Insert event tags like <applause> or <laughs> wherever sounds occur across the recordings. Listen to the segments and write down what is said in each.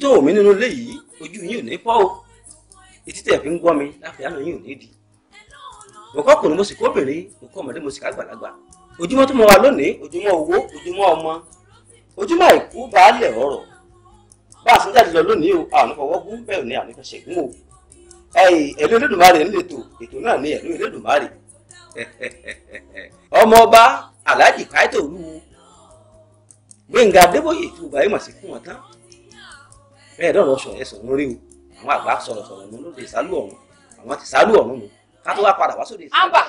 tó wò mí nínú ilé yìí ojú yín ò ní pọ́ o etí tẹ̀ fi ń gbọ́ mi láfi ò ní di mo kọ́ kùnú mo sì kóbìnrin mo kọ́ ọmọdé mo sì kágbàlagbà ojúmọ́ tó mọ wa lónìí ojúmọ́ owó ojúmọ́ ọmọ ojúmọ́ àìkú ọ̀rọ̀ bá a sì ń jáde lọ lónìí o gún bẹ́ẹ̀ ni gún o ẹ̀lú ètò náà ẹ̀lú <laughs> ọmọ bẹ́ẹ̀ dọ̀rọ̀ sọ̀rọ̀ ẹ sọ̀rọ̀ rí o àwọn àgbà sọ̀rọ̀ sọ̀rọ̀ mú lóde ìsálú ọ̀run àwọn ti sálú ọ̀run mu ká tó wá padà wá sóde ìsálú. àǹbà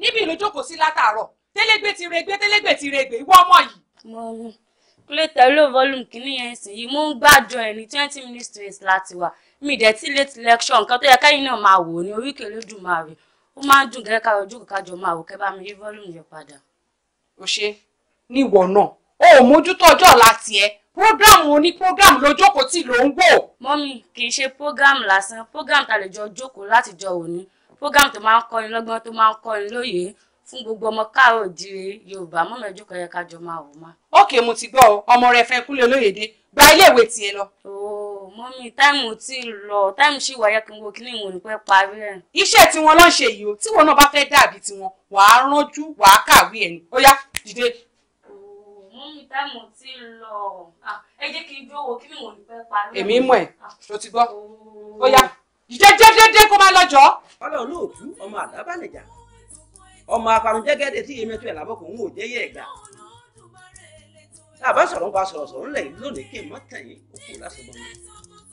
níbi ìlú jókòó sí látàárọ̀ télégbé ti regbé télégbé ti regbé ìwọ ọmọ yìí. mo rí kílé tẹ̀lé volume kìíní yẹn sì yìí mo ń gbàjọ ẹ̀ ní twenty minutes to eight láti wà mí dẹ̀ tí late lecture nǹkan tó yẹ káyìn náà máa wò ní oríkèé lódùn máa rè ó máa ń dùn gẹ́gẹ́ káyọ̀ ojú kò kájọ máa wò kẹ́ bá program oní program ló jókòó tí ló ń wò. mọ́mí kì í ṣe program lásán program ta lè jọ jókòó láti jọ òní program tó máa ń kọ́ni lọ́gbọ́n tó máa ń kọ́ni lóye fún gbogbo ọmọ káàrọ̀ òjíire yorùbá mọ́mí ẹjọ́ kan yẹ ká jọ máa wò má. ókè mo ti gbọ́ ọmọ rẹ fẹ́ kúlẹ̀ olóyèdè gba iléèwé tiẹ̀ lọ. ooo mọ́mí táìmù ti lọ táìmù sì wáyé kí n wo kíní ìwòrán pẹ́ parí ẹ̀. iṣẹ́ tí wọ́n lọ́n ṣe yìí o tí wọn náà bá fẹ́ dàbí tiwọn wàá ránjú wàá kàwé ẹ̀ ní ó yá dìde mọ́mí táìmù ah, ẹ jẹ́ mo lè fẹ́ parí. èmi mọ̀ ẹ́ ah. ṣó ti gbọ́ oh. ó yá jẹ́jẹ́jẹ́jẹ́ kó máa lọ jọ́. ọlọ́run olóòtú ọmọ àdábàlẹ̀jà ọmọ aparunjẹ́gẹ́dẹ́ tí èmi tó ẹ̀ lábọ́ kò ń wò jẹ́yẹ́ ẹ̀gbà tàbá sọ̀rọ̀ ń bá sọ̀rọ̀ sọ̀rọ̀ ńlẹ̀ yìí lónìí kí n mọ́ tẹ̀yìn òkú lásìmọ́ mi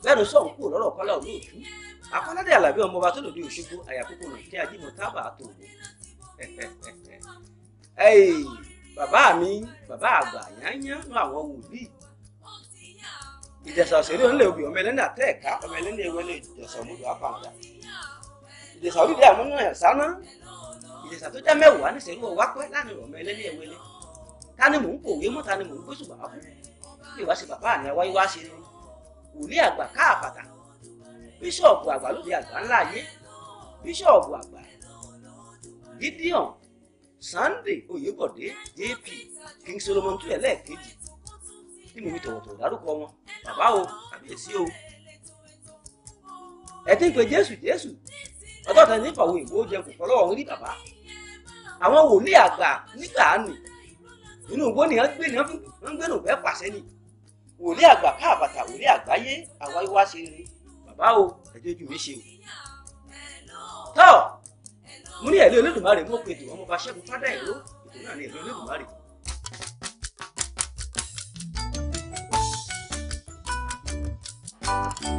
bẹ́ẹ̀ni sọ̀rọ̀ kú lọ́rọ̀ kọ́lá olóòtú akọ́ládé alábí ọmọ ọba tó lòdì òṣogbo àyàkókò nà kí ajímọ̀ tábà tó o <laughs> bàbá mi bàbá àgbà yányá ní àwọn wòlíì ìjẹ̀ṣà òṣèré ńlẹ̀ obì ọmọ ẹlẹ́ni àtẹ́ẹ̀ká ọmọ ẹlẹ́ni ewele ìjẹ̀ṣà òmùdó apàǹdà ìjẹ̀ṣà òdìdí àmúnú ẹ̀ sáná ìjẹ̀ṣà tó jẹ́ mẹ́wàá ní sẹ́rú ọwá pẹ́ láàrin ọmọ ẹlẹ́ni ewele ta ni mò ń kòwé mọ́ ta ni mò ń gbé ṣùgbọ́n kú ìwà ṣe bàbá àná wáyé wá ṣe wòlíì àgbà káàpàtà bíṣọ̀ọ̀bù àgbà lóde àgbà ńlá ayé bíṣọ̀ọ̀bù àgbà Gideon Sunday Oyèbọ̀dé jp King Solomon tún ẹlẹ́ẹ̀kejì kí lèmi tọ̀wọ̀tọ̀wọ̀ dárúkọ wọn bàbá o àbíyèsí o ẹtí ń pe Jésù Jésù ọjọ́ tẹ̀ ní ìfàwọ̀ ìbò jẹ kòkó lọ́wọ́ ń rí bàbá àwọn wòlíì àgbà nígbà nì inú igbó ni wọ́n gbé ni wọ́n gbé nùbẹ́ pàṣẹ ni wòlíì àgbà káàbàtà wòlíì àgbáyé àwa ìwá ṣe rere bàbá o ẹjọ́ ojú mi ṣe o tọ́ọ̀ mo ní ẹ̀lẹ́ olódùmarè mọ̀ pé ètò ọmọ ọba ṣẹ́gun fádà ìlú ètò náà ní ẹ̀lẹ́ olódùmarè. thank you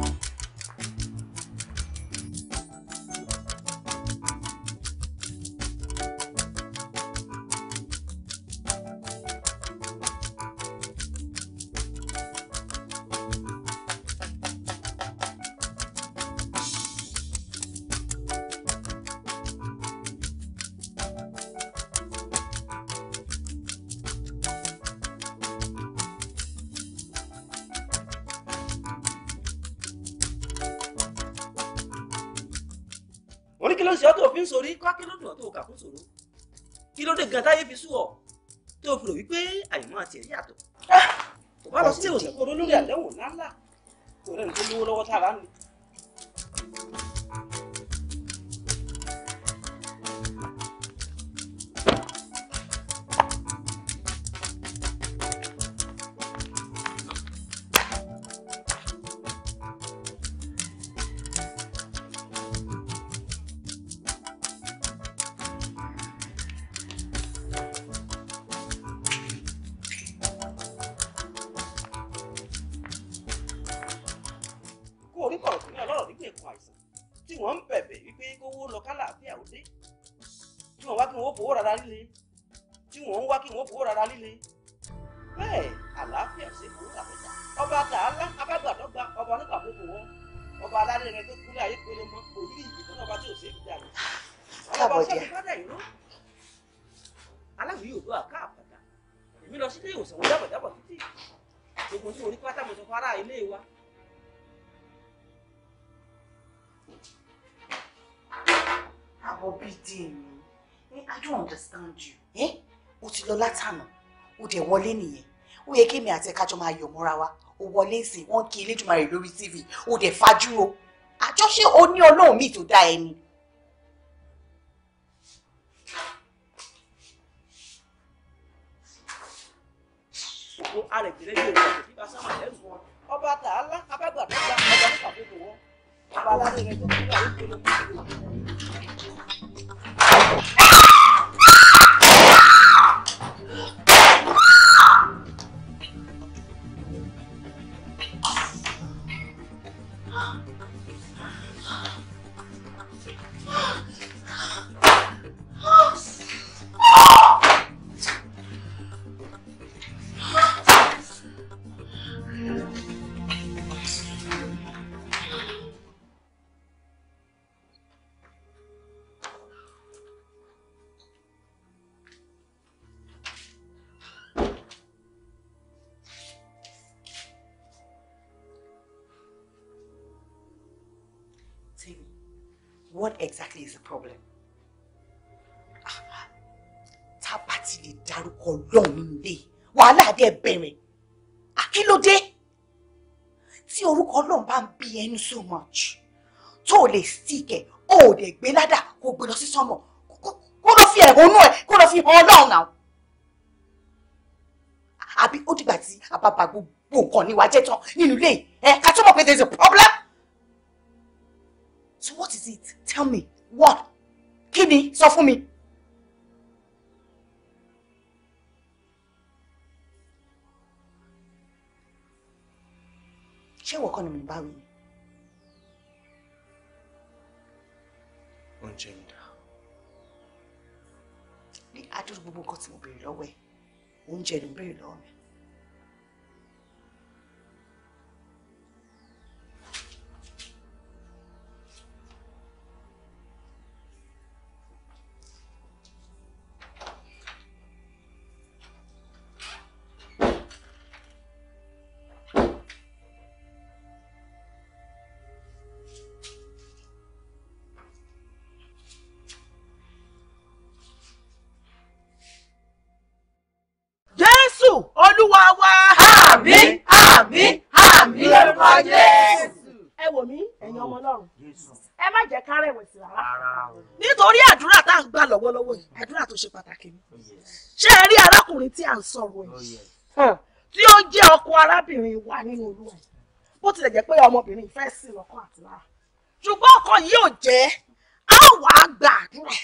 lè gan táyé fi sú ọ tó fi rò wípé àyùmọ́ àti ẹ̀rí àtọ̀ ah! kò bá lọ sí ìwòsàn kó lórí àdẹ́wò ńláńlá kò rẹ̀ tó lówó lọ́wọ́ tára ń lè. lọ látànà ó dẹ̀ wọlé nìyẹn ó yẹ kémi àti ẹ̀ka jọ máa yọ̀ mọ́ra wa ó wọlé sí i wọ́n kí elédùnmarè lórí tv ó dẹ̀ fajúro àjọṣe oní ọlọ́run mi tó dá ẹni. ọba tààlà abágbàdàgbà ọba nípa gbogbo wọn ọba alárẹ̀ tó ń bá ìpele gbogbo. ọlọ́run nínú ilé wàhálà dẹ̀ bẹ̀rẹ̀ àkílódé tí orúkọ ọlọ́run bá ń bí ẹnu so much tó o lè stick ẹ̀ o ò dẹ̀ gbé ládà kó o gbé lọ sí sọ́mọ̀ kó lọ fi ẹ̀hónú ẹ̀ kó lọ fi hàn ọlọ́run náà àbí ó dìgbà tí àbàbà gbogbo nǹkan níwà jẹ́ tán nínú ilé ẹ̀ ká tó mọ̀ pé there is a problem. So what is it? Tell me what? Kí ni sọ fún mi. ṣé ìwọ kọ́ ni mò ń bá wí? oúnjẹ mi dà. ní adúrú gbogbo nǹkan tí mo béèrè lọ́wọ́ ẹ̀ oúnjẹ ló ń béèrè lọ́wọ́ mi. ń sọ̀rọ̀ yìí oh, tí ó jẹ́ ọkọ arábìnrin wa nínú olú ẹ̀ bó tilẹ̀ jẹ́ pé ọmọbìnrin fẹ́ sí lọ́kọ àti lára ṣùgbọ́n ọkọ yìí ò jẹ́ á wàá gbàdúrà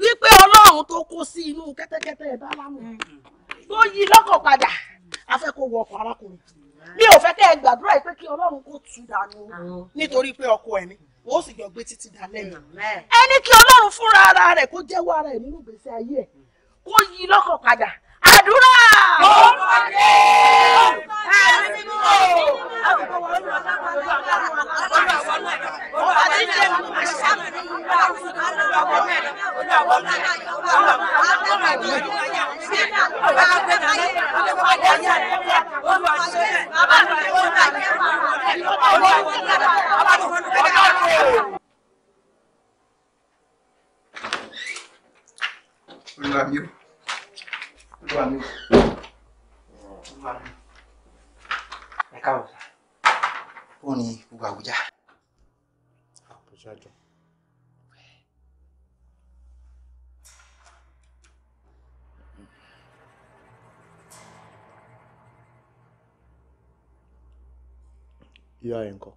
wípé ọlọ́run tó kó sí inú kẹ́tẹ́kẹ́tẹ́ ẹ̀ bá lámù tó yí lọ́kàn padà a fẹ́ kó wọ ọkọ arákùnrin mi ò fẹ́ kẹ́ ẹ gbàdúrà yìí pé kí ọlọ́run kó tú dànù nítorí pé ọkọ ẹ̀ ni wọ́n sì jọ gbé títí dalẹ́ ẹni kí ọlọ́run fúnra ara rẹ̀ kó jẹ́wọ́ ara ẹ̀ nínú ìgbésí ayé ẹ̀ kó yí lọ́kàn padà àdúrà. ó pàdé. Love you olúwa mi olúwa mi ẹ káwọ sá ó ní gbogbo àbújá. àbújá jọ. ìyá ẹ̀ ń kọ́.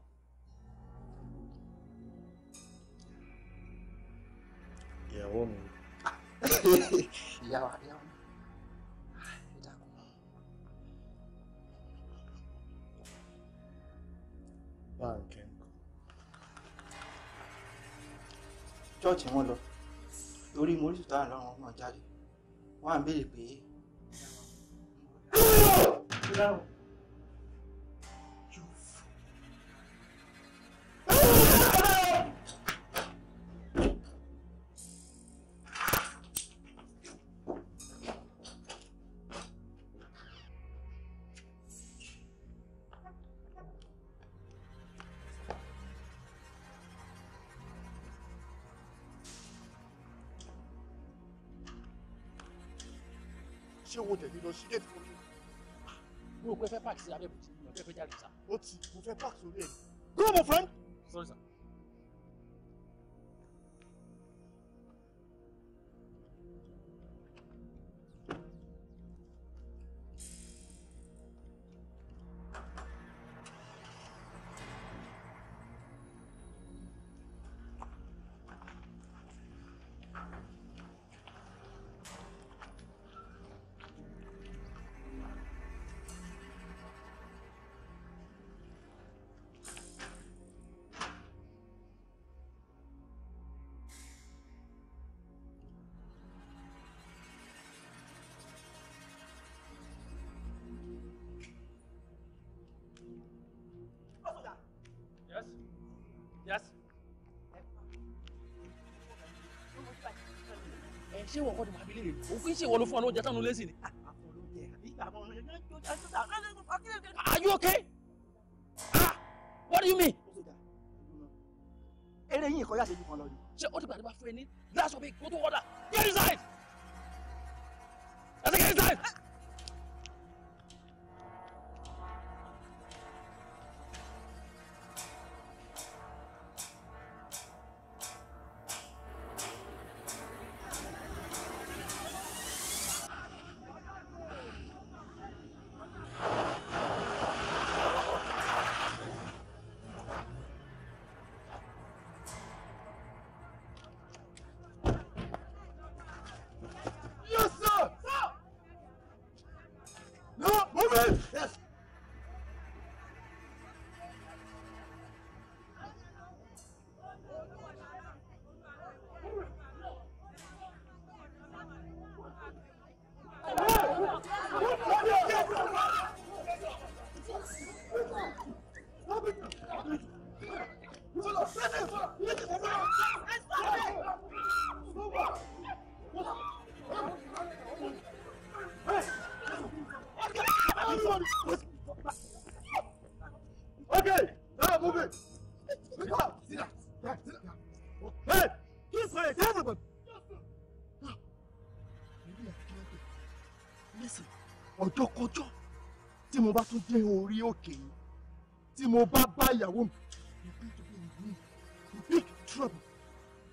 Báńkẹ́ chọ́ọ̀chì wọn lọ lórí morí tó tàn náà jáde wọ́n á béèrè pé. ṣé owó tẹ̀lé lọ sí gẹ̀ẹ́tì fún mi. Ah, mo rò pé fẹ́ abẹ́bùtì mi ò fẹ́ fẹ́ jáde sá. ó ti mo fẹ́ pàkì sórí ẹ̀. go my friend. sorry sir. ṣé wọ́n kọ́ ni màá fi léèrè òfin ṣe ìwọ ló fún ọ lóúnjẹ táwọn olóòsì ni. Ah, ah, Are you okay? Ah, what do you mean? eré yìí kọjá ṣe ju kan lọ ni. ṣé ó ti gbàdúrà fún ẹ ní glass of a go to order. Here is mo bá tún dé orí òkè yìí tí mo bá bá ìyàwó mi big trouble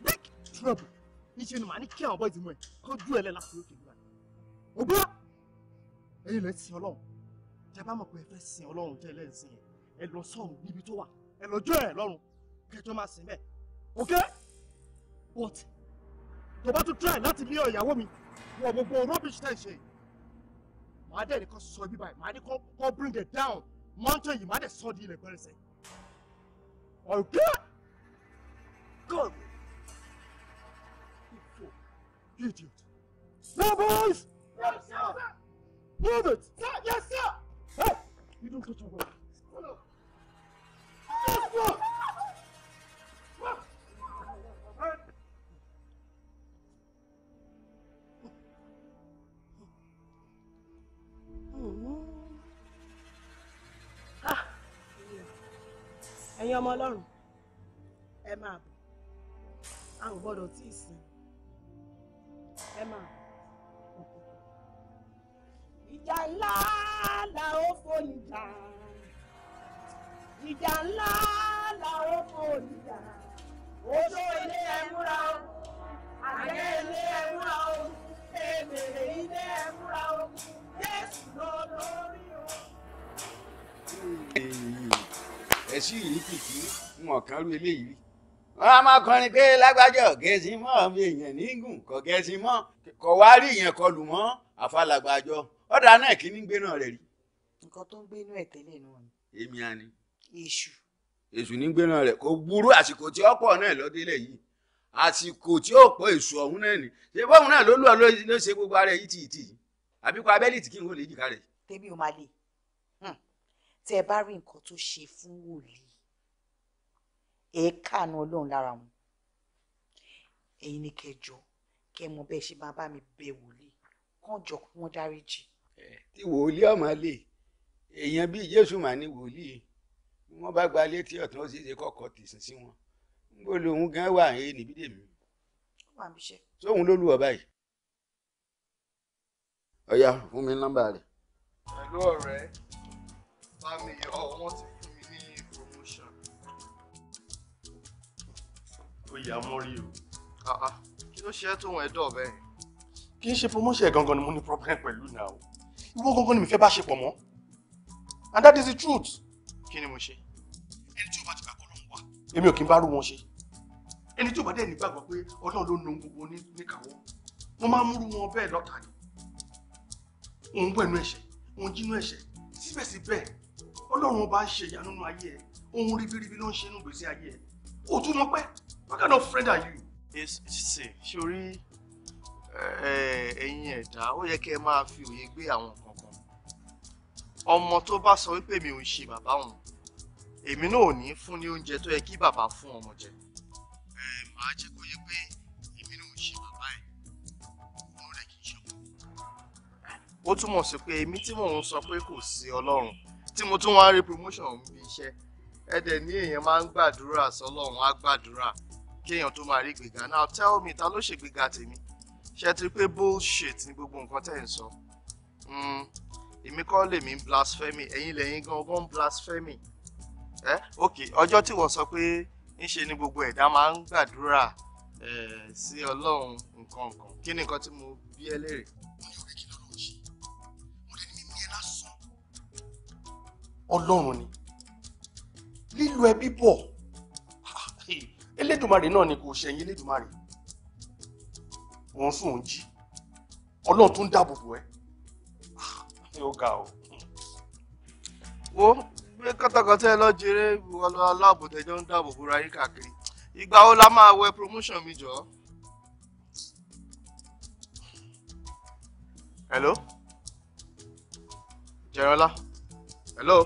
big trouble níṣẹ́ ni màá ní kí àwọn bọ́ọ̀dì mọ̀ ẹ́ kọ́jú ẹ̀ lẹ́la sí òkè nígbà ògbó ẹ̀yin lẹ́ sin ọlọ́run jẹ́ bá mọ̀ pé ẹ fẹ́ sin ọlọ́run jẹ́ lẹ́sìn ẹ̀ ẹ lọ sọ̀rùn níbi tó wà ẹ lọ́jọ́ ẹ̀ lọ́rùn kẹjọ máa sìn bẹ́ẹ̀ ok but tó bá tún try láti ní ìyàwó mi wọ gbogbo rubbish tẹ̀ ṣe yìí màá dẹ̀ nìkan sọ ibi báyìí màá ní kọ́ bring it down mountain yìí màá dẹ̀ sọ di ilẹ̀ pẹ́rẹsẹ̀. ọ̀gá gọ̀ọ̀rù ìfò idiot. Snowballs! Yes, sir! Move it! Sir, yes, sir! Hey! You don't touch my ẹ̀yin ọmọ ọlọ́run ẹ máa bọ̀ a ò gbọ́dọ̀ tí ì sìn ẹ máa bọ̀. ìjà ńlá la ó fòyìn jà ìjà ńlá la ó fòyìn jà oṣù ilé ẹ múra o àjẹ́ ilé ẹ múra o èmèrè ilé ẹ múra o Jésù lọ lórí o ẹ sì rí kìkì wọn kàn rú eléyìí rí. wọn á máa kọrin pé lágbájọ gẹ̀ẹ́sì mọ́ mi èèyàn nígùn kọ gẹ̀ẹ́sì mọ́ kọ wá rí ìyẹn kọlù mọ́ àfàlàgbàjọ ọ̀dà náà kí ní gbé náà rẹ̀ rí. nǹkan tó ń gbé inú ẹ̀ tẹ́lẹ̀ náà ni. èmi á ní. èṣù. èṣù ní gbé rẹ̀ kò burú àsìkò tí ọ̀pọ̀ náà lọ yìí àsìkò tí ó pọ̀ èṣù ọ̀hún náà ni ṣé bọ́ọ̀hún tẹ́ ẹ bá rí nǹkan tó ṣe fún wòlíì ẹ ọlọ́run lára wọn ẹ̀yin ní kẹjọ kẹ mọ bẹ́ẹ̀ ṣe máa bá mi bẹ wòlíì kàn jọ kí wọ́n dáríjì. tí wòlíì ọmọ lè èèyàn bíi jésù mà ní wòlíì wọ́n bá gba létí ọ̀tún ó sì ṣe kọ́kọ́ tìsín sí wọn níbo lòun gan wà ẹ níbí dèmí. sóhun ló lù ọ báyìí. ọ̀ya fún mi nọ́mbà rẹ̀. pẹ̀lú ọ̀rẹ́. Sami ọ wọ́n ti fún mi ní promotion. Oh yeah, more you. Ah ah. ṣe é tó wọn ẹ̀dọ́ bẹ́ẹ̀? Kì í ṣe promotion gangan ni mo ní problem pẹ̀lú náà o. Ìwọ gangan ni mi fẹ́ bá ṣe pọ̀ mọ́. And that is the truth. Kí ni mo ṣe? Ẹni tí ó bá ti gbàgbọ́ lọ́hùn wá. Èmi ò kí n bá rú wọn ṣe. Ẹni tí ó bá dẹ̀ nígbàgbọ́ pé Ọlọ́run ló nu gbogbo níkàwọ́. Wọ́n máa ń múrú wọn bẹ́ẹ̀ lọ́tà ni. Òun bọ̀ ẹnu ẹ̀ṣẹ̀, òun jínú ẹ̀ṣẹ̀, síbẹ̀síbẹ̀ ọlọ́run ọba ń ṣe ìyanu nínú ayé ẹ ohun ribiribi ló ń ṣe nínú gbèsè ayé ẹ o tún mọ pé what kind of friend are you. ṣe ṣorí ẹ̀yin ẹ̀dá ó yẹ kí ẹ máa fi òye gbé àwọn nǹkan kan ọmọ tó bá sọ wípé mi ò ń ṣe bàbá òun èmi náà ò ní fún ní oúnjẹ tó yẹ kí bàbá fún ọmọ jẹ màá jẹ́ kó yẹ pé èmi náà ò ṣe bàbá ẹ̀ òun rẹ̀ kì í ṣe ọmọ. ó túmọ̀ sí pé èmi tí mò ń sọ pé kò sí ọlọ́run tí mo tún wá rí promotion òun bí iṣẹ́ ẹ dẹ̀ ní èèyàn máa ń gbàdúrà sọlọ́run á gbàdúrà kéèyàn tó máa rí gbèga now tell me ta ló ṣègbéga tèmi ṣe ti pé bullshit ni gbogbo nǹkan tẹ̀ ń sọ hmm, èmi kọ́ lèmi ń blasphemy ẹ̀yin lẹ́yìn gan ń blasphemy ẹ ok ọjọ́ tí wọ́n sọ pé ńṣe ni gbogbo ẹ̀dá máa ń gbàdúrà eh, sí ọlọ́run nǹkan nǹkan kí ni nǹkan tí mo bi ẹ́ léèrè ọlọ́run ni lílo ẹbí bọ̀ elédùnmarè náà ni kò ṣẹ̀yìn elédùnmarè wọ́n sùn ń jí ọlọ́run tún dáàbò bò ẹ́ ó ga o. wo gbé kọ́tàkọ́tà ẹ lọ jèrè ìwọlọ aláàbòtẹ́jọ́ ń dáàbò bóra yín káàkiri ìgbà wo la máa wẹ promotion mi jọ. hello jẹrọlá hello.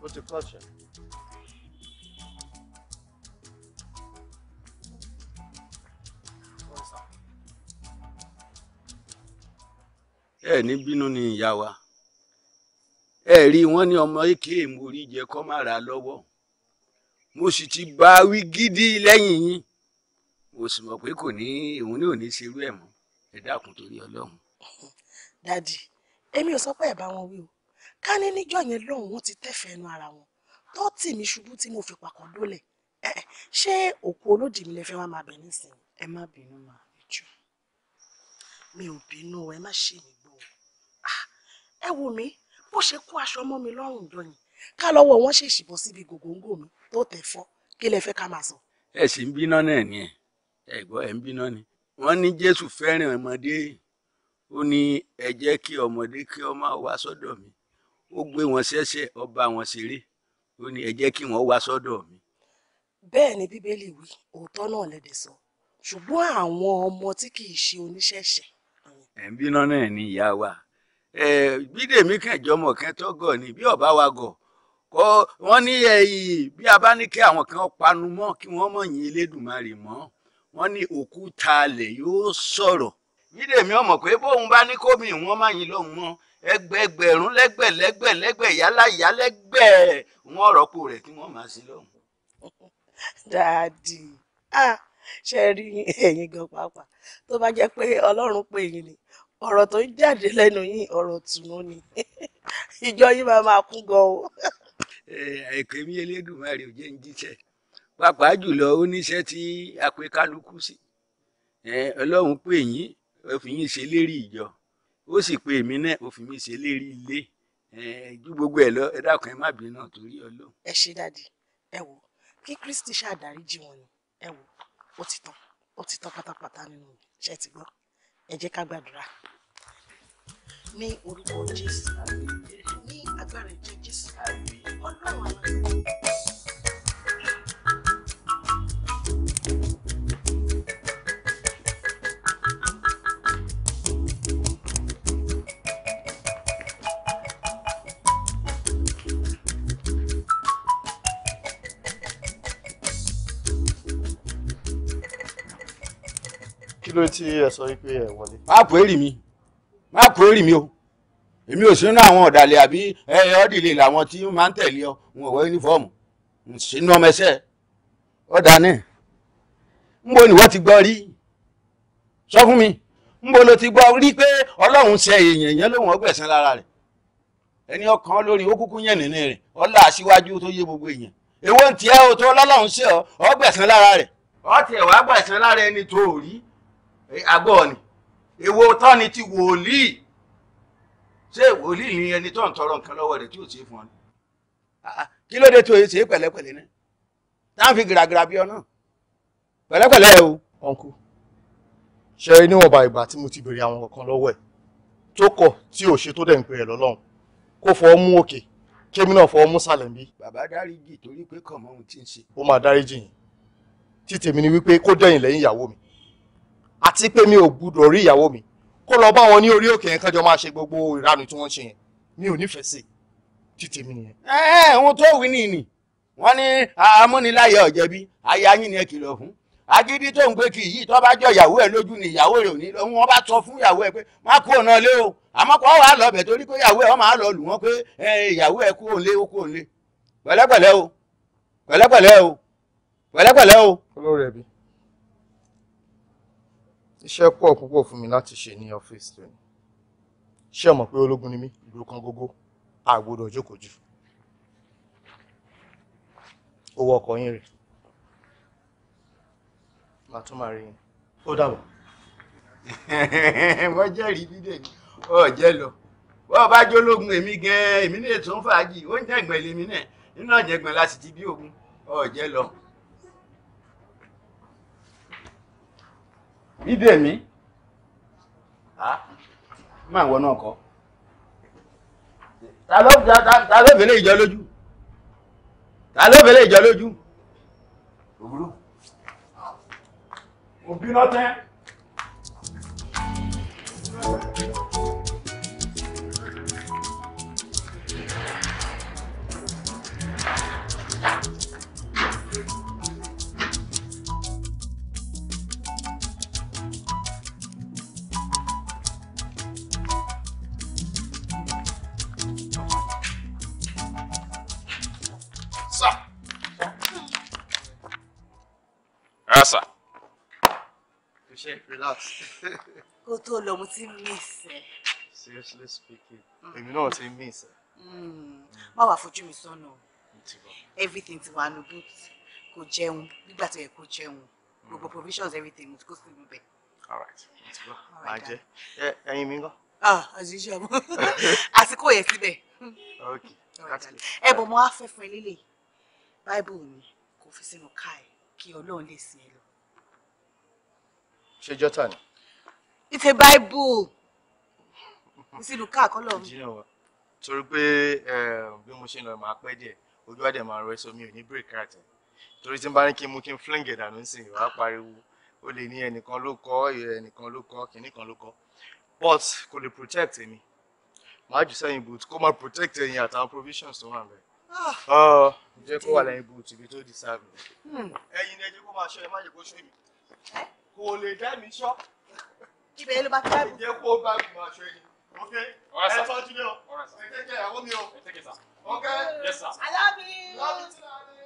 What's your question? ẹ ní bínú ni ìyá wa ẹ rí wọn ní ọmọ èké mo rí jẹ kọ má ra lọ́wọ́ mo sì ti bá wí gidi lẹ́yìn yín mo sì mọ̀ pé kò ní òun ní òní ṣerú ẹ̀ mọ́ ẹ dákun torí Ọlọ́run. dadi èmi ò sọ pé ẹ bá wọn wí o ká ní níjọ́ yẹn lọ́hùn wọ́n ti tẹ̀fẹ̀ ẹnu ara wọn tó tì mí ṣubú tí mo fi pàkọ́ dólẹ̀ ṣé òkú olódì mi lè fẹ́ wá máa bẹ̀ nísìnyí. ẹ má bínú máa ẹ jù mi ò bínú ẹ má ṣe mí gbọ́ ẹ wò mí bó ṣe kó aṣọ mọ́ mi lọ́rùn jọ yẹn ká lọ́wọ́ wọn ṣèṣì bọ́ síbi gògóńgò mi tó tẹ̀ fọ́ kí lẹ fẹ́ ká máa sọ. ẹ sì ń bínú náà ni ẹ gbọ́ ẹ ń bínú ni wọ́n ní jésù fẹ́ràn ọmọdé ó ní ẹ jẹ́ kí ọmọdé kí ó máa wá sọ́dọ̀ mi ó gbé wọn ṣẹ̀ṣẹ̀ ó bá wọn ṣeré ó ní ẹ jẹ́ kí wọ́n wá sọ́dọ̀ mi. bẹ́ẹ̀ ni bíbélì wí òótọ́ náà lẹ́dẹ̀ sọ ṣùgbọ́n àwọn ọmọ tí kì í ṣe oníṣẹ̀ṣẹ̀. ẹ̀ ń bínú náà ni ìyá wa bídèmí kẹjọmọ kẹtọgọ ni bí ọba wa gọ̀ kọ wọ́n ní ẹyìn bí a bá ní kí àwọn kan panu mọ́ kí wọ́n mọ̀ yín Elédùmarè mọ́ wọ́n ní òkúta alẹ̀ yóò sọ̀rọ̀ bídèmí ọmọ pé bóun bá ní kómi wọ́n má yín lóhun mọ́ ẹgbẹẹgbẹ̀rún lẹ́gbẹ̀ lẹ́gbẹ̀ lẹ́gbẹ̀ yálà yálẹ́gbẹ̀ wọn rọ́pò rẹ̀ kí wọ́n máa sí lọ́hùn. <laughs> dáàdì ṣe rí ẹ̀yin gan pàápàá tó bá jẹ́ pé ọlọ́run pè yín ni ọ̀rọ̀ tó ń jáde lẹ́nu yín ọ̀rọ̀ tùnú ni <laughs> ìjọ yín máa máa kún gan o. ẹ̀ẹ́dẹ̀kọ́ mi Elédùmarè ò jẹ́ ń jíṣẹ́ pàápàá jùlọ ó níṣẹ́ tí àpè kálukú sí ọlọ́run pè yín ó fi yín ṣe lérí ìjọ ó sì pe èmi náà ó fi mí ṣe lérí ilé ju gbogbo ẹ lọ ẹ dákun ẹ má bínú torí Ọlọ́run. ẹ ṣe dáàdi ẹ wò kí Kristi ṣàdáríjì wọn ni ẹ wò ó ti tán ó ti tán pátápátá nínú ṣe ti gbọ́ ẹ jẹ́ ká gbàdúrà ní orúkọ Jésù ní agbára ìjẹ Jésù Ọlọ́run àwọn. kí ló tí ẹ sọ ẹ mi má o èmi ò sínú àwọn ọ̀dàlẹ̀ àbí ẹ̀yẹ ọ̀dìlẹ̀ làwọn tí máa ń tẹ̀lé ọ wọn ò sínú ọmọ ẹsẹ̀ ọ̀dà ni wọ́n ti gbọ́ rí sọ fún mi ló ti gbọ́ rí pé ọlọ́run ṣe èèyàn yẹn lóun ọgbẹ̀sán lára rẹ̀ ẹni ọkàn lórí yẹn rẹ̀ ọlá aṣíwájú tó yé gbogbo èèyàn èwo ń tiẹ́ o tó ọ ọgbẹ̀sán lára rẹ̀ ọ tiẹ̀ wá gbẹ̀sán lára ẹni tó rí agbọ́ ni èwo tán ni ti wòlíì ṣé wòlíì ni ẹni tó ń tọrọ nǹkan lọ́wọ́ rẹ̀ tí ò ṣe fún ọ ni ah, kí ló dé tó ṣe pẹ̀lẹ́pẹ̀lẹ́ náà táwọn fi gìràgìrà bí ọ náà pẹ̀lẹ́pẹ̀lẹ́ o. ọ̀nkú ṣe níwọ̀nba ìgbà tí mo ti bèrè àwọn kankan lọ́wọ́ ẹ̀ tó kọ̀ tí ò ṣe tó dẹ̀ ń pè ẹ̀ lọ́lọ́run kó fọ́ mú òkè kémi náà fọ́ mú sàlẹ̀ ń bí. bàbá dáríjì torí pé kàn mọ́ ohun tí ń ṣe. ó máa dáríjì yìí tí ni wípé kó dẹ̀yìn lẹ́yìn ìyàwó mi àti pé mi ò gbúdọ̀ rí ìyàwó mi kó lọ bá wọn ní orí òkè yẹn kájọ máa ṣe gbogbo ìranù tí wọ́n ṣe yẹn mi ò nífẹ̀ẹ́ sí títí mi nìyẹn. ẹ ẹ ohun tó wí ni ni wọ́n ní amúniláyẹ ọ̀jẹ̀bi aya yín ni ẹ kìlọ̀ fún agídí tó ń gbé kì yìí tó bá jọ ìyàwó ẹ lójú ni ìyàwó rẹ ò ní lọ wọ́n bá sọ fún ìyàwó ẹ pé má kú ọ̀nà lé o àmọ́ kó wàá lọ bẹ̀ torí pé ìyàwó ẹ wọ́n máa lọ lù wọ́n pé ìyàwó ẹ kú òǹlé ó kú òǹlé pẹ̀lẹ́pẹ̀lẹ́ o pẹ̀lẹ́pẹ̀lẹ́ o pẹ̀lẹ́pẹ̀lẹ́ o. olórí ẹbí iṣẹ́ pọ̀ púpọ̀ fún mi láti ṣe ní ọ́fíìsì rẹ̀ ṣé o mọ̀ pé ológun ni mí ìlú kan gógó àgbòdo òjókòó jù owó ọkọ̀ yín rè màá tún máa rí yín ó dàbọ̀. <laughs> wọ́n jẹ́rìí dídè ní ọ̀jẹ́ lọ wọ́n bá jólógun èmi gan-an èmi lè tún fàájì ó ń jẹ̀gbọ́n èlémi náà nínú ọ̀jẹ̀gbọ́n láti ti bí ogun ọ̀jẹ́ lọ. bídèmí máa wọ náà kọ ta ló fẹ́lẹ̀ ìjọ lójú ta ló fẹ́lẹ̀ ìjọ lójú òwúrò òbí náà tẹ́ Thank you. that. kó tó lọ mo ti miss ẹ. seriously speaking mm. èmi náà ti miss ẹ. Mm. má wàá fojú mi sọ́nà everything ti wà nù boot kò jẹun nígbà tó yẹ kó jẹun gbogbo mm. provisions everything mo ti kó sínú bẹ́ẹ̀. all right mo ti gbọ́ máa jẹ ẹyin mi ń gọ́. ah àṣìṣe àmọ́ <laughs> àsìkò yẹn síbẹ̀. okay ẹ bọ̀ mo á fẹ́ fún ẹ lélẹ̀ báíbù mi kò fi sínú káì kí ọlọ́run lè sin ẹ lọ ṣe jọ́tà ni. it's a bible. mo sì lù ká àkọlọ mi. jìnnà wa torí pé eh, bí mo ṣe ń lọ màá pẹ́ díẹ̀ ojú àdè máa rọ ẹsọ mi ò ní bírèkì àtẹ torí tí n bá ní kí n mú kí n flinge dànù sí ìwà pariwo ó lè ní ẹnìkan ló kọ ẹnìkan ló kọ kìnnìkan ló kọ but kò lè protect mi màá jù sẹ́yìn boot kó máa protect ẹ̀yin àtàwọn provisions tó wà bẹ́ẹ̀ ah. jẹ́ kó wà lẹ́yìn boot ibi tó deserve hmm. ẹ̀yin ni ẹ jẹ́ kó máa ṣọ́ ẹ má jẹ́ kó ṣọ́ èmi kò lè dá mi sọ. ibẹ̀ ló bá ti báyìí. ìjẹ́ kó bá mi máa ṣe ni. ok ẹ sọ jí mi o ẹ tẹ́kẹ̀ ìyàwó mi o. ẹ tẹ́kẹ̀ sà. ok yes sir. alábi. alábi tí a ní.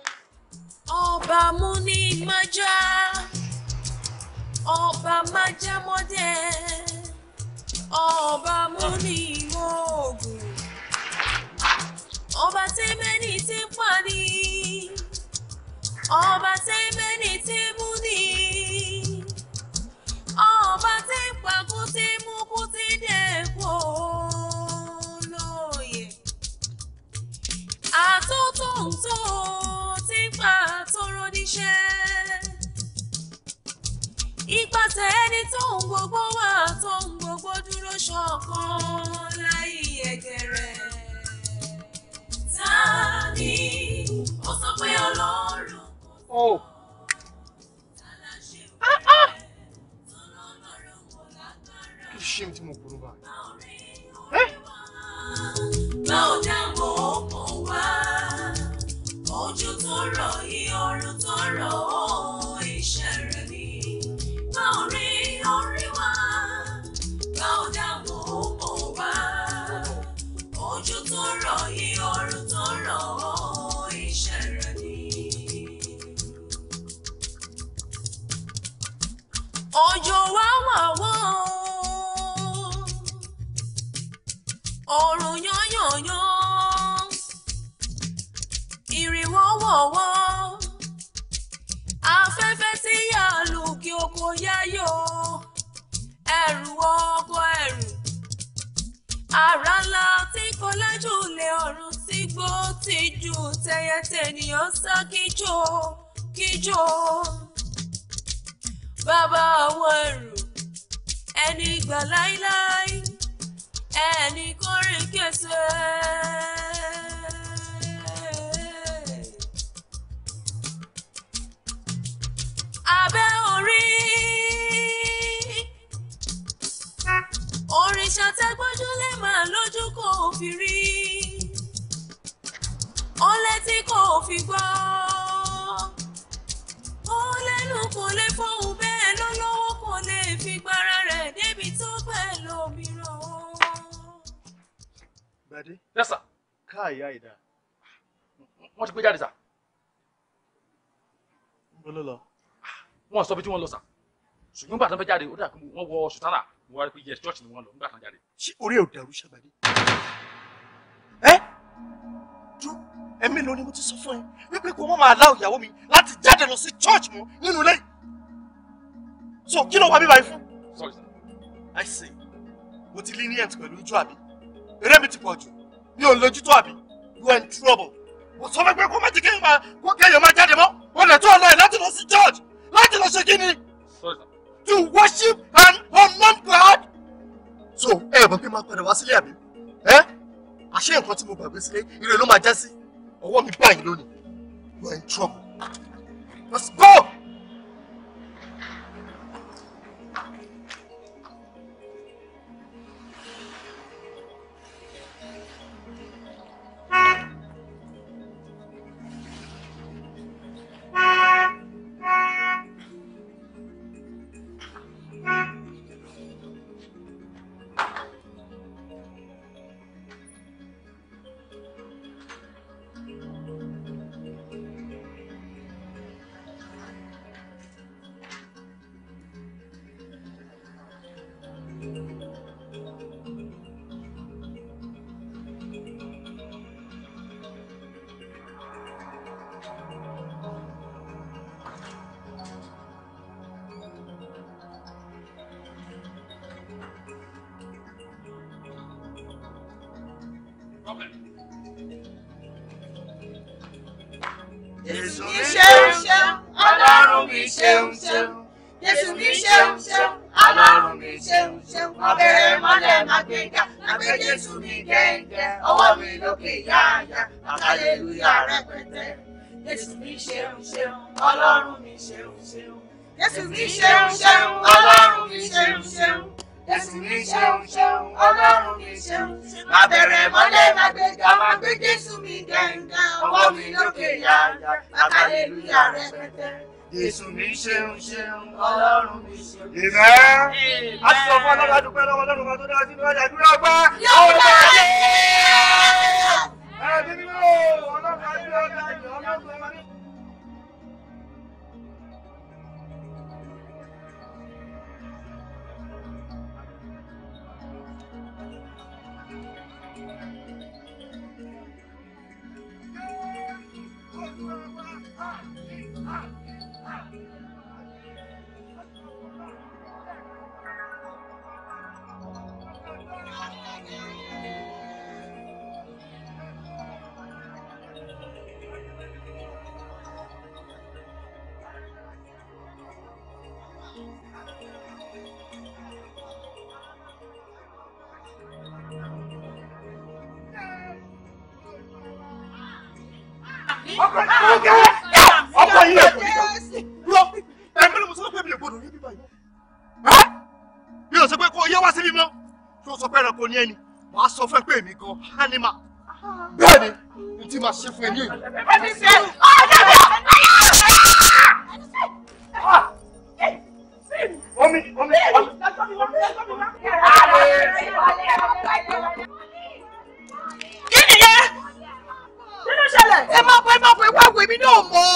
ọba mú ní májá ọba májá mọ́dẹ ọba mú ní oògùn ọba tẹ́mẹ́ ní ti pa ni ọba tẹ́mẹ́ ní ti mú ni ọba tí ń pàkú tí mú kú tí dé kó lóye àtúntò tó tí ń pa tóró níṣẹ́ ipasẹ̀ ẹni tó ń gbogbo wà tó ń gbogbo dúró ṣọ̀kan láì ẹ̀gẹ̀rẹ̀ ta ni sọ pé ọlọ́run kò ṣé mi tí mo kúrò báyìí. Gbà ó dààmú ọmọ wá, ojú tó rọ̀ yìí ọrùn tó rọ̀ ó iṣẹ́ rẹ̀ ni. Gbà ó Ọ̀run yányànyán, ìrìwọ́ wọ̀wọ́, afẹ́fẹ́ tí yà lù kí oko yáyò, ẹ̀rù ọkọ ẹ̀rù, àrà ńlá tí kò lẹ́jù lé ọ̀run tí gbó ti ju tẹyẹtẹ ènìyàn sá kíjó kíjó. Bàbá àwọn ẹ̀rù, ẹni gbà láíláí, ẹni murikese. Abẹ́ orí òrìṣà tẹ́gbọ́júlé máa lójú kò fi rí ó létí kò fi gbọ́ ó lẹ́nu kò lè fóun Gbadé. Yes sir. Káà ìyá ìdá. Wọ́n ti gbé jáde sà. Mo ló lọ. Wọ́n sọ bí tí wọ́n lọ sà. Ṣùgbọ́n bàtà fẹ́ jáde, ó dà pé wọ́n wọ sùtánà. Mo wá rí pé yes church ni wọ́n lọ nígbà tán jáde. Ṣé orí ò dàrú ṣàgbàdé? Ẹ́ dúró ẹ̀mí ló ni mo ti sọ fún ẹ wípé kò wọ́n máa lá ìyàwó mi láti jáde lọ sí church mo nínú ilé. So kí ló wà mí báyìí fún? Sorry sir. I see. Mo ti lenient pẹ̀lú ijó Abi eré mi ti pọ̀ jù mi ò lójú tó àbí you are in trouble mo sọ fẹ́ pé kó má ti kéèyàn máa kó kéèyàn máa jáde mọ́ o lè tó ọ̀nà ẹ̀ láti lọ sí church láti lọ ṣe kí ni to worship an honor God. so ẹ ẹ̀ mọ̀ pé máa padà wá sílé àbí ẹ àṣé nǹkan tí mo gbàgbé sílé ire ló máa já sí ọwọ́ mi báyìí lónìí you are in trouble let's go. Èṣù mi ṣeun ṣeun ọlọ́run mi ṣeun. Ìfẹ́. A ti sọ fún ọlọ́run adúpẹ́ lọ́wọ́ ọlọ́run kan tó dára sínú ọjà ìdúró ọgbà. Yóò bá a ṣe é. Ẹ̀ẹ́dínwó. ọ̀dọ̀ hanima bẹ́ẹ̀ ni n ti máa ṣe fún ẹ ní èyí. omi omi omi nínú ṣẹlẹ̀. ẹ máa bọ ẹ máa bọ ẹ wá wo èmi náà mọ.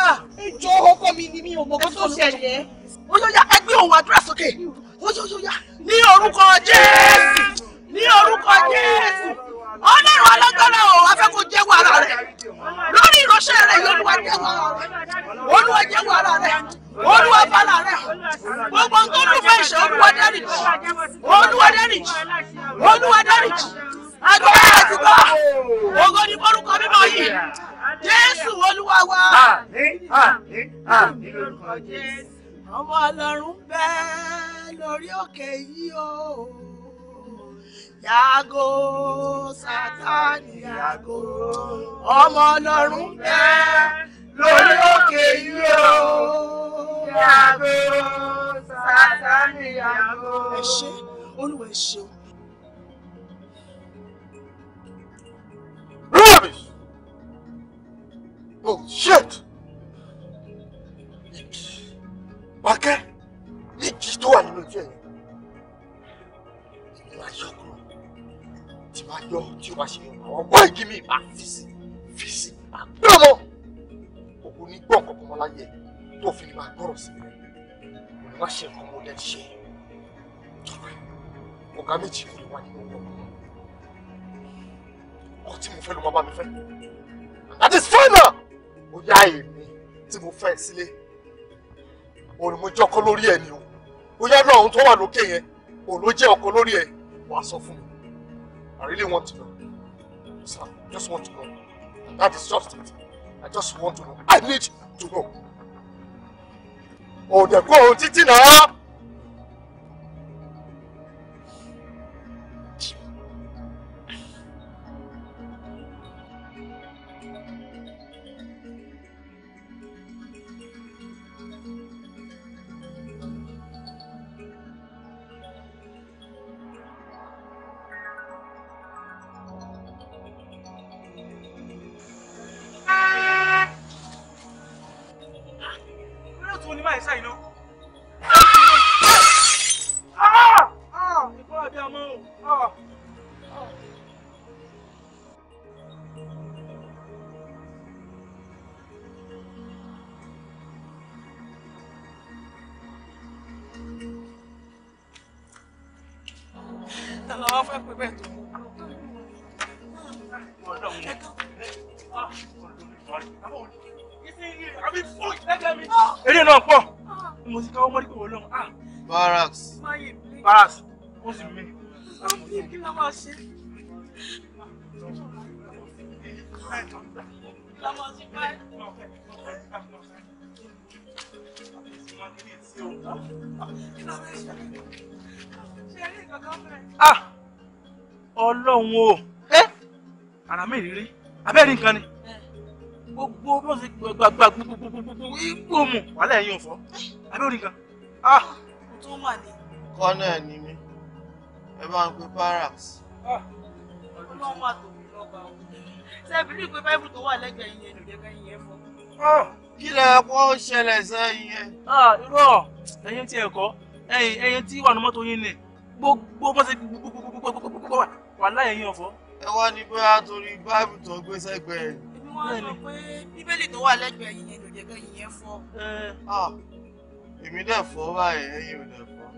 Ah, ẹ jọ ọkọ mi ni mi ò mọ kó tó ṣẹlẹ̀ oyóyá ẹgbẹ́ òun àdúrà sókè oyóyóyá ní orúkọ Jésù ní orúkọ Jésù ọlọ́run ọlọ́gbọ́nà ò wá fẹ́ kó jẹ́wọ́ ara rẹ̀ lórí ìránṣẹ́ rẹ̀ yóò wá jẹ́wọ́ ara rẹ̀ olúwa jẹ́wọ́ ara rẹ̀ olúwa bala rẹ̀ gbogbo nǹkan tó fẹ́ ṣe olúwa dáríjì olúwa dáríjì olúwa dáríjì agbára rẹ̀ ti gbọ́ ògo ni orúkọ mímọ́ yìí Jésù olúwa wa. àmín àmín àmín lórúkọ Jésù ọmọ ọlọ́run bẹ́ẹ̀ lórí òkè yìí o yàgò sátani yàgò ọmọ ọlọ́run bẹ́ẹ̀ lórí òkè yìí o yàgò sátani yàgò. ẹ ṣé olúwa ẹ ṣeun. oh shit. Àpákẹ́ méjì tó wà nínú ojú ẹ̀yìn. Èmi máa yọ kúrò. Tí máa yọ tí o bá ṣe àwọn wá igi mi máa fi sí fi sí àgbọ̀mọ̀. Òkú ní gbọ́ nǹkan kan mọ́ láyé tó fi ní máa gbọ́rọ̀ sí rẹ̀. Mo ní wá ṣe nǹkan mo lẹ́nu ṣe. Tọ́lá ọ̀gá méjì kò lè wà nínú ọgbọ̀n kan. Ọkọ tí mo fẹ́ ló máa òun jẹ́ ọkọ lórí ẹ̀ ni o ó yá náà òun tó wà lókè yẹn òun ló jẹ́ ọkọ lórí ẹ̀ wàá sọ fún mi I really want to know sir I just want to know that is just it I just want to know I need to know òun dẹ̀ kó òun títí náà. òun o ẹ ara mi rírí abẹ́rẹ́ nǹkan ni gbogbo bó ṣe gbàgbà gbogbogbogbogbò igbó mu wàhálà ẹ̀yìn òfò abẹ́rẹ́ nǹkan. tó mà ní. kọ́nà ẹ̀ ni mí ẹ máa ń pe parax. ọlọ́run máa tó mi lọ́ba o ṣe é bìlí pé báyìí tó wà lẹ́gbẹ̀ẹ́ yẹn ló jẹ́ ká yẹn fọ́. kí lẹ kó ṣẹlẹ̀ sẹ́yìn yẹn. irọ́ ẹ̀yin tí ẹ̀kọ́ ẹ̀yin tí wà ní mọ́tò yín ni gbogbo bó ṣe gbogbogbogbogbò wàhálà ẹ̀yìn ọ̀fọ́. ẹ wá ní bóyá torí báàbù tó gbé sẹ́gbẹ̀ẹ́. èmi wá sọ pé bíbélì tó wà lẹ́gbẹ̀ẹ́ yìnyín ló jẹ́ kẹ́yìn yẹn fọ́. èmi dẹ̀ fọ́ báyìí ẹ̀yìn ò dẹ̀ fọ́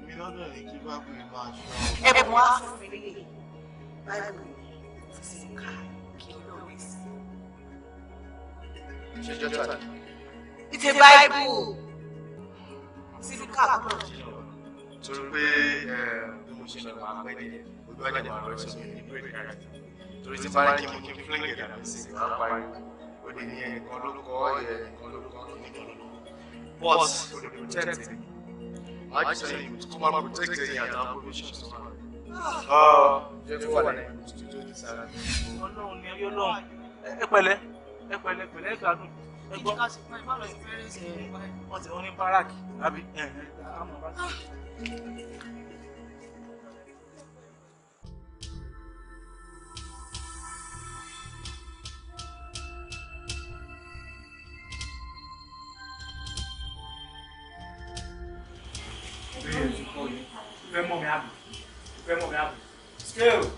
èmi lọ́dọ̀ ní kí báàbù mi máa ṣọ́. ẹ bọ̀ wá fún báàbù ti kí ló rí sí. ṣe jọ́ta ni. ìtẹ̀ báìbù ti ká torí pé bí mo ṣe lọ máa pẹ́ díẹ̀ lọ́jà máa lọ sí ní ìlú èdè rẹ̀ torí tí bára kí mo kí n fúlẹ̀ gẹ̀dà mi sí ìgbà parí ó lè ní ẹnìkan ló kọ́ ẹ̀ ẹnìkan ló kọ́ nìkan ló lọ. but to dey protect me I just say you to come and protect me and our provisions to come. jẹ́ fún wa lẹ́yìn tó tó ti sára. ọlọ́run ni ayé ọlọ́run ẹ pẹ̀lẹ́ ẹ pẹ̀lẹ́ pẹ̀lẹ́ gbádùn ẹ̀gbọ́n wọn ti wọn ní báràkì àbí. hemograma. Hemograma. Escreva.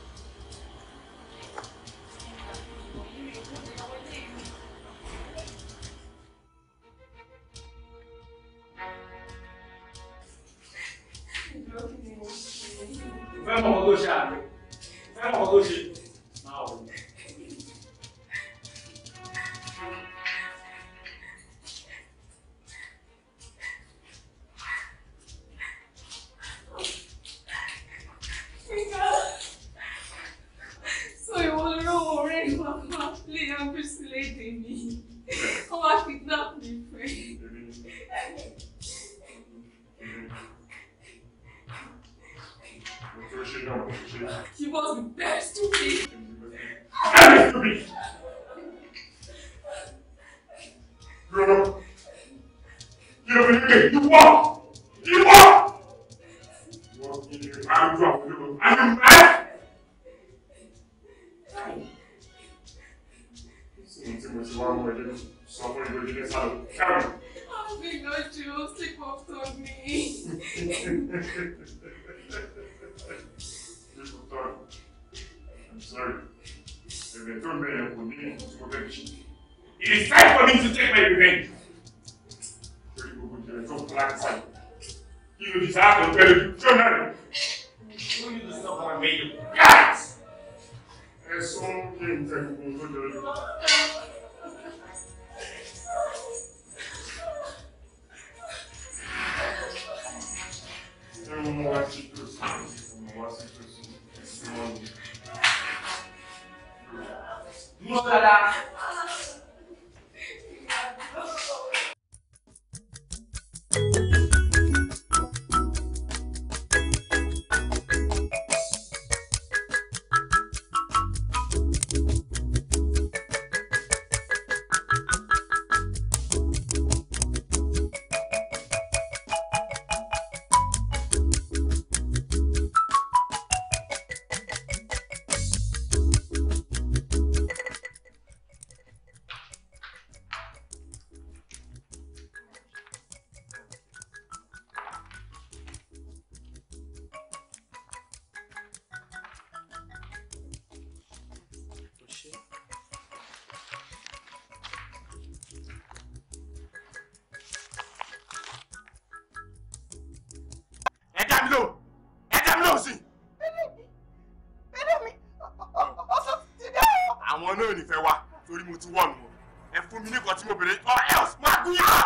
náà ò ní fẹ́ wá torí mo ti wọ̀nù wọn ẹ fún mi ní nǹkan tí mo bèrè or else máa gún yàrá.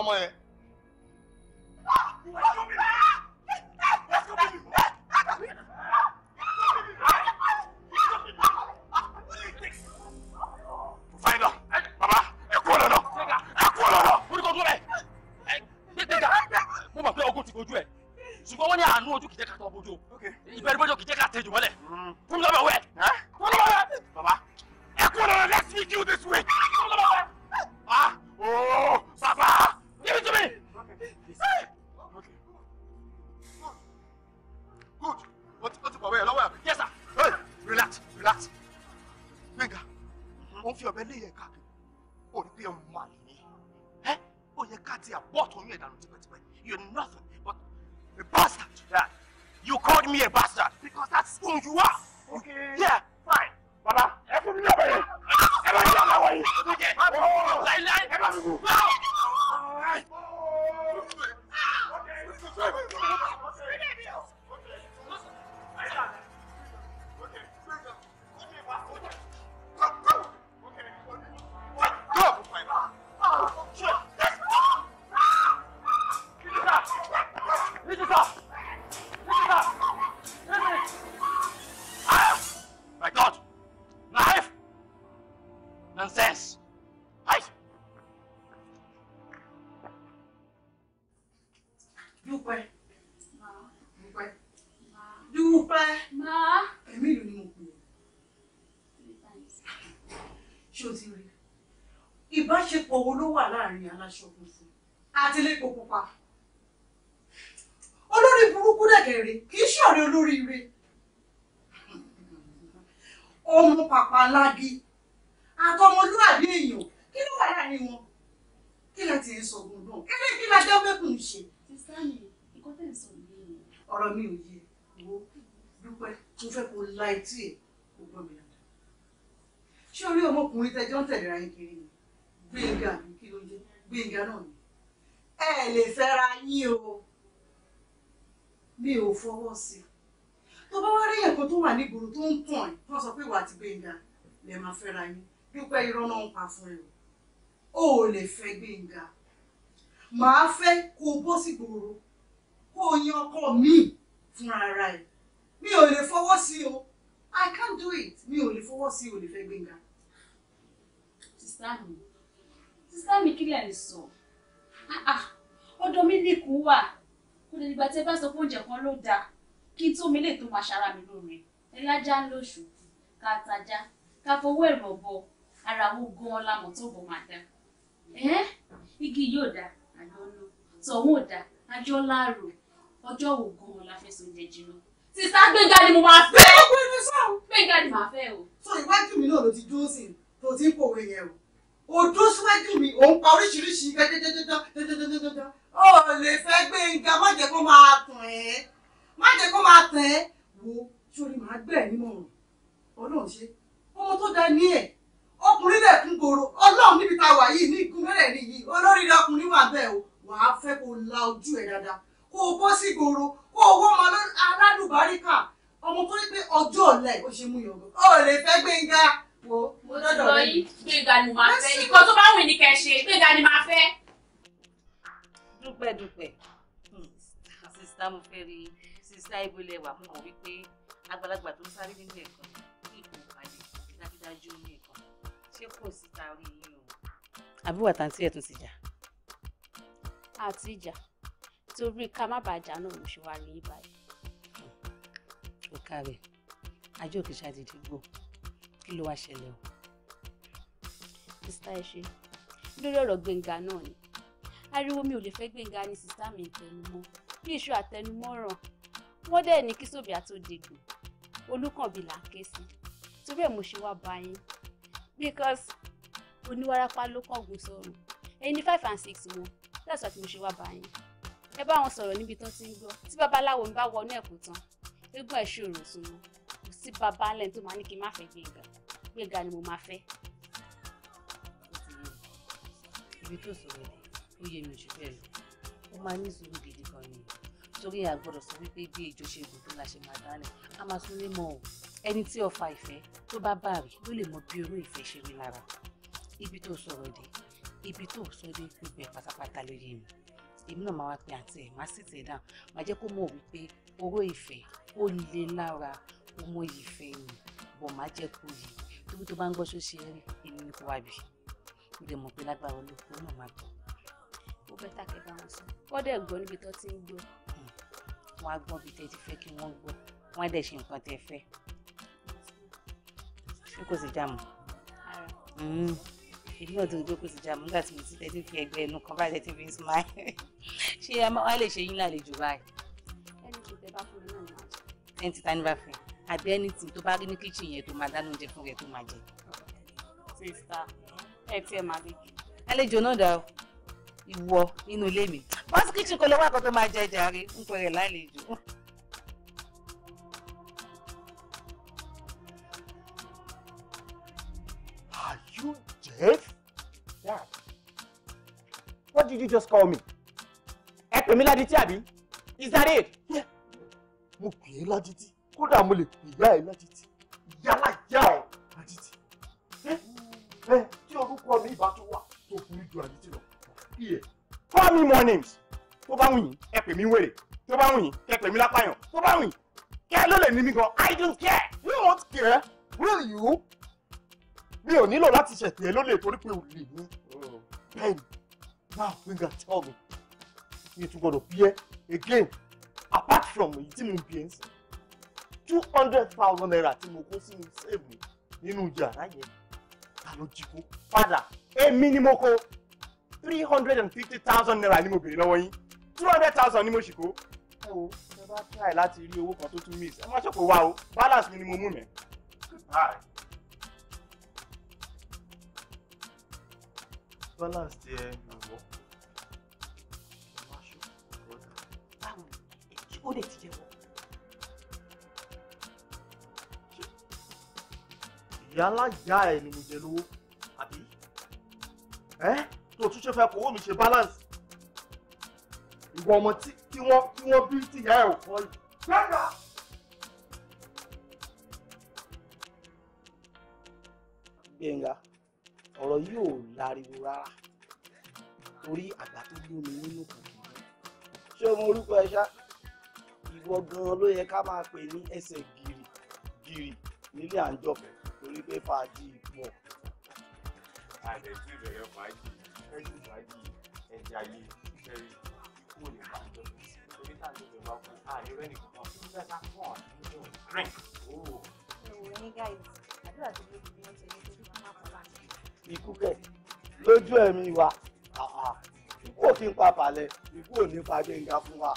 সময়ে wo ló wà láàrin aláṣọ funfun àti pupa pa fún ẹ o ò lè fẹ́ Gbénga màá fẹ́ kó o bó sì gbòòrò kó o yan ọkọ míì fúnra ara ẹ mi ò lè fọwọ́ sí o I can't do it mi ò lè fọwọ́ sí o lè fẹ́ Gbénga. sísá mi sísá mi kí lẹ́yìn sọ ah, ah, ọ̀dọ̀ mi nìkú wà kò lè dìgbà tí ẹ bá sọ fún oúnjẹ kan ló dáa kí n tó mi lè tó máa ṣara mi lóore ẹ lájà ń lóṣù ká tajà ká fowó ẹ̀rọ̀ bọ̀ ara wo gan lamọ̀ tó bọ̀ máa dá igi yóò dá àjọ lò tọ̀hún ò dá àjọ láàrò ọjọ́ wo gan la fẹ́ sọ oúnjẹ jìnnà sísá gbẹ̀ngà ni mo máa fẹ́ gbẹ̀ngà ni màá fẹ́ o. sọ iwájú mi náà ló ti dúró sí tó ti ń pòwe yẹn o ò dúró síwájú mi ò ń pa oríṣiríṣi gẹ́gẹ́gẹ́gẹ́gẹ́gẹ́gẹ́gẹ́ o lè fẹ́ gbẹ̀ngà má jẹ́ kó máa tàn ẹ́ má jẹ́ kó máa tàn ẹ́ wo sórí màá gbẹ̀ ẹ́ nímọ̀ràn ọlọ́run ṣe ọmọ tó da ní ẹ̀ ọkùnrin lẹ̀ kún gbòòrò ọlọ́run níbi tá wà yìí ní ikun mẹ́rẹ̀ ni yìí olóríire ọkùnrin wà bẹ́ẹ̀ o wàá fẹ́ kó la ojú ẹ̀ dáadáa kó o bọ́ sí gbòòrò kó o wọ́n máa aládùbáríkà ọmọ tó ní pé ọjọ́ ọ̀la ẹ̀ ó ṣe mú yọ̀ngọ̀ ó lè fẹ́ gbẹ̀ngà wo mo dọ́dọ̀ rẹ. gbẹ̀ngà ni màá fẹ́ ikọ̀ tó bá wù ní kẹ́ ṣe gbẹ̀ngà ni màá fẹ́. dúpẹ́ dúpẹ́ hmm, sísá mo fẹ́ rí sísá ibo lẹ́wà mo mọ̀ wípé àgbàlagbà tó ń sáré nílẹ̀ kan kí ìkòkàlẹ̀ dájúdájú ní tí kò sí tàrí yìí o. àbí wà tàǹtí ẹ̀ tún ti jà. àti ìjà torí ká má bàa jà náà mo ṣe wá rí báyìí. ó kárẹ̀ ajé òkè ṣàdìdì gbò kí ló wá ṣẹlẹ̀ o. sista ẹ ṣe lórí ọ̀rọ̀ gbẹ̀ngà náà ni ariwo mi ò lè fẹ́ gbẹ̀ngà ni sista mi ń tẹnumọ́ bí iṣu àtẹnumọ́ràn wọ́n dẹ̀ ní kí sóbìá tó degbò olúkànbí là ń ké sí torí ẹ̀ mo ṣe wá bá because oníwárapá ló kọ̀gùn sọ̀rọ̀ ẹni five and six mọ́ that's why mo ṣe wá báyìí ẹ bá wọn sọ̀rọ̀ níbi tán ti ń gbọ́ tí babaláwo ń bá wọnú ẹ̀kú tán eégún ẹ̀ ṣòro sùn mọ́ kò sí babalẹ̀ tó máa ní kí n má fẹ́ gbẹ̀ngà gbẹ̀ngà ni mo máa fẹ́. ibi tó sọ̀rọ̀ ó yé mi òṣìṣẹ́ rẹ̀ ó máa ní sùúrù gidi gan ni torí a gbọ́dọ̀ sọ wípé bí ìjọ ṣe gùn tó la ṣe máa dálẹ̀ a máa súnlé mọ́ ọ̀ ẹni tí ọfà ìfẹ́ tó bá bá rí ló lè mọ bí oró ìfẹ́ ṣe rí lára ibi tó sọ̀rọ̀ dé ibi tó sọ dé gbogbo ẹ̀ pátápátá ló yé mi èmi náà máa wá pe àǹtí ẹ̀ má sì tẹ̀ dáhùn má jẹ́ kó mọ̀ wípé oró ìfẹ́ ó le lára ọmọ ìfẹ́ ni bọ̀ má jẹ́ kó yé tóbi tó bá ń gbọ́ ṣó rí èmi ni kò wá bì mo dẹ̀ mọ̀ pé lágbára olóko náà má bì. ó fẹ́ tàkẹ́ bá wọn sọ wọ́n dẹ̀ gbọ́ níbi tó ti ń gbọ́. wọ́n á gbọ́ bí tẹ́ ti fẹ́ kí wọ́n gbọ́ wọ́n á dẹ̀ ṣe nǹkan tẹ́ fẹ́ jókòó sí jàmù mm. èmi náà tó jókòó sí jàmù nígbà tí mo ti tẹ́tí fi ẹgbẹ́ ẹnu kan báyìí tẹ́tí fi ń súnmọ́ <laughs> ṣé wàá lè ṣe yín lálejò báyìí. ẹni tí tẹ bá fún mi náà ni màá jẹ. ẹni tí ta ni bá fẹ́ àbí ẹni tí tó bá rí ní kíchìn yẹn tó máa dáná oúnjẹ fún rẹ tó máa jẹ. sista náà dà o ìwọ nínú ilé mi wọ́n sì kíchìn kó lọ́wọ́ àkọ́tọ́ máa jẹ jàre ń pẹ̀rẹ̀ lálejò. did you just call me? ẹ pè mí ládìtì àbí is that it. mo pè é ládìtì kódà mo lè pè ìyá ẹ ládìtì yálà ìyá ẹ ládìtì ẹ tí orúkọ mi ìbá tó wà tó burú ju àdìtì lọ call me more names tó bá wùn yín ẹ pè mí wèrè tó bá wùn yín ẹ pè mí lápáyàn tó bá wùn yín kẹ ló lè ní mi gan i don't care you don't care will you mi ò nílò láti ṣètè lólè torí pé ò lè ní oh. bẹ́ẹ̀ni. Now, Winger, tell me, you two got appear again, apart from èyí tí mo Two hundred thousand naira tí mo kó sínú save mi nínú yàrá yẹn. Ta ló jí kó? Padà, èmi ni mo kó. Three hundred and fifty thousand naira ni mo béèrè lọ́wọ́ yín. Two hundred thousand ni mo ṣì kó. Ẹ wo, ẹ bá try láti rí owó kan tó tún miss. Ẹ má ṣòkò wa o, balance mi ni mo mú mẹ́. Goodbye. balance ti ẹ lò wọ́ máa ṣòro ọ̀dà báwo ni ó lè ti jẹ wọ́. ìyá alájà ẹ ni mo jẹ lówó àbí ẹ tó tún ṣe fẹ́ kówó mi ṣe balance ìwọ ọmọ tí wọ́n tí wọ́n bí tìyá ẹ̀ ò kọ́ yìí. gbẹ́gbà. gbẹ̀ngà ọ̀rọ̀ yìí ò láriwo rárá torí àgbà tó gbé omi nínú kan kì í ṣé ọmọ orúkọ ẹ ṣá ìwọ gan-an ló yẹ ká máa pè ní ẹsẹ̀ gírì gírì nílé àńjọ̀fẹ́ torí pé fàájì pọ̀. àdẹ̀jú ìbẹ̀rẹ̀ fàájì fẹ́ẹ́jì fàájì ẹ̀jẹ̀ ayé ìfẹ́rí ikú lè bá torí táà ló lè bá kú ààrẹ rẹ̀ nìkan kan fún bẹ́ẹ̀ ká fún ọ̀ nínú rẹ̀. ẹ̀wọ̀n ní gáìsì àdúrà tó lè fi bí wọ́n ṣe ní torí máa kọ́ láti ikú kẹ̀ lójú ẹ̀mí wa ikú ò kí ń pa balẹ̀ ikú ò ní pa gbẹ̀ngà fún wa.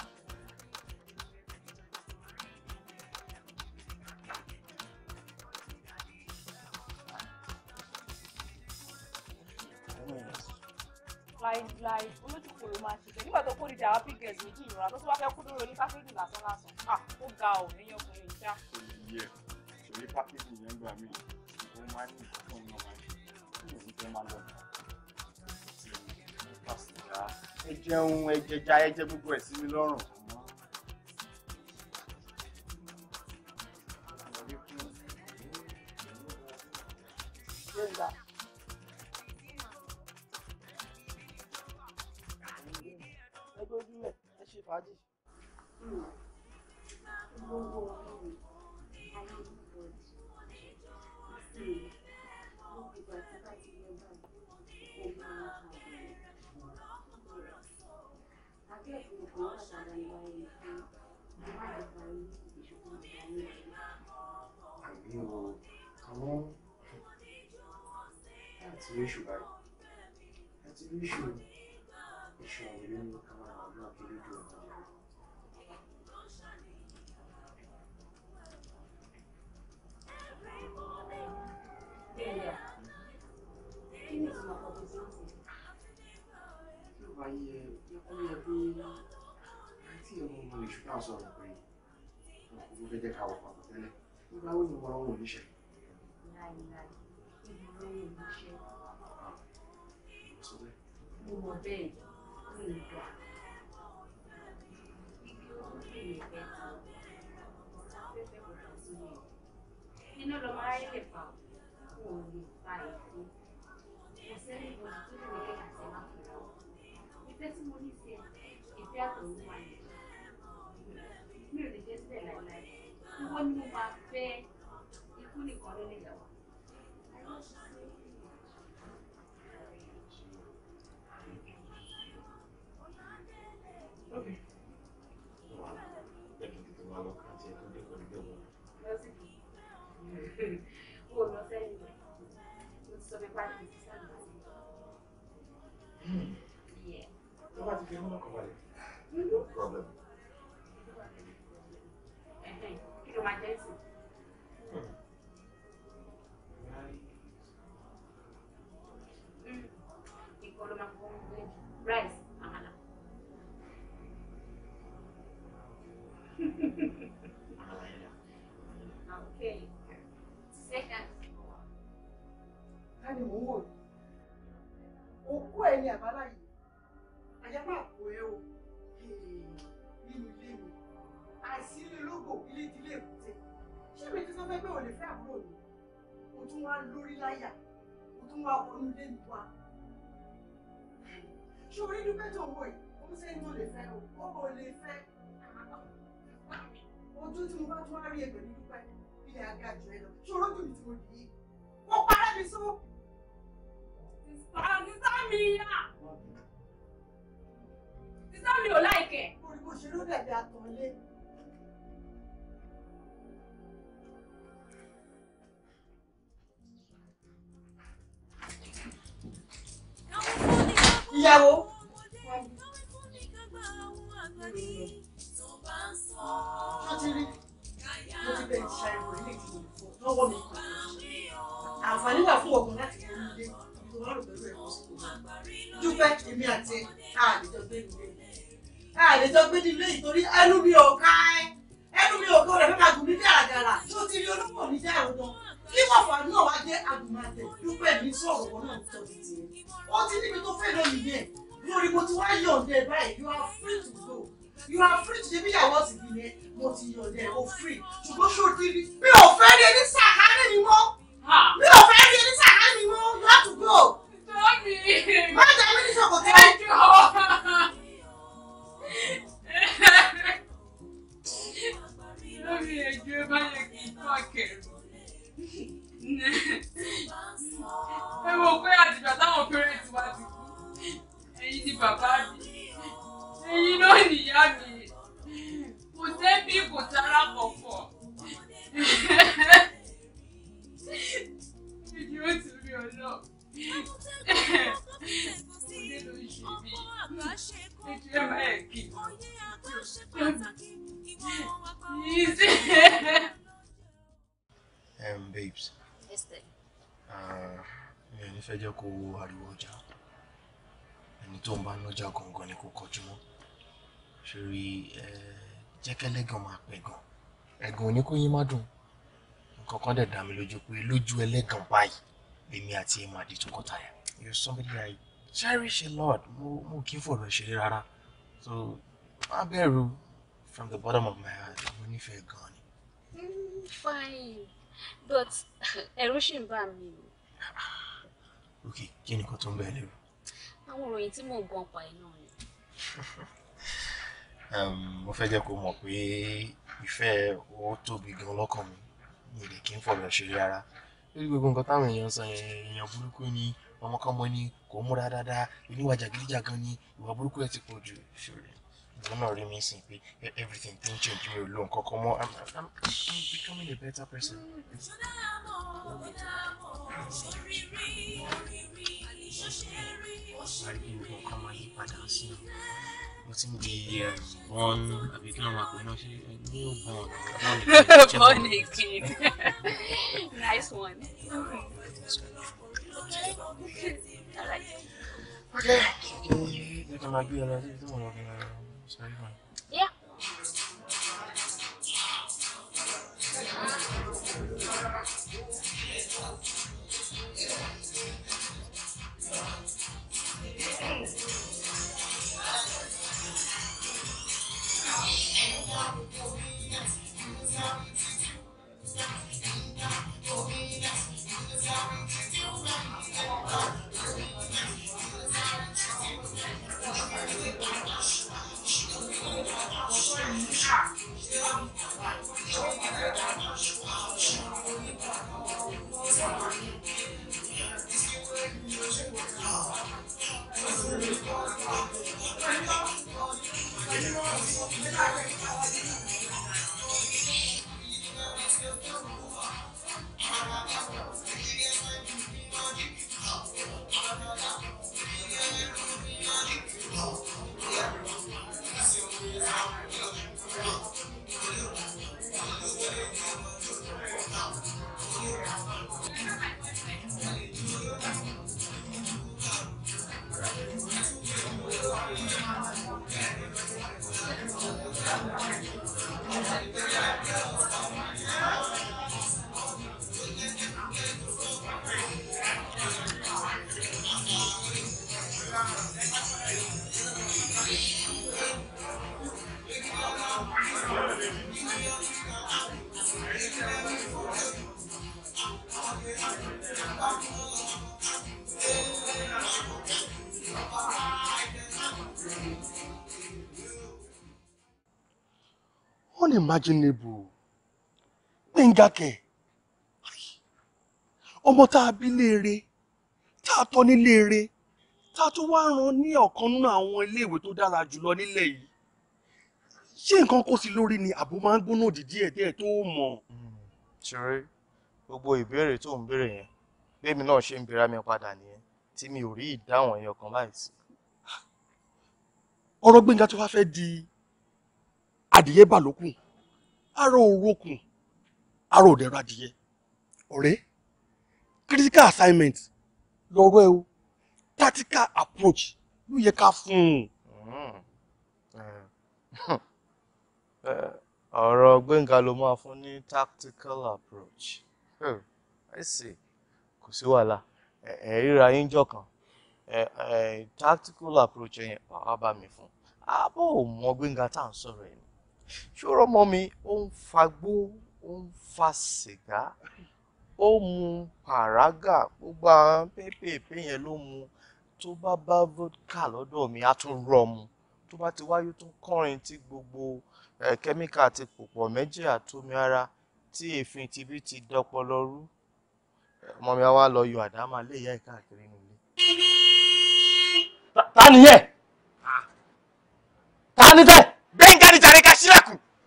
láìláì olójúkò ló máa ṣiṣẹ́ nígbà tó kó dìjà wá big girls méjì ìrora tó tún wá fẹ́ kú dúró ní pákéjì lásán lásán à ah, ó ga ò níyàn ọkùnrin ìjà. kò ní yẹ torí pákéjì yẹn gbà mí ó máa ní ìtọ́jú máa ń ló máa lọ. ẹ jẹun ẹ jẹja ẹ jẹ gbogbo ẹ sí mi lọ́rùn. iná lọ́mọ aráyé lè fà kó o lè fa èdè kò sẹ́ni bọ́ọ̀lù. lórí láyà kò tún wá wọnú ilé mi wá. ṣòro dúpẹ́ tó wọ̀ yìí ó ń sẹ́yìn tó lè fẹ́ o ó kò lè fẹ́. ojú tí mo bá tún wá rí ẹgbẹ̀ ní dúpẹ́ ilẹ̀ aga jù ẹ lọ ṣòro dùn tí mo dì í. ó parẹ́ mi sún. sísá mi yá sísá mi ò láìkẹ́. orí bó ṣe ló dẹ̀bi àtọ̀lé. ìyàwó. àǹfààní wà fún ọkùnrin láti gbé ilé ìlú wọn pẹ̀lú ẹ̀kọ́ sí kò dúpẹ́ èmi àti àlejò gbé nílé àlejò gbé nílé ìtorí ẹnu mi ò ká ẹ ẹnu mi ò ká ọ̀rẹ́ fẹ́ máa gùn mí bí àgàrà tó ti rí olóko ní jẹ́ àrùn kí wàfà náà wá jẹ́ agùnmọ̀tẹ̀ dúpẹ́ mi sọ̀rọ̀ wọn náà tọ́ sí ti ó ti níbi tó fẹ́ lónìí yẹn lórí mo ti wá yọ̀ǹdẹ̀ báyìí you are free to go you are free to ṣe bí ìyàwó ti bí yẹn mo ti yọ̀ǹdẹ̀ o free ṣùgbọ́n ṣó ti rí mi ò fẹ́ rí ẹni sàkárì mi mọ́ mi ò fẹ́ rí ẹni sàkárì mi mọ́ you have to go. má dá mi ní sọ̀kọ̀ kẹ́ Lórí ẹjọ́ báyọ̀ kì í tọ́ kẹrù ẹ wo pé àtìgbà táwọn pẹ́rẹ́ǹtì wa ti kú ẹ̀yin ni bàbá mi ẹ̀yin náà nìyá mi kò débi kò sára kọ̀ọ̀kọ̀ èdè ó ti rí ọ náà ọdẹ ló ń ṣe mí èdè ẹ máa ẹ̀ kí yìí sí. Um, babes. Yes, sir. Mi ò ní fẹ́ jẹ́ kó wo ariwo ọjà. Ẹni tó ń bá lọ́jà gangan ni kò kọjú mọ́. Ṣèrí jẹ́kẹ́lẹ́ gan máa pẹ́ gan. Ẹ̀gàn òní kò yín má dùn. Nǹkan kan dẹ̀ dá mi lójú pé lójú ẹlẹ́gàn báyìí lèmi àti di tún kọ́ta You're somebody I cherish a lot. Mo mo kì í fọ̀rọ̀ ṣeré rárá. So, má bẹ̀rù from the bottom of my heart. Mo nífẹ̀ẹ́ gan ni. Mm, fine but <laughs> erosion ṣì ń bà mí. ok kí ni kò tó ń bẹ lérò. àwọn ìròyìn tí mò ń gbọ́n pa iná ni. <laughs> mo fẹ́ jẹ́ kó mọ̀ pé ìfẹ́ ó tóbi gan lọ́kàn mi mi lè kí n fọ̀rọ̀ ṣe rárá lórí gbogbo nǹkan táwọn èèyàn sọ èèyàn burúkú ni ọmọkọ́mọ ni kò múra dáadáa oníwà jàgídíjàgan ni ìwà burúkú ẹ̀ ti pọ̀ jù ṣòro mo not rí mi sí everything didn't change me alone. lo i'm i'm i'm becoming a better person. àìní nǹkan máa yí padà sí i born àbí new born. born again nice one. Okay. Okay. Okay. Okay. Okay. Okay. Okay. So anyway. unimaginable gbẹ̀ngà kẹ̀ ọmọ tá a bí léere tá a tọ́ ní léere tá a tún wá rán ní ọ̀kan nínú àwọn iléèwé tó dára jùlọ nílẹ̀ yìí ṣé nǹkan kó sí lórí ni àbó máa ń gbóná òdìdí ẹ̀ tẹ́ ẹ̀ tó mọ̀. ṣeré gbogbo ìbéèrè tó ń béèrè yẹn bẹ́ẹ̀mi náà ṣe ń bèèrè mi padà nìyẹn tí mi ò rí ìdáhùn ẹ̀yọ kan báyìí sí. ọ̀rọ̀ gbẹ̀ngà tó wá fẹ́ di adìyẹ bàlókùn aró orókùn aró òdẹ̀rọ adìyẹ ore: critical assignment lọ́rọ̀ ẹ o tactical approach ló yẹ ká fún un. <laughs> ọ̀rọ̀ gbẹ̀ngà ló máa fún ní tactical approach hmm, I see kò sí wàhálà ríra yín jọ tactical approach yẹn wàá bá mi fún abọ́ ò gbẹ̀ngà tá à ń sọ̀rọ̀ ẹ̀ ṣòro ọmọ mi ó ń fagbó ó ń fa sìgá ó mu pàrágà gbogbo àwọn pépèpé yẹn ló mu tó bá bá vodka lọ́dọ̀ mi á tún rọ̀ mu tó bá ti wáyé tó kọrin tí gbogbo kẹ́míkà ti pòpọ̀ méjì àtomi ara tí èéfín tibí ti dọpọlọ rú ọmọ mi á wá lọ yọ àdámà lè yá ìkáàkiri nílé. ta ni yẹ ta ni tẹ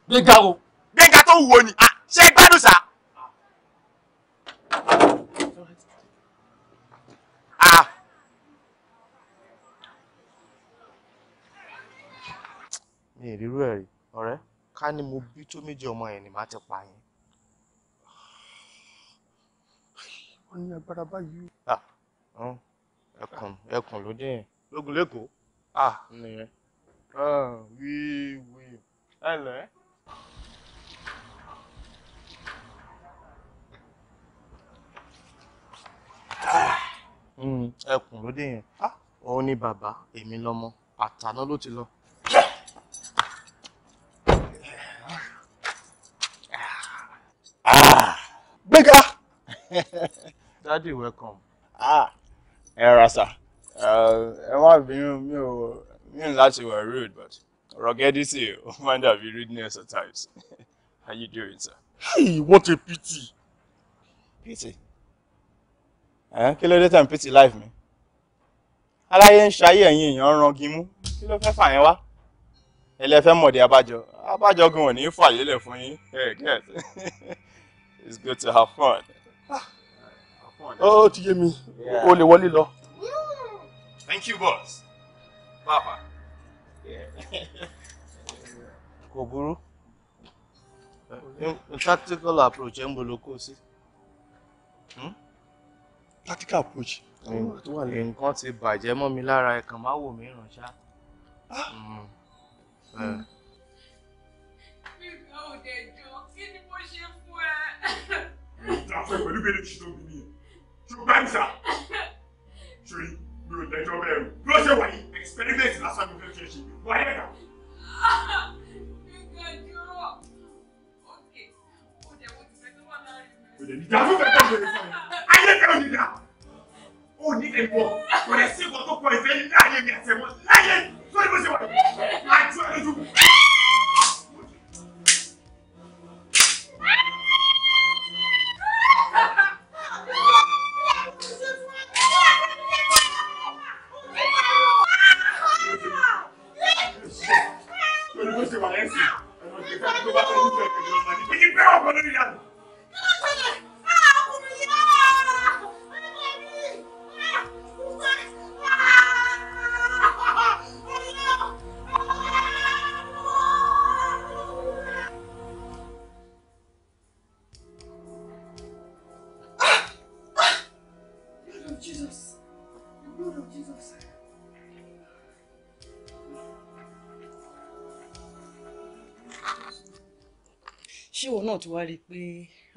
gbẹ̀ngà o. gbẹ̀ngà tó wù ó ni ah, ṣé gbádùn sá. Ah. mi ì rírú ẹ̀ rí ọ̀rẹ́ ká ní mo bí tó méjì ọmọ yẹn ni màá ti pa yẹn. wọ́n ní agbára báyìí. Ah, hm. ẹkùn ẹkùn ló dé yẹn. lógun lẹ́kọ̀ọ́. ah nìyẹn. wíwí ẹ lẹ́ẹ̀. Hmm. ẹkùn ló dé yẹn ah, òun ni bàbá èmi lọmọ àtàná ló ti lọ. Ah, gbẹ́gà. <laughs> daddy welcome. Ah, ẹ ra sà eh, ẹ má bínú mi ò mi ò láti wà rude but rugged sí o máa ń dàbí rudeness at times <laughs> how you doing sir. hey what a pity. pity ẹ̀ kí ló dé tẹ̀ ń pìtì mi aláyé ń ṣayé ẹ̀yin èèyàn ran gimú kí ló fẹ́ fà yẹn wá ẹlẹ́fẹ́ mọ̀dé abájọ abájọ gan ò ní í fàyè lẹ̀ fún yín <laughs> it's good to have fun. ó ti yé mi o lè wọlé lọ. thank you boss papa. <laughs> kò burú practical approach ẹ̀ ń bolo kó sí. Hmm? practical approach. nǹkan ti bàjẹ́ mọ́ mi lára ẹ̀ kàn má wò mí ràn ṣá. Ah! Hmm. Hmm. Eh. bíbá òde jọ kí ni mo ṣe fún ẹ. àfẹ pẹ̀lú bí eléyìí tó bí mi ṣùgbọ́n sà ṣòyí mi ò lẹ́jọ́ bẹ́ẹ̀ rù bí ó ṣe wà yìí experiment lásán mi fẹ́ fi ṣe wáyé ẹ̀dá. bíbá jọ òkè òde ti fẹ́ tó wà láàrin mi. òde níjà fẹ́ tó ń bẹ̀rẹ̀ fún mi ayé fẹ́ òníra ó ní ẹ̀wọ̀ kò lè sí ìwọ tó kọ ìfẹ́ nínú ayé mi àtẹ̀wọ̀ láyé sórí bó ṣe wà àjọ ẹ̀rọ náà ti wá rí i pé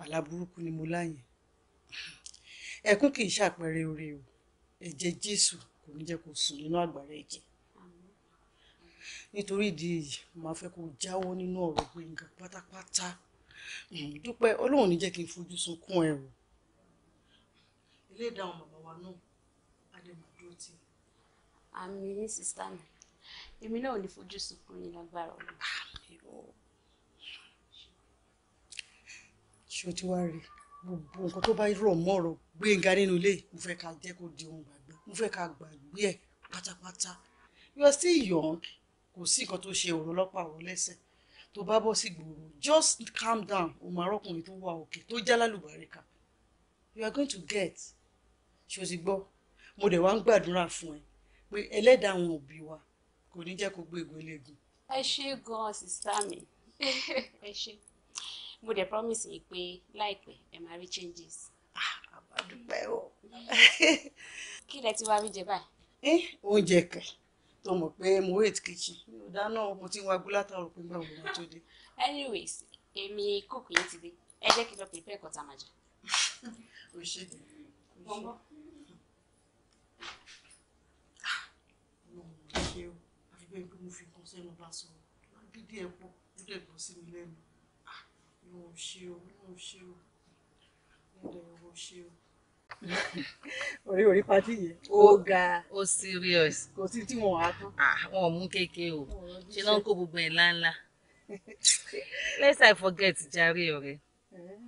àlá burúkú ni mo lá yẹn ẹkún kì í ṣàpẹẹrẹ oore o ẹ̀jẹ̀ Jésù kò ní jẹ́ kó sùn nínú àgbàrá ẹ̀jẹ̀ nítorí ìdí èyí màá fẹ́ kó jáwọ́ nínú ọ̀rọ̀ Gbẹ́ngà pátápátá dúpẹ́ Ọlọ́run ní jẹ́ kí n fojú sunkún ẹ̀rù ẹlẹ́dàá àwọn bàbá wa náà adẹ́màdúró tì. àmì sísá mi èmi náà ò ní fojú sunkún yín lágbára Ọlọ́run. ṣé o ti wá rí gbogbo nǹkan tó bá rọ̀ mọ́ ọ̀rọ̀ nínú ilé mo fẹ́ ká jẹ́ kó di ohun gbàgbé mo fẹ́ ká gbàgbé ẹ̀ pátápátá you are still young kò sí nǹkan tó ṣe ọ̀rọ̀ lọ́pàá ọ̀rọ̀ lẹ́sẹ̀ tó bá bọ́ sí gbòòrò just calm down o máa tó wà òkè tó já lálùbáríkà you are going to get ṣé o ti gbọ́ mo dẹ̀ wá ń gbàdúrà fún ẹ pé ẹlẹ́dàá àwọn òbí wa kò ní jẹ́ kó gbé egbò eléegun. ẹ ṣé gan-an sísá mi <laughs> ẹ ṣé mo dẹ̀ promise yìí pé láìpẹ́ ẹ máa rí changes. Ah, àbádúpẹ́ o. <laughs> kí lẹ ti wá rí jẹ báyìí. ẹ oúnjẹ kẹ tó mọ̀ pé mo wait kitchen mi ò dáná mo ti ń wá gúlátà rò pé gbàgbọ́ mo tó dé. anyways èmi kókò yìí ti dé ẹ jẹ́ kí n lọ prepare ẹ̀kọ́ tá a máa jà. <laughs> o ṣe ah, o mo fi kún sẹ́nu bá sọ̀rọ̀ gidi ẹ̀ ó dẹ̀ gbọ́ sí mi lẹ́nu inú ṣírò inú ṣírò nílẹ̀ owó ṣírò. orí orí pati yìí. ó ga ó serious. kò sí tí wọn á tán. àwọn ah, ò mú kéèké o ṣe ló ń kó gbogbo ẹ̀ láńlá. let's i forget jàre ọ̀rẹ́ eh?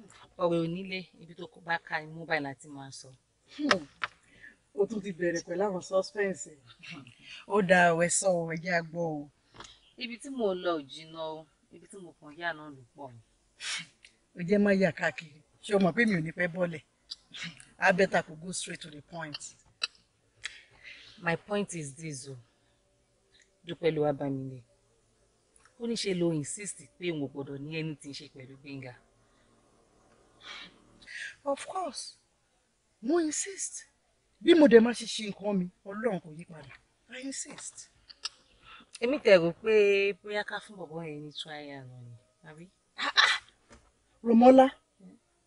ọ̀rẹ́ onílé ibi tó bá ka imú báyìí láti máa sọ hmm. ó tún ti bẹ̀rẹ̀ pẹ̀lú àwọn suspense ó da ọ̀wẹ́ sọ ọ̀wẹ́ jẹ́ o. ibi tí mo lọ jìnnà o ibi tí mo kàn yà náà ló pọ̀ ni ó jẹ́ má yà káàkiri ṣé o mọ̀ pé mi I better go straight to the point. My point is this o dúpẹ́ ló wá bá mi lè ó ní ṣe lo insist pé òun ò gbọ́dọ̀ ní anything ṣe pẹ̀lú Gbénga. Of course mo insist bí mo dẹ̀ má ṣe ṣe nǹkan mi ọlọ́run kò yí padà I insist. èmi tẹ̀ rò pé bóyá ká fún bọ̀bọ̀ yẹn ní trial ni àbí. Ah, ah. Rọmọlá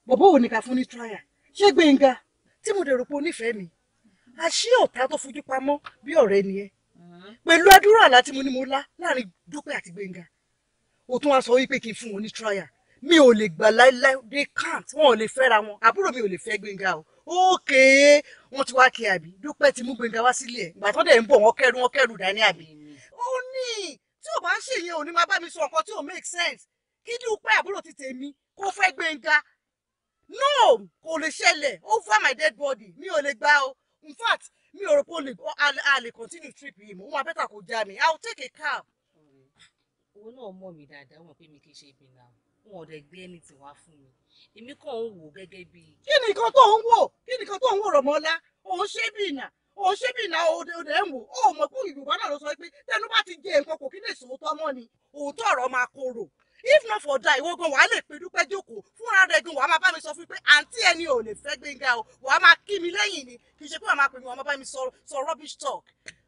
bọ̀bọ̀ wo ni ká fún ní tíráyà ṣé Gbénga tí mo dẹ̀ rò pé onífẹ̀ẹ́ mi àṣé ọ̀tá tó fojú pamọ́ bí ọ̀rẹ́ ni ẹ mm-hmm. pẹ̀lú àdúrà àlá tí mo ní mo lá láàrin Dúpẹ́ àti Gbénga o tún wá sọ wípé kí n fún wọn tíráyà mi ò lè gbà láéláé they can't wọn ò lè fẹ́ra wọn àbúrò mi ò lè fẹ́ Gbénga o ókè wọn ti wá kí àbí Dúpẹ́ ti mú Gbénga wá sílé ẹ̀ gbàtọ́ dẹ̀ ń bọ̀ wọ́n kẹ́rù wọ́n kẹ́rù dání àbí. Mm-hmm. ó ní tí ò bá ń ṣèyẹn ò máa bá mi sọ nǹkan tí ò make sense kí Dúpẹ́ àbúrò ti tèmi kó fẹ́ Gbénga no kò lè ṣẹlẹ̀ over my dead body mi ò lè gbà o in fact mi ò rò pé a lè continue trip yìí mo wà bẹ́tà kó já mi i will take a cab. owó náà mọ̀ mí dáadáa wọn pé mi kì í ṣe ibi náà wọn ò dẹ̀ gbé ẹni tí wàá fún mi èmi kàn ń wò gẹ́gẹ́ bí. kí ni nǹkan tó ń wò kí ni nǹkan tó ń wò Rọ̀mọ́lá òun ṣé bí ìnà òun ṣé bí ìnà òde òde ń wò ó mọ̀ pé Yorùbá náà ló sọ pé tẹnu bá ti jẹ nǹkan kò kí lè sòótọ́ mọ́ ni òótọ́ ọ̀rọ̀ máa korò if not for that ìwọ gan wàá pe dúpẹ́ jókòó fúnra rẹ̀ gan wàá máa bá mi sọ fún pé àǹtí ẹni ò lè fẹ́ gbẹ̀ngà o wàá máa kí mi lẹ́yìn ni kì í ṣe pé wàá máa pè mí wàá máa bá mi sọ rubbish talk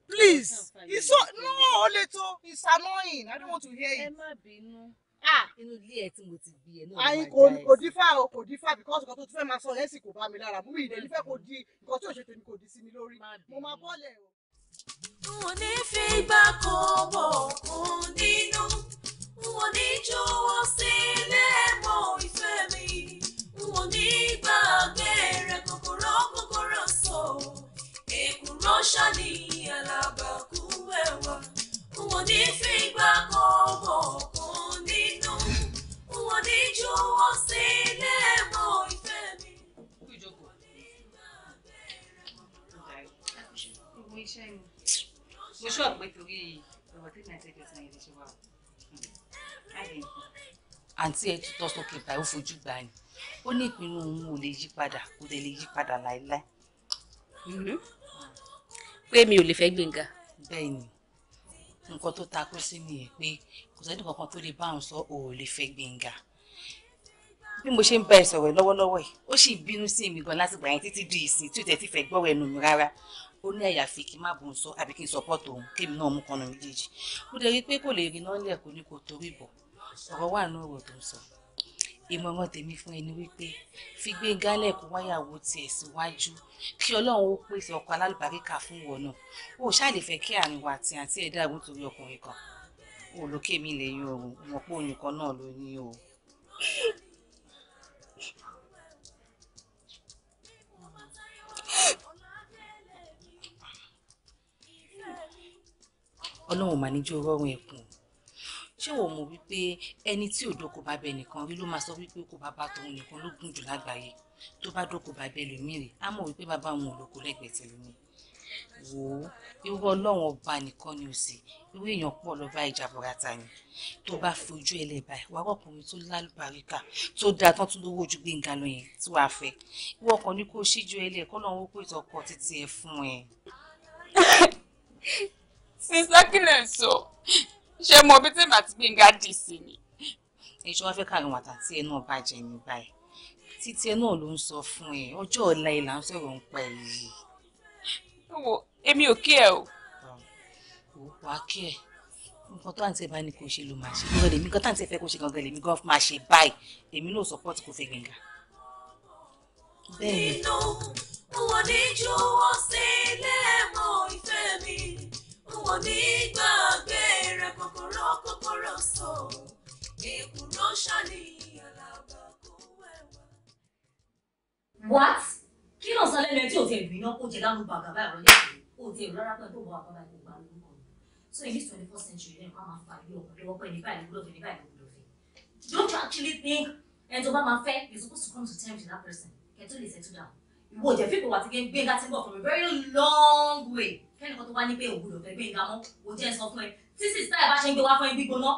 please it's so no ó lè tó it's annoying i don't want to hear it. ẹ má bínú ah! Ah, inú ilé ẹ tí mo ti bí ẹ náà máa já ẹ. kò dífá o kò dífá because nǹkan tó tún fẹ́ máa sọ yẹn sì kò bá mi lára mú ìdè nífẹ̀ẹ́ kò di nǹkan tí ò ṣe tèmi kò di sí mi lórí mo máa bọ́ọ̀lẹ̀ o. n ní fi gbà kó bọ̀ kún nínú n ò ní jọ̀wọ́ sílẹ̀ mọ́ ìfẹ́ mi n ò ní gbàgbé rẹ kòkòrò kòkòrò sọ èkùrọ́ ṣáni alábàákú ẹ̀wà n ò ní fi gbà kọ́ ọmọ kan nínú mo ṣọ́ torí àǹtí ẹ ti tọ́ sókè báyìí ó fojú gbà ní ó ní ìpinnu òun ò lè yí padà kò dẹ̀ lè yí padà láéláé. Mm-hmm. pé mi ò lè fẹ́ Gbénga. bẹ́ẹ̀ ni nǹkan tó takú sí nìyẹn pé kò sẹ́ni kankan tó lè bá òun sọ ò lè fẹ́ Gbénga bí mo ṣe ń bá ẹ sọ̀rọ̀ lọ́wọ́lọ́wọ́ ẹ̀ ó sì bínú sí mi gan láti gbà yẹn títí di ìsìn tí ò tẹ̀ ti fẹ́ gbọ́rọ̀ ẹnu mi rárá ó ní àyàfi kí n má bùn sọ àbí kí n sọpọ́tò òun kémi náà mú kanu méjèèjì kó ọ̀rọ̀ wà nínú ọ̀rọ̀ tó ń sọ ìmọ̀ràn tèmi fún ẹni wípé fi Gbénga lẹ̀ kó wáyàwó tiẹ̀ síwájú kí ọlọ́run ó pèsè ọkọ alálùbáríkà fún ìwọ náà o ò ṣáà lè fẹ́ kí àárín wa àti àǹtí ẹ̀dá àgùn torí ọkùnrin kan o ò lókè mi lẹ́yìn oòrùn mọ̀ pé oyún kan náà ló ní o. ọlọ́run mà ní jó rọrùn ẹ̀kún ṣé wọ́n mọ̀ wípé ẹni tí òdo kò bá bẹ nìkan rí ló máa sọ wípé kò bá bá tòun nìkan ló gùn jù lágbàáyé tó bá dókò bá bẹ lómi rè á mọ̀ wípé bàbá àwọn olóko lẹ́gbẹ̀ẹ́ tẹ̀lé mi wò ó irú ọlọ́run ọba nìkan ni ò sí irú èèyàn pọ̀ lọ́ba ìjàbọ̀ràtà ni tó bá fojú ẹlẹ́bà wà ọkùnrin tó lálùbáríkà tó dáa tán tó lówó ojú gbẹ̀ngà lọ yẹn tí wàá fẹ́ ìwọ ọkàn ni kò ṣíjú ẹlẹ́ kọ́ lọ́run ó pè títí ẹ fún ẹ. sísá kìlẹ̀ sọ ṣé mo bí tèmi àti Gbénga dì sí ni. èyí tí wọ́n fẹ́ káàrin wàtà tí ẹ náà bàjẹ́ ní báyìí títí ẹ náà ló ń sọ fún ẹ ọjọ́ ọ̀la ìlà ń sọ̀rọ̀ ń pa èyí. wo èmi ò kí ẹ o. ò wá kí ẹ nǹkan tó à ń tẹ bá ní kò ṣe ló máa ṣe lọ́dọ̀ èmi nǹkan tó à ń tẹ fẹ́ kó ṣe gangan lèmi gan máa ṣe báyìí èmi náà support kò fẹ́ Gbénga. bẹ́ẹ̀ ni. ní jọ̀wọ́ sílẹ̀ mọ́ ìfẹ́ mi n ní gbà what kí ló sọ lẹ́nu ẹ tí o ti rìn náà kó jẹ lánàá bàgà báyìí ọ̀rọ̀ lẹ́yìn o ti rìn rárá pẹ̀lú òun àbábá ìlú ìgbà lórí kan so in this twenty first century lẹ́nu ká máa fà yí ọkùnrin lọ́wọ́ pẹ̀lú ìbáyìí lọ́wọ́ pẹ̀lú ìbáyìí lọ́wọ́ fẹ́ don't you actually think ẹni tó bá máa fẹ́ you supposed to come to terms with that person kẹ́ tó lè settle down ìwọ òjẹ́ fíìpù wà ti gé gbẹ̀ngà ti ń bọ̀ from a very long way kẹ́nìkan tó wá ní pé òwúrọ̀ fẹ́ gbẹ̀ngà mọ́ òjẹ́ sọ fún ẹ tí sísá ẹ̀ bá ṣe ń gbé wá fún ẹ gbígbóná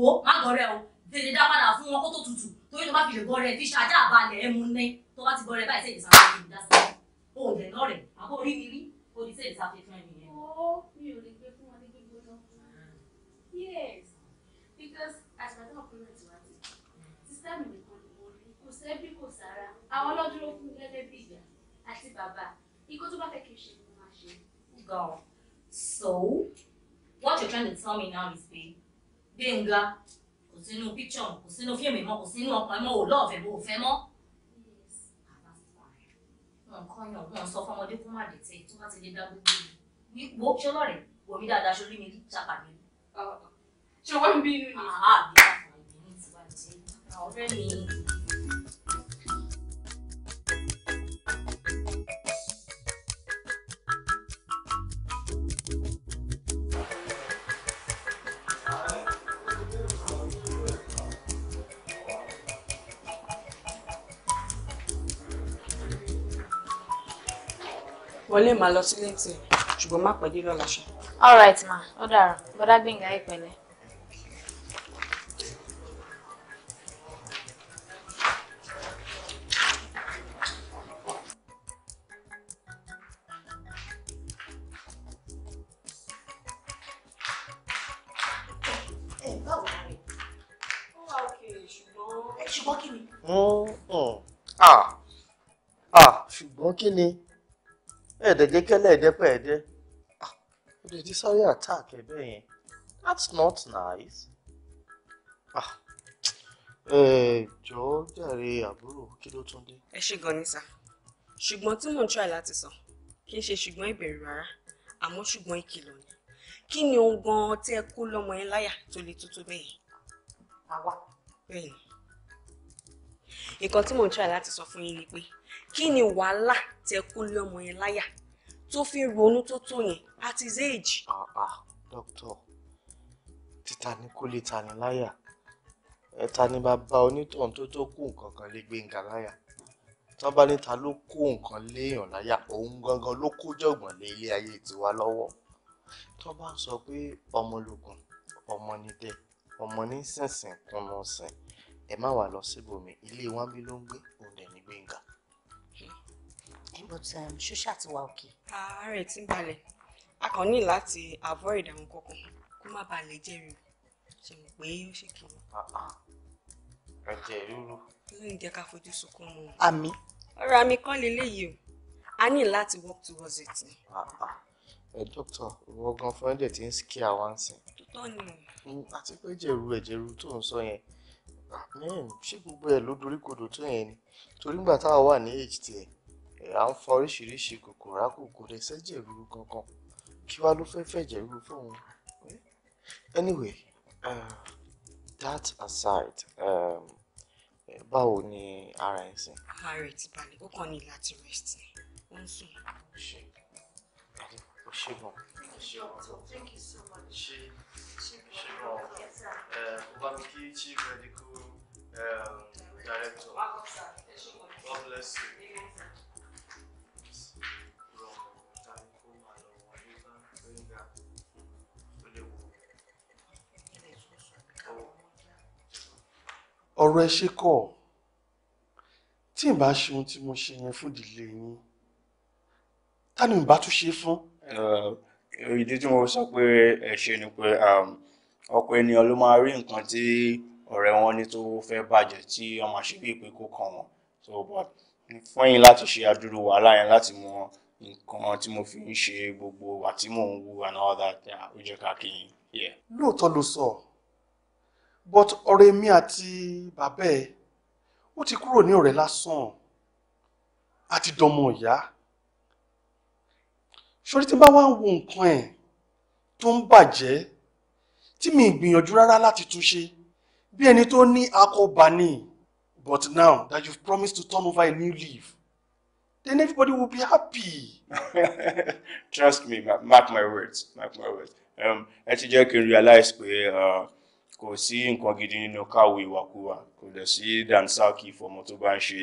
wò ó má gọ̀ọ́rẹ́ o tètè dá padà fún wọn kó tó tutù torí tó bá fi lè gọ̀ọ́rẹ́ fi ṣáájà àbálẹ̀ ẹ̀ mú ní tó bá ti gọ̀ọ́rẹ́ báyìí tètè sáré sí i o dẹ̀ lọ́rẹ̀ àbó orí mi rí o ti tètè sáré fún ẹ̀mí ó lè gbé fún wọn ní yes because àtàtà ọkùnrin ti wá ti sísá mi nìkan ni mo rí kò sẹ́bí kò sára àwọn ọlọ́dúnrún fún gẹ́gẹ́ bí ìyá àti bàbá ikú tó bá fẹ́ kí n ṣe So, what you're trying to tell me now is pé gbẹ̀ngà kò sínú picture kò sínú fíìmù mọ́ kò sínú ọkàn mọ́ ò lọ́ọ̀fẹ́ bó o fẹ́ mọ́. Ah, wọn kọ́ yàn wọn sọ fọmọdé kó má dẹ̀tẹ̀ tó bá ti lè dá gbogbo mi wò ó ṣọlọ́rẹ̀ wò mí dáadáa sórí mi ṣàpàdé. Ah, ah, ṣé wọ́n ń bínú ni. àá bí wọ́n fọ ìbínú tiwa jẹ́ wọlé máa lọ sílé tì ṣùgbọ́n má pẹ́ dé lọ́la ṣá. all right ma ó dára bọ́dá gbẹ̀ngà ìpẹ̀lẹ́. ṣùgbọ́n kí ni. Mm-hmm. Ah. Ah, ṣùgbọ́n kí ni ẹ̀ẹ́dẹ̀ jẹ́ kẹ́lẹ́ ẹ̀dẹ́ pẹ́ ẹ̀dẹ́ ah, ó lè di attack ẹ̀dẹ́ that's not nice. Ah, ẹ jọ̀ọ́ jàre àbúrò kí ló tún dé. ẹ ṣe gan ni sá ṣùgbọ́n tí mò try láti sọ kì í ṣe ṣùgbọ́n ìbẹ̀rù rárá àmọ́ ṣùgbọ́n ìkìlọ̀ ni kí ni ohun gan-an tí ẹ kó lọ́mọ yẹn láyà tó le tó tó bẹ́ẹ̀ Awa, àwa bẹ́ẹ̀ ni nǹkan try láti sọ fún yín ni pé kí ni wàhálà tẹ kó lé ọmọ yẹn láyà tó fi ń ronú tó tó yẹn at his age. ah ah dókítà títa ni kó lè ta ni láyà ẹ̀ta ni bàbá onítọ̀hún tó tó kó nǹkan kan lé Gbénga láyà tó bá níta ló kó nǹkan léèyàn láyà òun gangan ló kó jọ̀gbọ̀n lé ilé ayé tiwa lọ́wọ́ tó bá ń sọ pé ọmọlógún ọmọ nídẹ ọmọ nísinsìn kùnú sìn ẹ má wà lọ síbòmí ilé wọn bí ló ń gbé òun dẹ̀ ní Gbénga but um, ṣóṣà ti wà òkè. ààrẹ ti ń balẹ̀ a kàn ní láti avoid àwọn kankan kó má bàa lè jẹ́rìí ṣe mọ̀ pé ó ṣe kiri. ẹ̀jẹ̀ ríru. ló ń jẹ́ ká fojú sunkún mu. àmì. ọ̀rọ̀ àmì kan lélẹ́yìí o a ní láti work towards it. Ah, ah. ẹ dókítà ìwọ gan fún ẹ̀jẹ̀ tí ń kí àwa ń sìn. tó ní. Hmm, àti pé jẹ̀rù ẹ̀jẹ̀rù tó ń sọ yẹn ah, ṣé gbogbo ẹ̀ ló doríkodò tó yẹn ni torí nígbà táwa wà ní age à ń fa oríṣiríṣi kòkòrò àkókò rẹ sẹ́jẹ̀ ruru kankan kí wàá ló fẹ́ fẹ̀jẹ̀ ruru fóun. anyway uh, that aside um, báwo ni ara ẹ̀ sìn. ara rẹ̀ ti balẹ̀ ó kàn ní láti rest ni ó ń sùn. ó ṣe gan. thank you so much. ṣe uh, um, director god bless you. ọ̀rọ̀ ẹ ṣe kọ̀ tí n bá ṣe ohun tí mo ṣe yẹn fún ìdílé yín ta ni n bá tún ṣe fún. ìdí tí mo sọ pé ẹ ṣe ni pé um, ọ̀pọ̀ ènìyàn ló máa rí nǹkan tí ọ̀rẹ́ wọn ní tó fẹ́ bàjẹ́ tí wọ́n máa ṣe bí ìpè kó kàn wọ́n so but fún yín láti ṣe àdúró wàhálà yẹn láti mọ nǹkan tí mo fi ń ṣe gbogbo wà tí mò ń wú and all that ó jẹ́ ká kí n yẹ. lóòótọ́ ló sọ but ọ̀rẹ́ mi àti bàbá ẹ̀ ó ti kúrò ní ọ̀rẹ́ lásán àti dọmọ ìyá ṣorí tí bá wá ń wo nǹkan ẹ̀ tó ń bàjẹ́ tí mi gbìyànjú rárá láti túnṣe bí ẹni tó ní akọba but now that you've promised to turn over a new leaf then everybody will be happy. <laughs> Trust me, mark my words, mark my words. Um, ẹ ti jẹ́ kí n realize pé uh, kò sí nǹkan gidi nínú káwo ìwàkuwà kò dẹ̀ sí dansaki fọmọ tó bá ń ṣe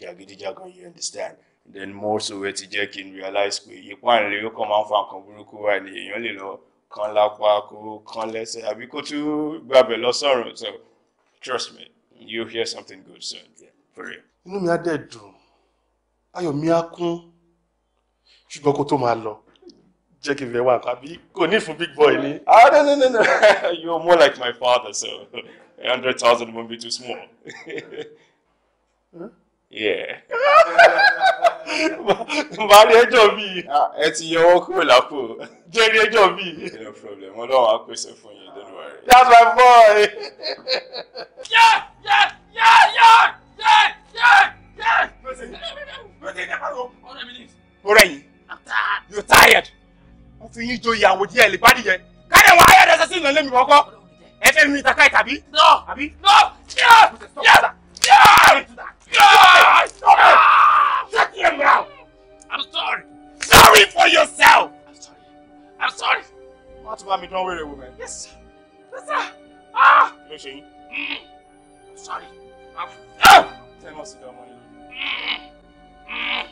jàgídíjàgan you understand then more so ẹ ti jẹ́ kí n realize pé ipá ìrìn ó kàn máa ń fa nǹkan burúkú wá ni èèyàn lè lọ kan lápá kó kan lẹ́sẹ̀ àbí kó tún gbàbẹ̀ lọ sọ̀rọ̀ so trust me you hear something good soon yeah, for real. inú mi á dẹ̀ dùn ayọ̀ mi á kún ṣùgbọ́n kó tó máa lọ jẹ́ kí n fẹ́ wà kó àbí kò big boy ni. ah no no no no <laughs> You're more like my father so a hundred thousand won't be too small. huh? <laughs> yeah. <laughs> màá rí ẹjọ́ mi. Ah, ẹ ti yọ owó kúrò lápò. jẹ́ rí ẹjọ́ mi. no problem ọlọ́run á pèsè fún yín don't worry. that's my boy. yeah yeah yeah yeah yeah yeah yeah. ọ̀rẹ́ mi ni. ọ̀rẹ́ yìí. I'm tired. you're tired wọ́n fi yín jo ìyàwó díẹ̀ lè bá nìyẹn kárẹ̀ wọn ayé ẹ̀rẹ́sẹ̀ sí ìnà lẹ́mi kọ́kọ́ ẹ fẹ́ mi ìtàkà ìtàbí. nọ nọ yà yà yà yà shut your mouth i'm sorry sorry for yourself i'm sorry i'm sorry. wọ́n ti bá mi dán wẹ́rẹ̀ wò mẹ́. yes sir yes sir. Ah! ló ṣe yín. Mm. sorry. Ah! tẹ́ mọ̀ sí ọmọ yìí. Ah!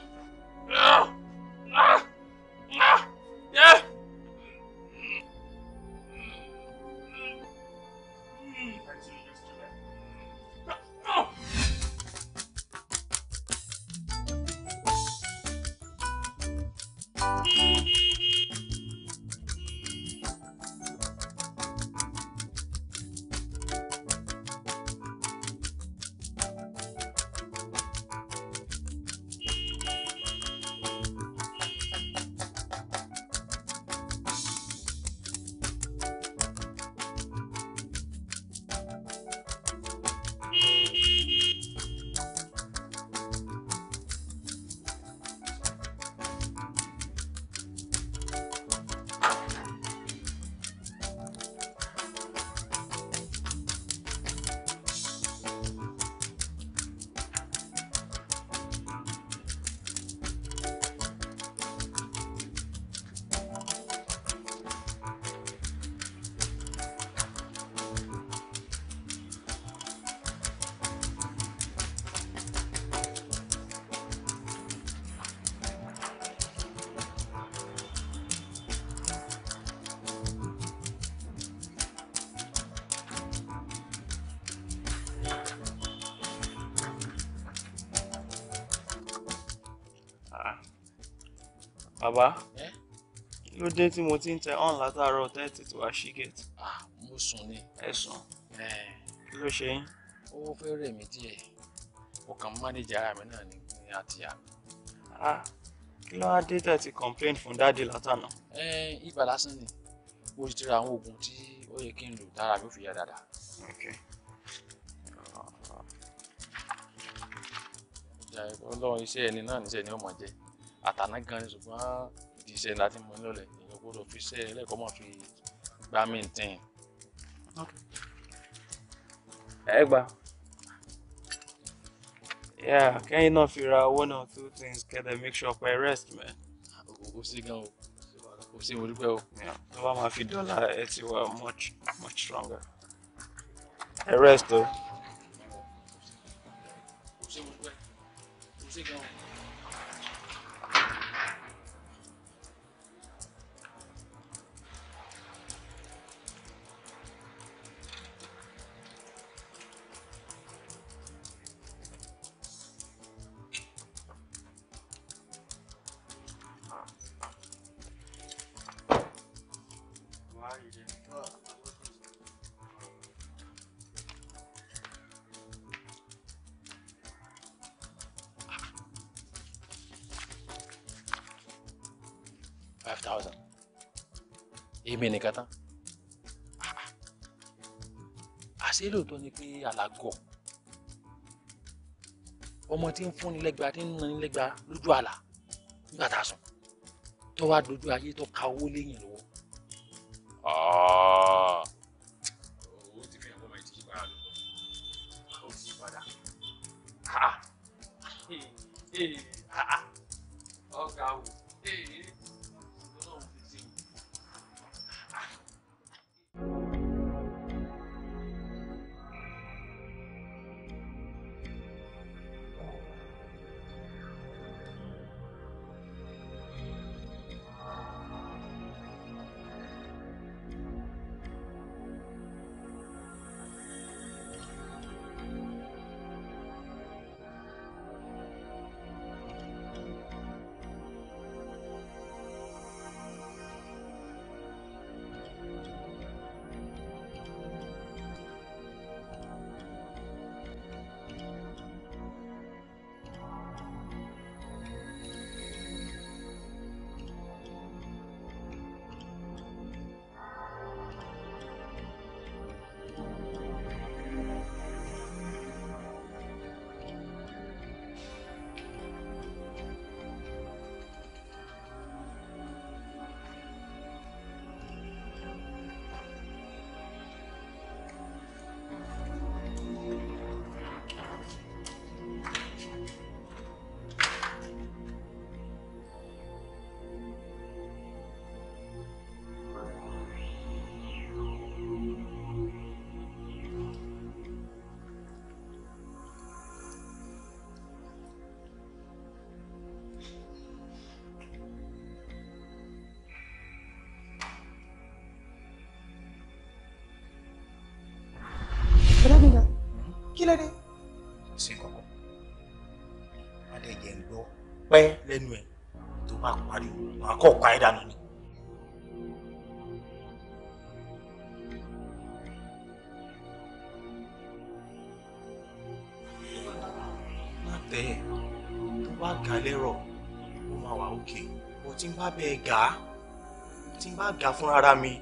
Ah! ah! Yeah! Bàbá, kí ló dé tí mo ti ń tẹ on látàárọ̀ tẹ́tì tó wá ṣí gate? Mo sùn ni. Ẹ sùn. Kí ló ṣe yín? Ó fẹ́ rẹ̀ mí díẹ̀. Mo kàn mánéjì ara mi náà ní àti àmì. Kí ló wá dé tẹ́tì complain fún dáàdì látànà? Ibà lásán ni. Mo ti ra àwọn oògùn tí ó yẹ kí n lò tára mi ò fi yá dáadáa. Ọlọ́run iṣẹ́ ẹni náà níṣẹ́ ni ó mọ̀ jẹ́ àtàná gan ni ṣùgbọ́n ìdí iṣẹ́ láti mọ nílẹ̀ èèyàn gbọ́dọ̀ fi iṣẹ́ ẹlẹ́kọ̀ọ́ mọ̀ fi gbá mìntín. ẹ gbà yeah kẹ́yìn náà fi ra one or two things kẹ́dẹ̀ make sure pé rest man. kò sí gan o kò sí orí pẹ́ o. tó bá máa fi dọ́là ẹ ti wà much much stronger. ẹ rest o. Oh. bí nìkan tán àṣé lóòótọ́ ni pé àlàgọ̀ ọmọ tí ń fúnni lẹ́gba tí ń nani lẹ́gba lójú àlà nígbà tá a sùn tó wá dojú ayé tó ka owó léyìn lọ́wọ́. ló dé. sí kọ̀kọ́ má dẹ̀ jẹ́ ń gbọ́ pẹ́ lẹ́nu ẹ̀ tó bá pariwo màá kọ́ pa ẹ̀ dànù ni. tẹ ẹ tó bá ga lẹ́rọ̀ ó máa wà òkè mo ti ń bá bẹ́ẹ̀ gà ti ń bá gà fúnra mi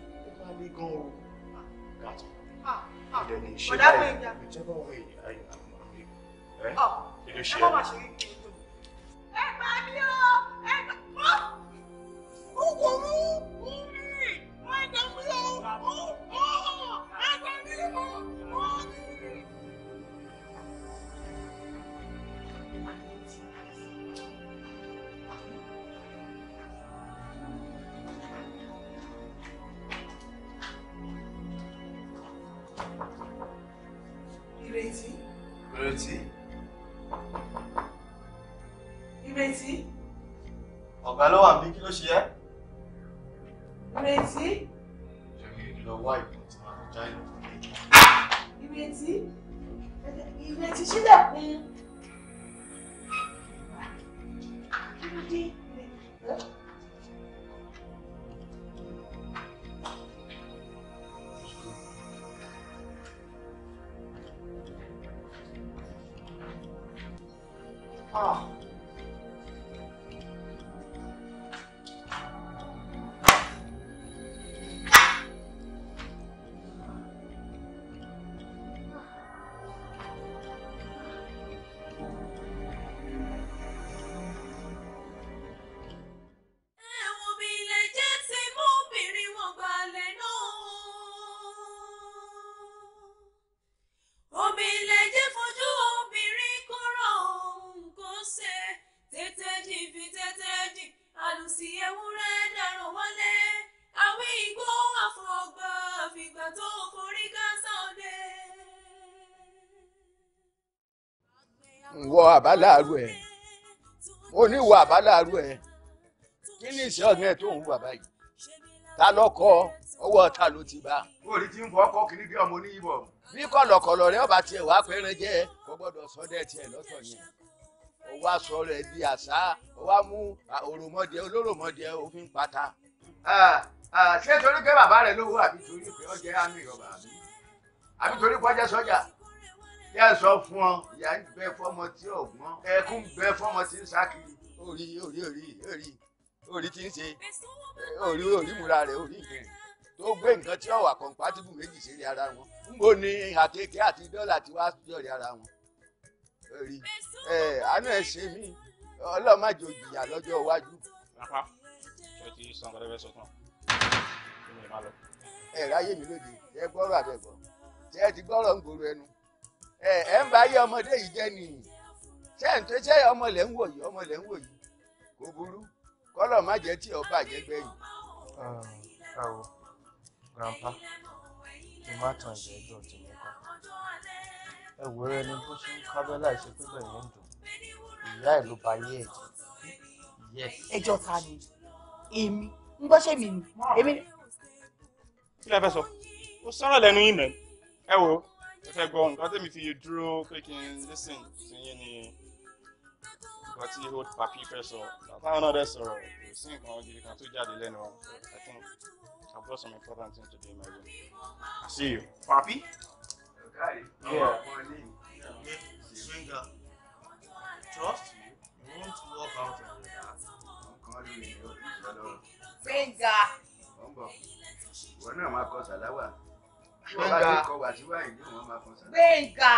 àbáláàrú ẹ̀ ó àbáláàrú ẹ̀ kí ni ìṣe ọ̀gbìn ẹ̀ tó ń wà báyìí ta lọ́kọ́ ọwọ́ ta ló ti bá. orí ti ń bọ ọkọ kiri bí ọmọ oníyìnbọ. bí kọ̀lọ̀kọ̀lọ̀ rẹ ọba tiẹ̀ wá pẹ́rẹ́ jẹ́ kó gbọ́dọ̀ sọ́dẹ̀ tiẹ̀ lọ́tọ̀ yẹn ó wá sọ rẹ di àṣà ó wá mú òròmọdìẹ olóròmọdìẹ òfin pata. ṣé torí pé bàbá rẹ lówó àbí torí pé ọjẹ àmì ìrọ̀bà àbí àbí torí pé ọjẹ sọ́jà yẹ sọ fún ọ ìyá ń gbẹ fọmọ tí ọgbọ́n ẹkún gbẹ fọmọ tí ń sákiri orí orí orí orí orí tí ń ṣe orí orí múra rẹ orí ìkẹrìn tó gbé nǹkan tí ọwà kọ̀ǹpátìbù méjì sí rí ara wọn ń bò ní àkekèé àti dọ́là tí wàá yọrí ara wọn rí ẹ àánú ẹ ṣe mí ọlọ́màjò jìyà lọ́jọ́ iwájú. rapa ṣe ti san pẹrẹpẹ sọtàn kí ni màá lọ. ẹ ráyè mi lóde ẹ gbọ́rọ̀ àbẹ̀bọ̀ ṣe é ti gbọ́rọ̀ ń gbòòrò ẹnu ẹ ẹ ń bá ọmọdé yìí jẹ́ nìyí ṣé ń tó ṣé ọmọ lẹ̀ ń wò yìí ọmọ lẹ̀ ń wò yìí kò burú má tí ọba jẹ́ ẹ grandpa mo má tàn jẹ́ ẹ wò rẹ ni bó ṣe ń pé ìyá ẹ̀ ló ba yé ẹ̀ ta ni èmi ń èmi. kí fẹ́ sọ ó lẹ́nu ẹ fẹ́ gbọ́ nǹkan tẹ́mi fi dúró pé kí n lísìn sí yín ni nǹkan tí old papi fẹ́ sọ táwọn náà dẹ̀ sọ̀rọ̀ kò sí nǹkan gidi kan tó jáde lẹ́nu wọn I think I brought some important things today my dear see you. papi. Okay. Yeah. Yeah. Trust you. You won't walk out on your ass. Swinger. Ìwọ náà máa kọ sàláwà gbẹ̀ngà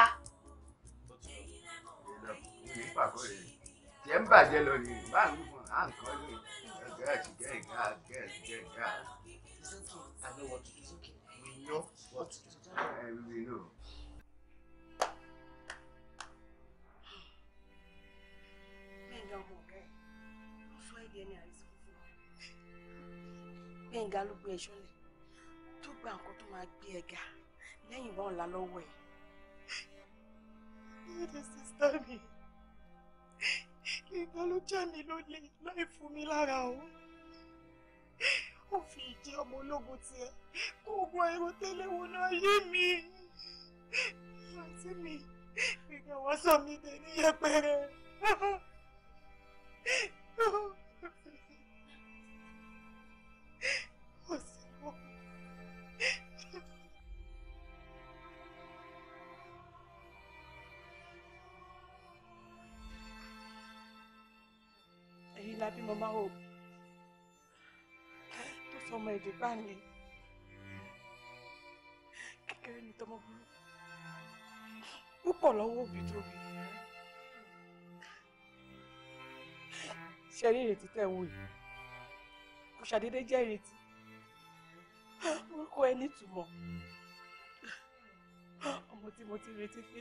tiẹ̀ ń bàjẹ́ lọ ni bá ń fún à ń kọ́ ní ẹgbẹ́ àti gẹ̀ǹgà gẹ̀ǹgà. Gbẹ̀ngà ló gbé ẹ̀ṣọ́ lẹ̀ wá nǹkan tó máa gbé ẹ ga lẹ́yìn ìwọ ọ̀la lọ́wọ́ ẹ̀. ìyáda sísá mi ìgbà ló já mi lólè láì fún mi lára o ó fi ìjẹ ọmọ ológun tiẹ̀ kó ogun ẹ̀rọ tẹ́lẹ̀ wo náà yé mi àti mi ìgbà wá sọ mi dé yẹpẹrẹ. <laughs> mama o tó sọmọ èdè bá ń le kékeré ni tọmọ burúkú púpọ̀ lọ́wọ́ òbí tóbi ṣe rí ìrètí tẹ̀ wò yìí kò ṣàdédé jẹ́ ìrètí orúkọ ẹ nítumọ̀ ọmọ tí mo ti retí pé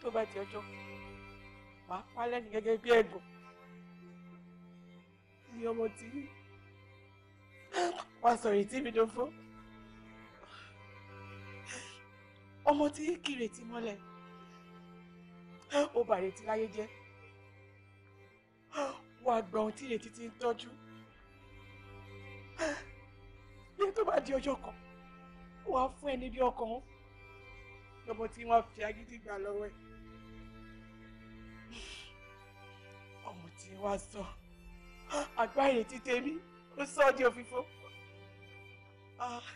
tó bá di ọjọ́ màá pa lẹ́nu gẹ́gẹ́ bí ẹ̀gbọ́n ni ọmọ tí wà sọ̀rọ̀ tí mi lọ fún ọmọ tí kìrè tí mọ́lẹ̀ ó bàrẹ̀ tí láyé jẹ́ wà gbọ́n ohun tí ìrètí ti ń tọ́jú ní tó bá di ọjọ́ kan wà fún ẹni bí ọkàn ó lọ́mọ tí wọ́n fi agídí gbà lọ́wọ́ ẹ̀ ọmọ tí wọ́n sọ. So àgbá ìrètí tèmi ó sọ di òfìfo. Ah.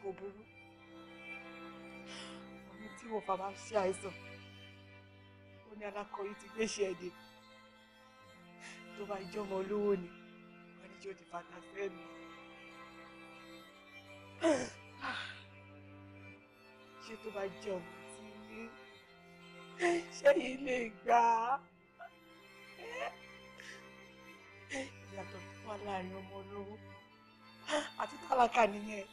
kò burú orí tí mo fà máa ń ṣe àìsàn ó ní alákọ̀ọ́yí ti gbéṣe ẹ̀dẹ̀ tó bá ìjọba olówó ni wọ́n ní jò ní fàtàsẹ́ mi. ṣé tó bá jẹ́ ọmọ tí ilé ṣé ilé gbà á ìyàtọ̀ tó wà láàrin ọmọ olówó àti tálákà nìyẹn.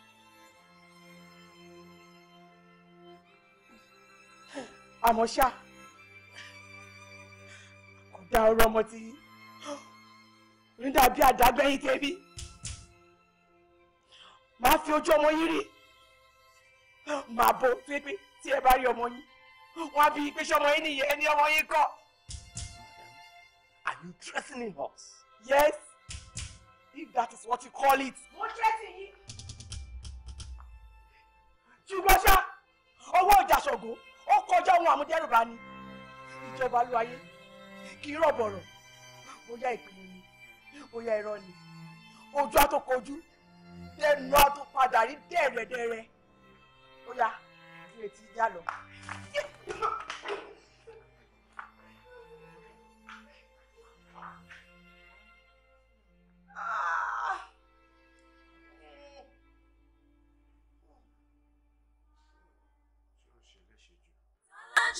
àmọ́ ṣá kò dá ọ̀rọ̀ ọmọ tí ń dàbí àdágbẹ́yìn tẹ́bí máa fi ojú ọmọ yín rí máa bọ pépé tí ẹ bá rí ọmọ yín wọn á fi pé ṣọmọ yín nìyẹn ẹni ọmọ yín kọ́. Madam, are you threatening us? Yes, if that is what you call it. Mo threaten yín. Ṣùgbọ́n ṣá, owó ọjà ṣògo, ó kọjá ohun àmúdẹ́rùbá ni. Ìjọba ló ayé, kì í rọ̀bọ̀rọ̀. Bóyá ìpinnu ni, bóyá irọ́ ni. Ojú á tó kojú, dẹnu á tó padà rí dẹ̀rẹ̀dẹ̀rẹ̀. Bóyá ìrètí já lọ. Yeah.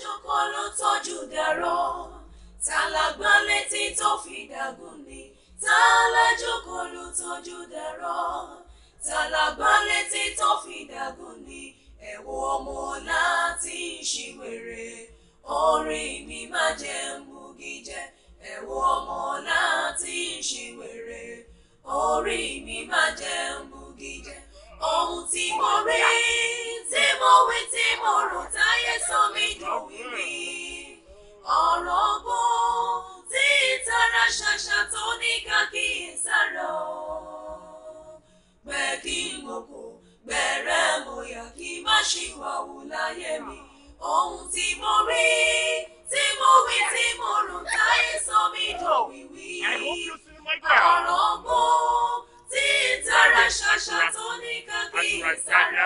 aṣọkọ ló tọ́jú dẹ̀rọ̀ ta lágbá létí tó fi dàgùn ni ta lájọkọ ló tọ́jú dẹ̀rọ̀ ta lágbá létí tó fi dàgùn ni ẹ̀wọ̀ ọmọ láti ṣìwèrè orí mi má jẹ́ mugi jẹ ẹ̀wọ̀ ọmọ láti ṣìwèrè orí mi má jẹ́ mugi ohun tí mo rí tí mo wí tí mo rò táyé sọ mí dùn ọ̀rọ̀ ọgbọ́n tí ìtara ṣàṣà tó ní kákíyèsára gbẹ kí n mọ̀kò gbẹ̀rẹ̀ mo yà kí n má ṣìwàwù láyé mi ohun tí mo rí tí mo wí tí mo rò táyé sọ mí dùn ọ̀rọ̀ ọgbọ́n tí ìtara ṣàṣà tó ní kákíyèsára.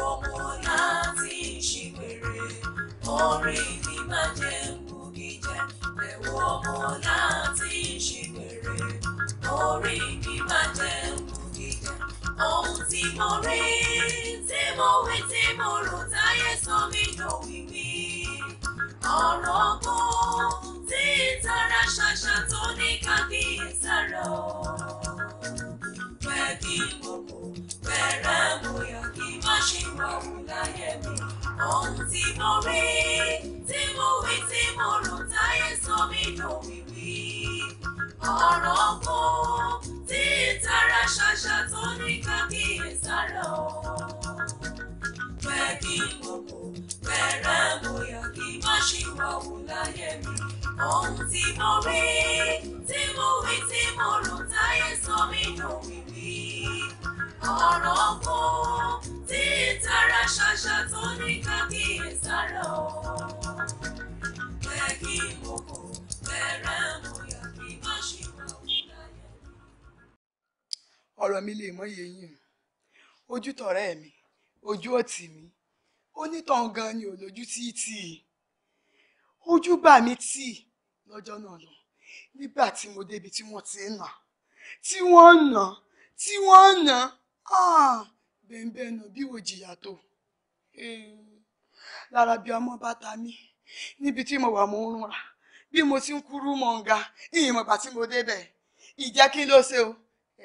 lówó láti ṣìwèrè orí mi má jẹ́ ògìjẹ́ ẹ̀wọ̀ ọmọ láti ṣìwèrè orí mi má jẹ́ ògìjẹ́ ohun tí mo rí tí mo wí tí mo rò táyé sọ mí dòwìwí ọ̀rọ̀ kan tí tara ṣàṣà tó ní kábíyèsára pẹ́ kí mo mọ̀ fẹ́ra àmúyọ̀ kí má ṣe wà wù láyé mi. Ohun tí mo rí, tí mo wí, tí mo rò táyé sọ mí lò wíwí. Ọ̀rọ̀ kan tí ìtara ṣàṣà tó ní kàkíyèsára o. Pẹ́ kí mo mọ̀, fẹ́ra àmúyọ̀ kí má ṣe wà wù mi. Ohun tí mo rí, tí mo wí, tí mo rò táyé sọ mí lò wíwí ọ̀rọ̀ kan tí ìtara ṣàṣà tó ní kákíyèsára o. Pẹ́ kí mo kò bẹ̀rẹ̀ mo yà kí má ṣe mi lè mọ iye yìí. Ojú tọ̀rẹ́ mi, ojú ọ̀tì mi, onítàn gan ni ò lójú títì. Ojú bà mí tì lọ́jọ́ náà lọ nígbà tí mo débi tí wọ́n ti ń nà tí wọ́n ń nà tí wọ́n ń nà ah bẹ́ẹ̀nbẹ́ẹ̀ náà bí wò jìyà tó eh, lára bí ọmọ bá ta mí níbi tí mo wà mo ń rúnra bí mo ti ń kúrú mọ̀ǹga ìyìnbọ̀gbà tí mo débẹ̀ ìjẹ́ kí ló ṣe o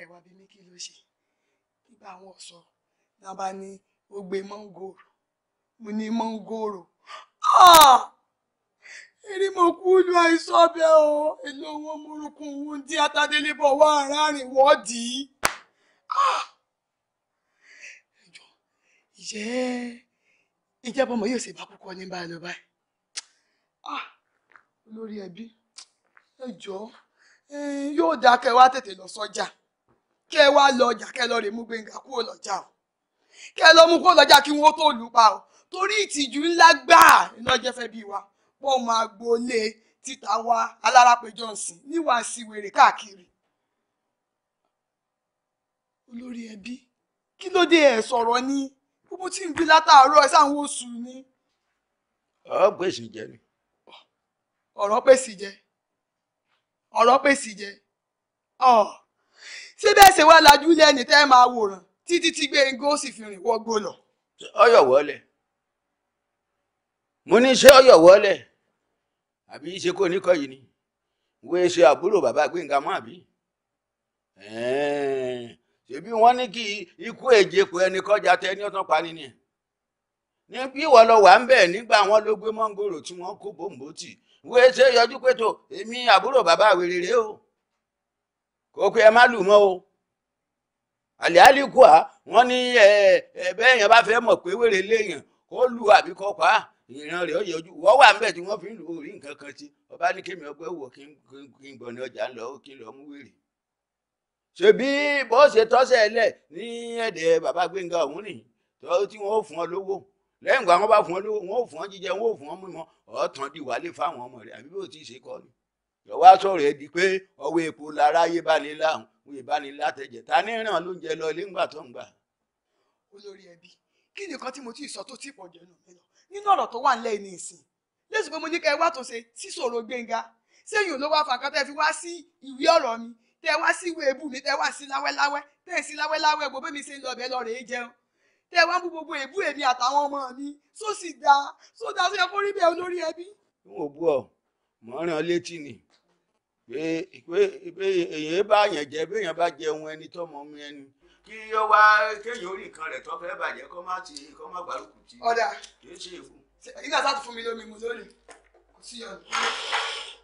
ẹ̀wà bí mi kí ló ṣe nígbà àwọn ọ̀sọ́ náà bá ní ó gbé mọ́ngòrò mo ní mọ́ngòrò èrè ah! mo kú lu àìsàn ọbẹ̀ o èlò wọn mo rúkun òun dí atadélébọ̀ wá àárín wọ́ọ̀dì. Ah! yẹ ìjẹ́bọ̀ ọmọ yóò ṣe bá púpọ̀ ní báyìí lọ báyìí ah, olórí ẹbí ẹ jọ yóò dáa kẹ wá tètè lọ sọ́jà kẹ wá lọ ọjà kẹ lọ rè mú Gbénga kúrò lọ́jà o kẹ lọ mú kúrò lọ́jà kí wọ́n tó lù pa o torí ìtìjú ńlá gbáà ìlọ́jẹ́ fẹ́ bí wa wọ́n máa gbolé títa wa alárápéjọ ǹsìn níwà sí wèrè káàkiri olórí ẹbí kí ló dé ẹ sọ̀rọ̀ ni. mo ti ń bí látàárọ̀ ẹ sáà ń ni. ọ̀rọ̀ pèsè jẹ ni. ọ̀rọ̀ pèsè jẹ ọ̀rọ̀ pèsè jẹ ṣé bẹ́ẹ̀ ṣe wá lajú lẹ́ni tẹ́ máa wòran títí tí Gbénga ó sì fi rìn wọgbó lọ. ọyọ wọlé mo ní ṣé ọyọ wọlé àbí ṣe kò ní kọ ni wo ṣe àbúrò bàbá Gbénga mọ àbí. ṣebí wọ́n ní kí ikú èjèkù ẹni kọjá tẹ ní ọ̀tán pa nínú ẹ̀ ní bí ìwọ lọ wà ń bẹ̀ nígbà wọn ló gbé mọ́ngòrò tí wọ́n kó bòǹbò tì wọ́n ṣe yọjú pé tó èmi àbúrò bàbá àwèrè rèé o kò pé ẹ má lù mọ́ o àlẹ́àlìkùà wọ́n ní ẹ̀ẹ́bẹ́ èèyàn bá fẹ́ mọ̀ pé wèrè léèyàn kó lù àbí kó pa ìran rẹ̀ ó yọjú wọ́n wà ń bẹ̀ tí wọ́n fi ń lù orí nǹkan kan sí ọba ṣe bí bó ṣe tọ́sẹ̀ lẹ̀ ní ẹ̀dẹ̀ bàbá Gbénga ọ̀hún nì tí wọ́n fún ọ lówó lẹ́yìn ìgbà wọn bá fún ọ lówó wọn ò fún ọ jíjẹ wọn ò fún ọ mímọ ọ̀ọ́tàn di wálé fáwọn ọmọ rẹ àbí bó ti ṣe kọ́ ni ìjọba sọ̀rọ̀ ẹ di pé ọwọ́ epo lára yé báni láhùn wọ́n yé báni látẹ̀jẹ̀ ta ní ràn ló ń jẹ lọ ilé ńgbà tó ń gbà. olórí ẹbí kí nìkan tí mo ti sọ tó ti pọ̀ jẹ́ nù mí lọ nínú ọ̀rọ̀ tó wà ńlẹ̀ ní ìsìn lẹ́sùn pé mo ní ká ẹ wá tó ṣe sísòro Gbénga sẹ́yìn ló wá fàkátà ẹ fi wá sí ìwé ọ̀rọ̀ mi tẹ wá sí ìwé èbù mi tẹ wá sí láwẹ́láwẹ́ tẹ sí láwẹ́láwẹ́ gbogbo mi ṣe ń lọ bẹ́ẹ̀ lọ rèé jẹun tẹ wá mú gbogbo èbú èmi àtàwọn ọmọ mi só sì dá só dá só yẹ kó rí bẹ́ẹ̀ olórí ẹbí. n ò bú ọ mọ ràn án létí ni pé pé èyàn bá yàn jẹ bí èyàn bá jẹ ohun ẹni tó mọ ohun ẹni kí ó wá kéèyàn orí nǹkan rẹ̀ tó fẹ́ bàjẹ́ kó má ti kó má gbárùkù tì í. ọ̀dà kì í ṣe èkó. ìgbà sáà tún fún mi lómi mu lónìí kò sí ọ̀nà.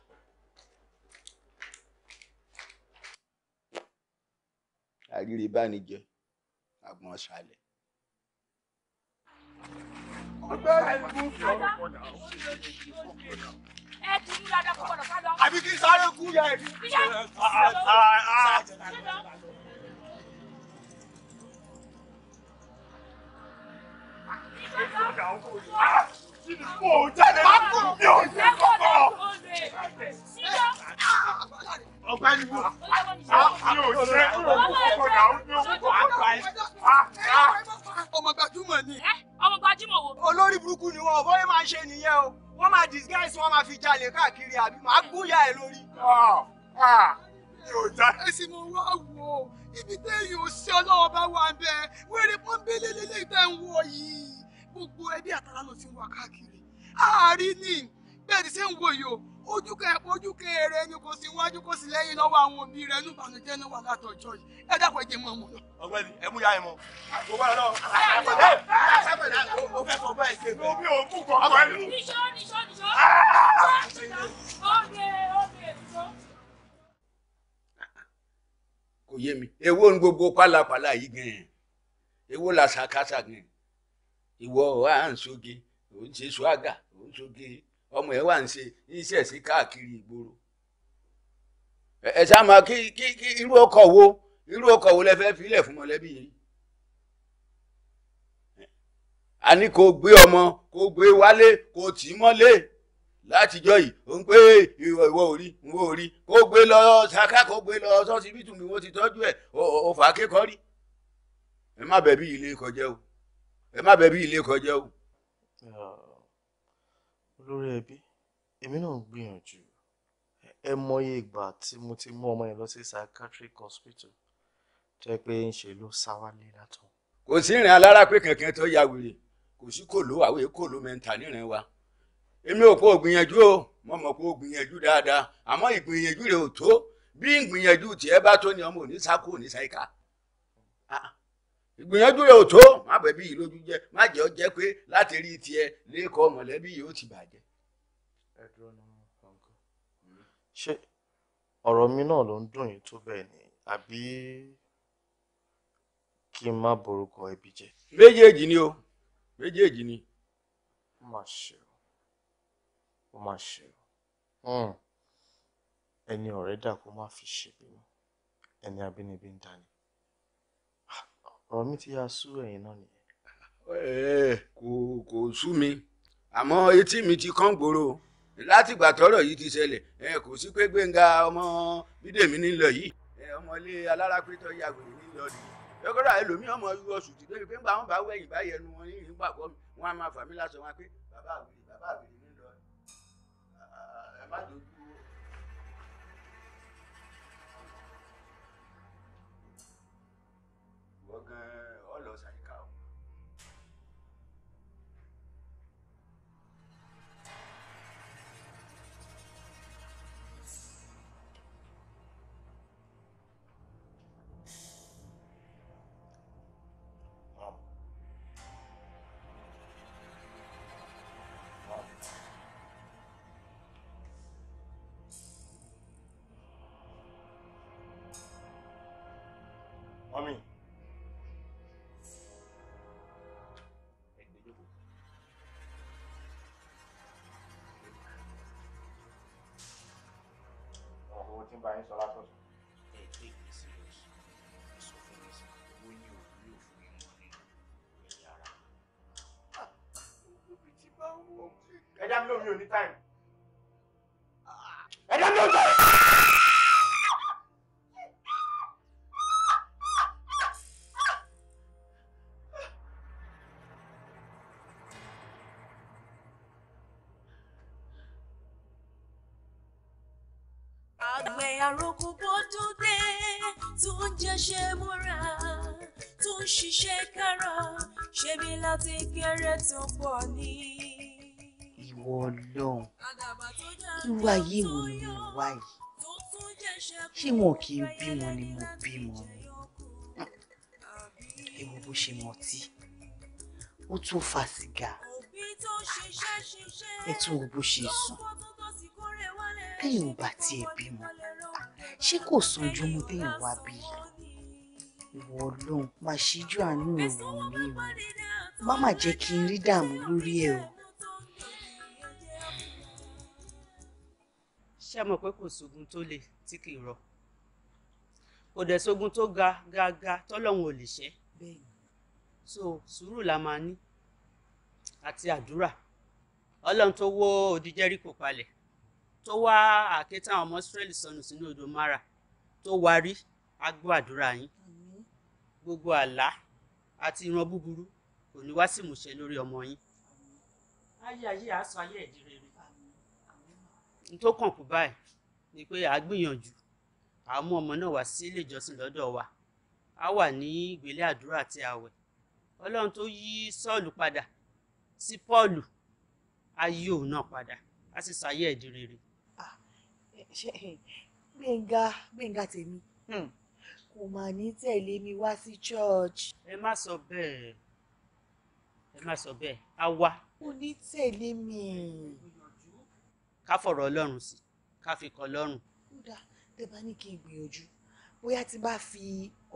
àríre bánijẹ àgbọn ṣàlẹ. àbí kí sáré kú ya ẹbí. Mi ò jẹ́ kọ́kọ́ ọgbẹ́ ni mo ah, mi ò ṣe ọ̀nà mi ò kọ́ àgbà yìí. ọmọ gbajúmọ̀ ni. ọmọ gbajúmọ̀ wo. olórí burúkú ni wọn ọ̀bọ̀n yẹn máa ń ṣe nìyẹn o wọ́n máa disguise wọ́n máa fi jalè káàkiri àbí màá gúnyà ẹ̀ lórí. Ah, ah. mi ò já. ẹ̀sìn mo wá wò ó ibi téèyàn ò sí ọlọ́wọ́ bá wà ń bẹ wẹ́rẹ́ pọ́ńbélé lélẹ́yìí tẹ́ ń wọ yìí gbogbo ẹbí àtàlà ló ti wà káàkiri àárín ni bẹ́ẹ̀ ni ṣé ń wò yìí o ojú kẹ ojú kẹ eré ni kò sí iwájú kò sí lẹ́yìn lọ́wọ́ àwọn òbí rẹ ní ìbànújẹ́ náà wà látọ̀ church ẹ dákọ̀ ẹ̀jẹ̀ mọ́ ọmọ náà. ọ̀gbẹ́ni ẹ mú ya ẹ mọ kò wá lọ o fẹ́ fọ báyìí ṣe bẹ́ẹ̀. omi ò kú kọ ọ̀gbẹ́ni. níṣó níṣó níṣó ọdẹ ọdẹ níṣó. kò yé mi èwo ni gbogbo pálapàla yìí gan-an èwo la ṣàkàṣà gan-an ìwọ à ń soge ò ń ṣe ṣùágà ò ń soge ọmọ ẹ̀ wà ń ṣe iṣẹ́ sí káàkiri ìgboro ẹ ṣáà máa kí kí kí irú ọkọ̀ wo irú ọkọ̀ wo lẹ fẹ́ filẹ̀ fún mọ̀lẹ́bí yìí a ní kó gbé ọmọ kó gbé wálé kó tì í mọ́lé látijọ́ yìí ó ń pé ìwọ ìwọ orí ìwọ orí kó gbé lọ ṣáká kó gbé lọ ṣọ́sibítù mi wọ́n ti tọ́jú ẹ̀ ó fà á kékọ́ rí ẹ má bẹ̀ bí ilé kọjá o ẹ má bẹ̀ bí ilé kọjá o. Ah lórí ẹbí èmi náà ń gbìyànjú ẹ mọye ìgbà tí mo ti mú ọmọ yẹn lọ sí psychiatric hospital jẹ́ pé ń ṣe ló sá wálé látọ̀. kò sí ìrìn alára pé kankan tó ya wèrè kò sí kò ló àwé kò ló mẹ́ta nírin wa èmi ò kó o gbìyànjú o mo mọ̀ kó o gbìyànjú dáadáa àmọ́ ìgbìyànjú rẹ̀ ò tó bí ìgbìyànjú tiẹ̀ bá tó ni ọmọ òní sá kó òní sáyíká ìgbìyànjú rẹ ò tó má bẹ̀bí yìí lójú jẹ má jẹ́ ọ jẹ́ pé láti rí tiẹ̀ lẹ́kọ̀ọ́ mọ̀lẹ́bí yìí ó ti bàjẹ́. ṣé ọ̀rọ̀ mi náà ló ń dùn yín tó bẹ́ẹ̀ ni àbí kí n má borúkọ ẹbí jẹ. méjèèjì ni o méjèèjì ni. ó mà ṣe o ó mà ṣe o hmm. ẹni ọ̀rẹ́ dà kó má fi ṣèbínú ẹni abínibí ń dání ọ̀rọ̀ mi ti yá sú ẹ̀yìn náà nìyẹn. ẹ eh, kò kò sú mi àmọ́ etí mi ti kán gbòòrò látìgbà tọ́rọ̀ yìí ti ṣẹlẹ̀ ẹ eh, kò sí pé Gbénga ọmọ Bídèmí nílò yìí ẹ eh, ọmọ ilé alárápẹtọ yàgò nílò yìí lọ́kọ́dọ̀ àìlò mi ọmọ ìwọ oṣù ti débi pé ń bá wọn bá wẹ̀yìn báyẹn nu wọn yìí ń pàgọ́ mi wọn á máa fà mí lásán wá pé bàbá àgbèrè bàbá àgbèrè nílò ah, ẹ má dòdò. Mami. Ọ̀rọ̀ ah, mi ò ní táìmù. ayé ìwò ni mo wá yìí ṣé wọn kì í bímọ ni mo bímọ ni ewu bó ṣe mọtí ó tún fa sìgá ẹ tún wo bó ṣe sùn téèyàn ò bá tiẹ̀ bímọ ṣé kò sanjú mú téèyàn wá bí ìwọ ọlọ́run máa ṣíjú àánú ìwò mi o má má jẹ́ kí n rí dààmú lórí ẹ̀ o. ṣé mọ̀ pé kò sógun tó le tí kì í rọ kò dẹ̀ sógun tó ga ga ga tọ́lọ́run ò lè ṣẹ́ so sùúrù la máa ní àti àdúrà ọlọ́run tó wó odi Jẹ́ríkò palẹ̀ tó wá àáké táwọn ọmọ Ísírẹ́lì sọnù sínú odò Mara tó warí á gbọ́ àdúrà yín gbogbo àlá àti ìran búburú kò ní wá sí ìmúṣẹ lórí ọmọ yín ayé ayé àásọ ayé ẹ̀dí rere tó kàn kú báyìí ni pé a gbìyànjú a mú ọmọ náà wá sí ilé ìjọsìn lọ́dọ̀ wa a wà ní ìgbélé àdúrà àti àwẹ̀ ọlọ́run tó yí sọ́ọ̀lù padà sí pọ́ọ̀lù a yí òun náà padà a sì ṣàyẹ̀ ẹ̀dí rere. gbẹ̀ngà gbẹ̀ngà tèmi hmm. kò mà ní tẹ̀lé mi wá sí church. ẹ má sọ bẹ́ẹ̀ ẹ má sọ bẹ́ẹ̀ á wá. kò ní tẹ̀lé mi ká fọ̀rọ̀ ọlọ́run sí ká fi kọ́ lọ́rùn. kódà tẹ bá ní kí n gbìyànjú bóyá tí bá fi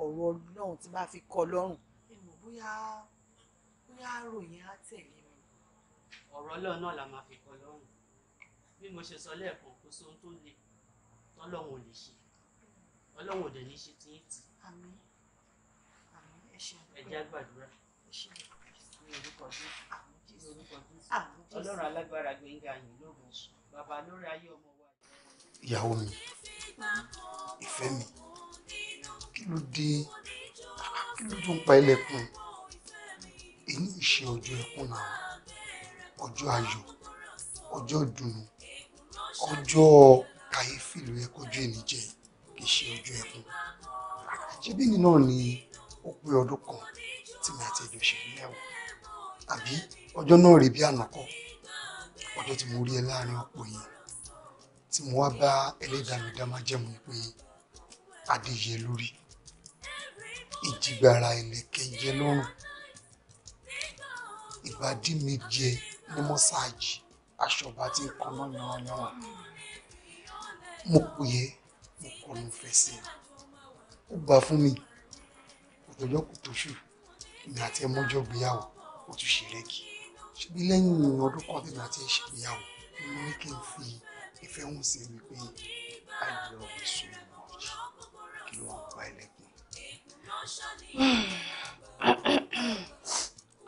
ọ̀rọ̀ ọlọ́run tí bá fi kọ́ lọ́rùn ẹ mọ̀ bóyá bóyá ròyìn á tẹ̀lé mi. ọ̀rọ̀ ọlọ́run náà la máa fi kọ́ lọ́rùn bí mo ṣe sọ lẹ́ẹ̀kan kò sóhun tó le tọ́lọ́run ò lè ṣe ọlọ́run ò dẹ̀ ní ṣe tí ń tì. àmín àmín ẹ ṣe àgbàdo ẹ jẹ́ àgbàdúrà ní orúkọ jésù ọlọ́run alágbára gbẹ̀ngà yìí lóògùn sùn bàbá lórí ayé ọmọ wa. ìyàwó mi ìfẹ́ mi kí ló dé kí ló tó ń pa ilẹ̀kùn èyí ìṣe ọjọ́ ẹkún náà ọjọ́ ayọ̀ ọjọ́ ìdùnnú ọjọ́ kàyéfì ló yẹ kọjú èmi kì í ṣe ọjọ́ ẹkún ṣébí náà ni ó pé ọdún kan tí mi àti ẹjọ ṣèlú lẹ́wọ̀n àbí ọjọ́ náà rèé bí ànàkọ́ ọjọ́ tí mo rí ẹ láàrin ọ̀pọ̀ yìí tí mo wá bá ẹlẹ́dàá mi dá máa jẹ́mu pé adéyẹ lórí ìjìgbara ẹlẹ́kẹ̀ yẹ lọ́rùn ìbàdí mi jẹ ní mọ́sáàjì aṣọba tí ń kaná mo pè é mo kọnu fẹ́ sí ó gbà fún mi kò tọjọ́ kò tóṣù èmi àti gbéyàwó ó tún ṣe rẹ́gì ṣebí lẹ́yìn ọdún kan tèmi àti ìṣègbéyàwó mo ní kí n fi ìfẹ́ hàn sí mi pé I love you so much kí ló wà ń pa ẹlẹ́kùn.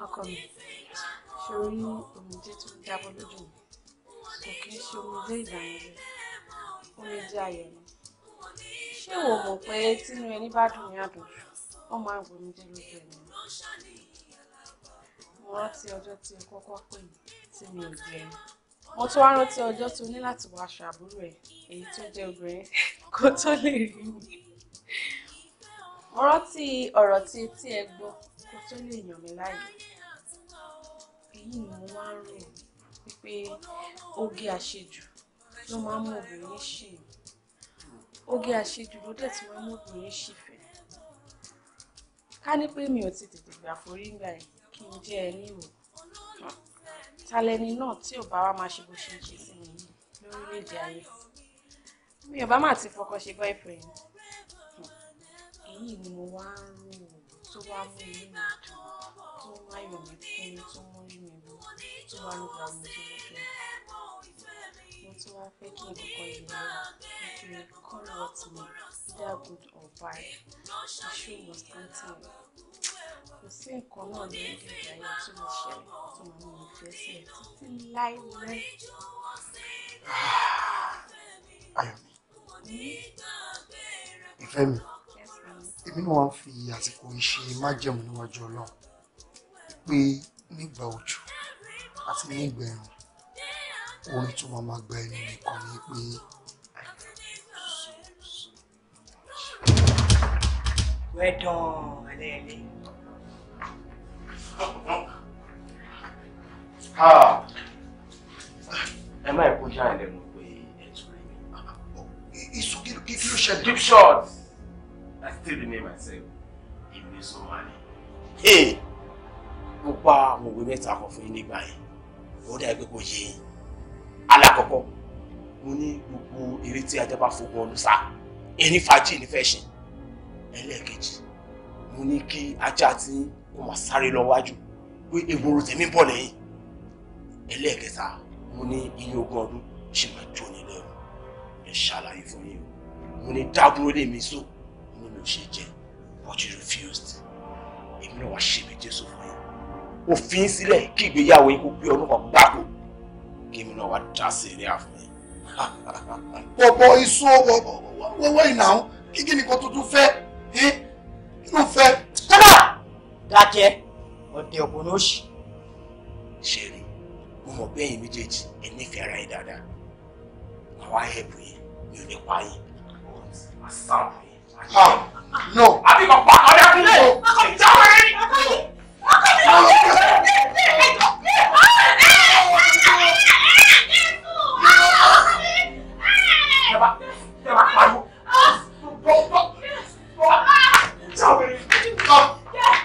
ọkọ mi ṣorí omijé tó jábọ́ lójú mi kò kí ń ṣe omijé ìdààmú omijé ayọ̀ ṣé wò mọ̀ pé tínú ẹni bá dùn ní àdùn wọ́n máa ń gbòmíjẹ́ lójú ẹni mo rántí ọjọ́ tí o kọ́kọ́ pè mí tí mi ò jẹ mo tún wá rántí ọjọ́ tó ní láti wá aṣọ àbúrò ẹ̀ èyí tó jẹ́ obìnrin <laughs> kó tó lè rí mi mo rántí ọ̀rọ̀ tí etí ẹ gbọ́ kó tó lè yàn mí láàyè èyí ni mo wá ń rò wípé oge àṣejù ló máa ń mú obìnrin ṣì oge àṣejù ló dẹ̀ ti máa mú obìnrin ṣìfẹ́ ká ní pé mi ò ti tètè gbà forí ńgbà yìí kí n jẹ́ ẹ ní ìwò talẹni náà tí ò bá wá máa ṣe bó ṣe ń ṣe sí mi lórílẹ̀‐èdè ayé mi ò bá má ti fọkàn ṣe boyfriend èyí ni mo wá ń rò tó wá mú inú mi dùn tó ń ayọ̀ mi kún mi tó mú rí mi wú tó wá ló bá mi tó mú fẹ́ mo tún wá fẹ́ kí nǹkan yìí wá kí n call what me either good or bad the show must continue kò sí nǹkan náà ní ìgbésí ayé tí mo ṣẹlẹ̀ tó máa mú mi fẹ́ sí ẹ títí láéláé. <sighs> Ayọ̀mí ìfẹ́ mi èmi náà wàá fi àsìkò ìṣe májẹ̀mú níwájú Ọlọ́run pé nígbà òjò àti nígbà ẹ̀rùn orin tó máa máa gba ẹni nìkan ni pé Well done, Alele ẹ má ẹkún já ẹlẹ́nu pé ẹ̀tún rẹ̀ mi. Isu kí ló ṣẹlẹ̀? Deep shot. That's still the name I said. Ìwé Somali. Ee, mo pa àwọn òwe mẹ́ta kan fún yín nígbà yẹn. Ó dá ẹgbẹ́ kò yé yín. Alákọ̀ọ́kọ́, mo ní gbogbo eré tí ajá bá fogun ọdún sá. Erin fàájì ní fẹ́ ṣe. Ẹlẹ́ẹ̀kejì, mo ní kí ajá ti ń kó máa sáré lọ wájú pé egboro tèmi bọ̀ lẹ́yìn ẹlẹ́ẹ̀kẹta mo ní iye ogún ọdún ṣì máa jó ní lẹ́rù ẹ ṣàlàyé fún yín o mo ní dábúrò lè mí so mo ní ò ṣe jẹ but you refused èmi náà wá ṣe mí jésù fún yín òfin sílẹ̀ kí ìgbéyàwó yín kó gbé ọdún kan gbáko kí èmi náà wá dá sí ilé àfún yín. bọ̀bọ̀ iṣu wẹ́wẹ́ ìnáwó kí kí ni kò tuntun fẹ́ inú fẹ́. tọ́lá dákẹ́ ọ̀dẹ̀ ògùn òṣì. ṣe rí mo mọ̀ pé ẹ̀yin méjèèjì ẹ nífẹ̀ẹ́ ara yín dáadáa àwa ẹ̀bù yìí mi ò ní pa yín àsáwọ̀ ah, yìí. no àbí kò pa ọ̀dẹ̀ kún o Yeah.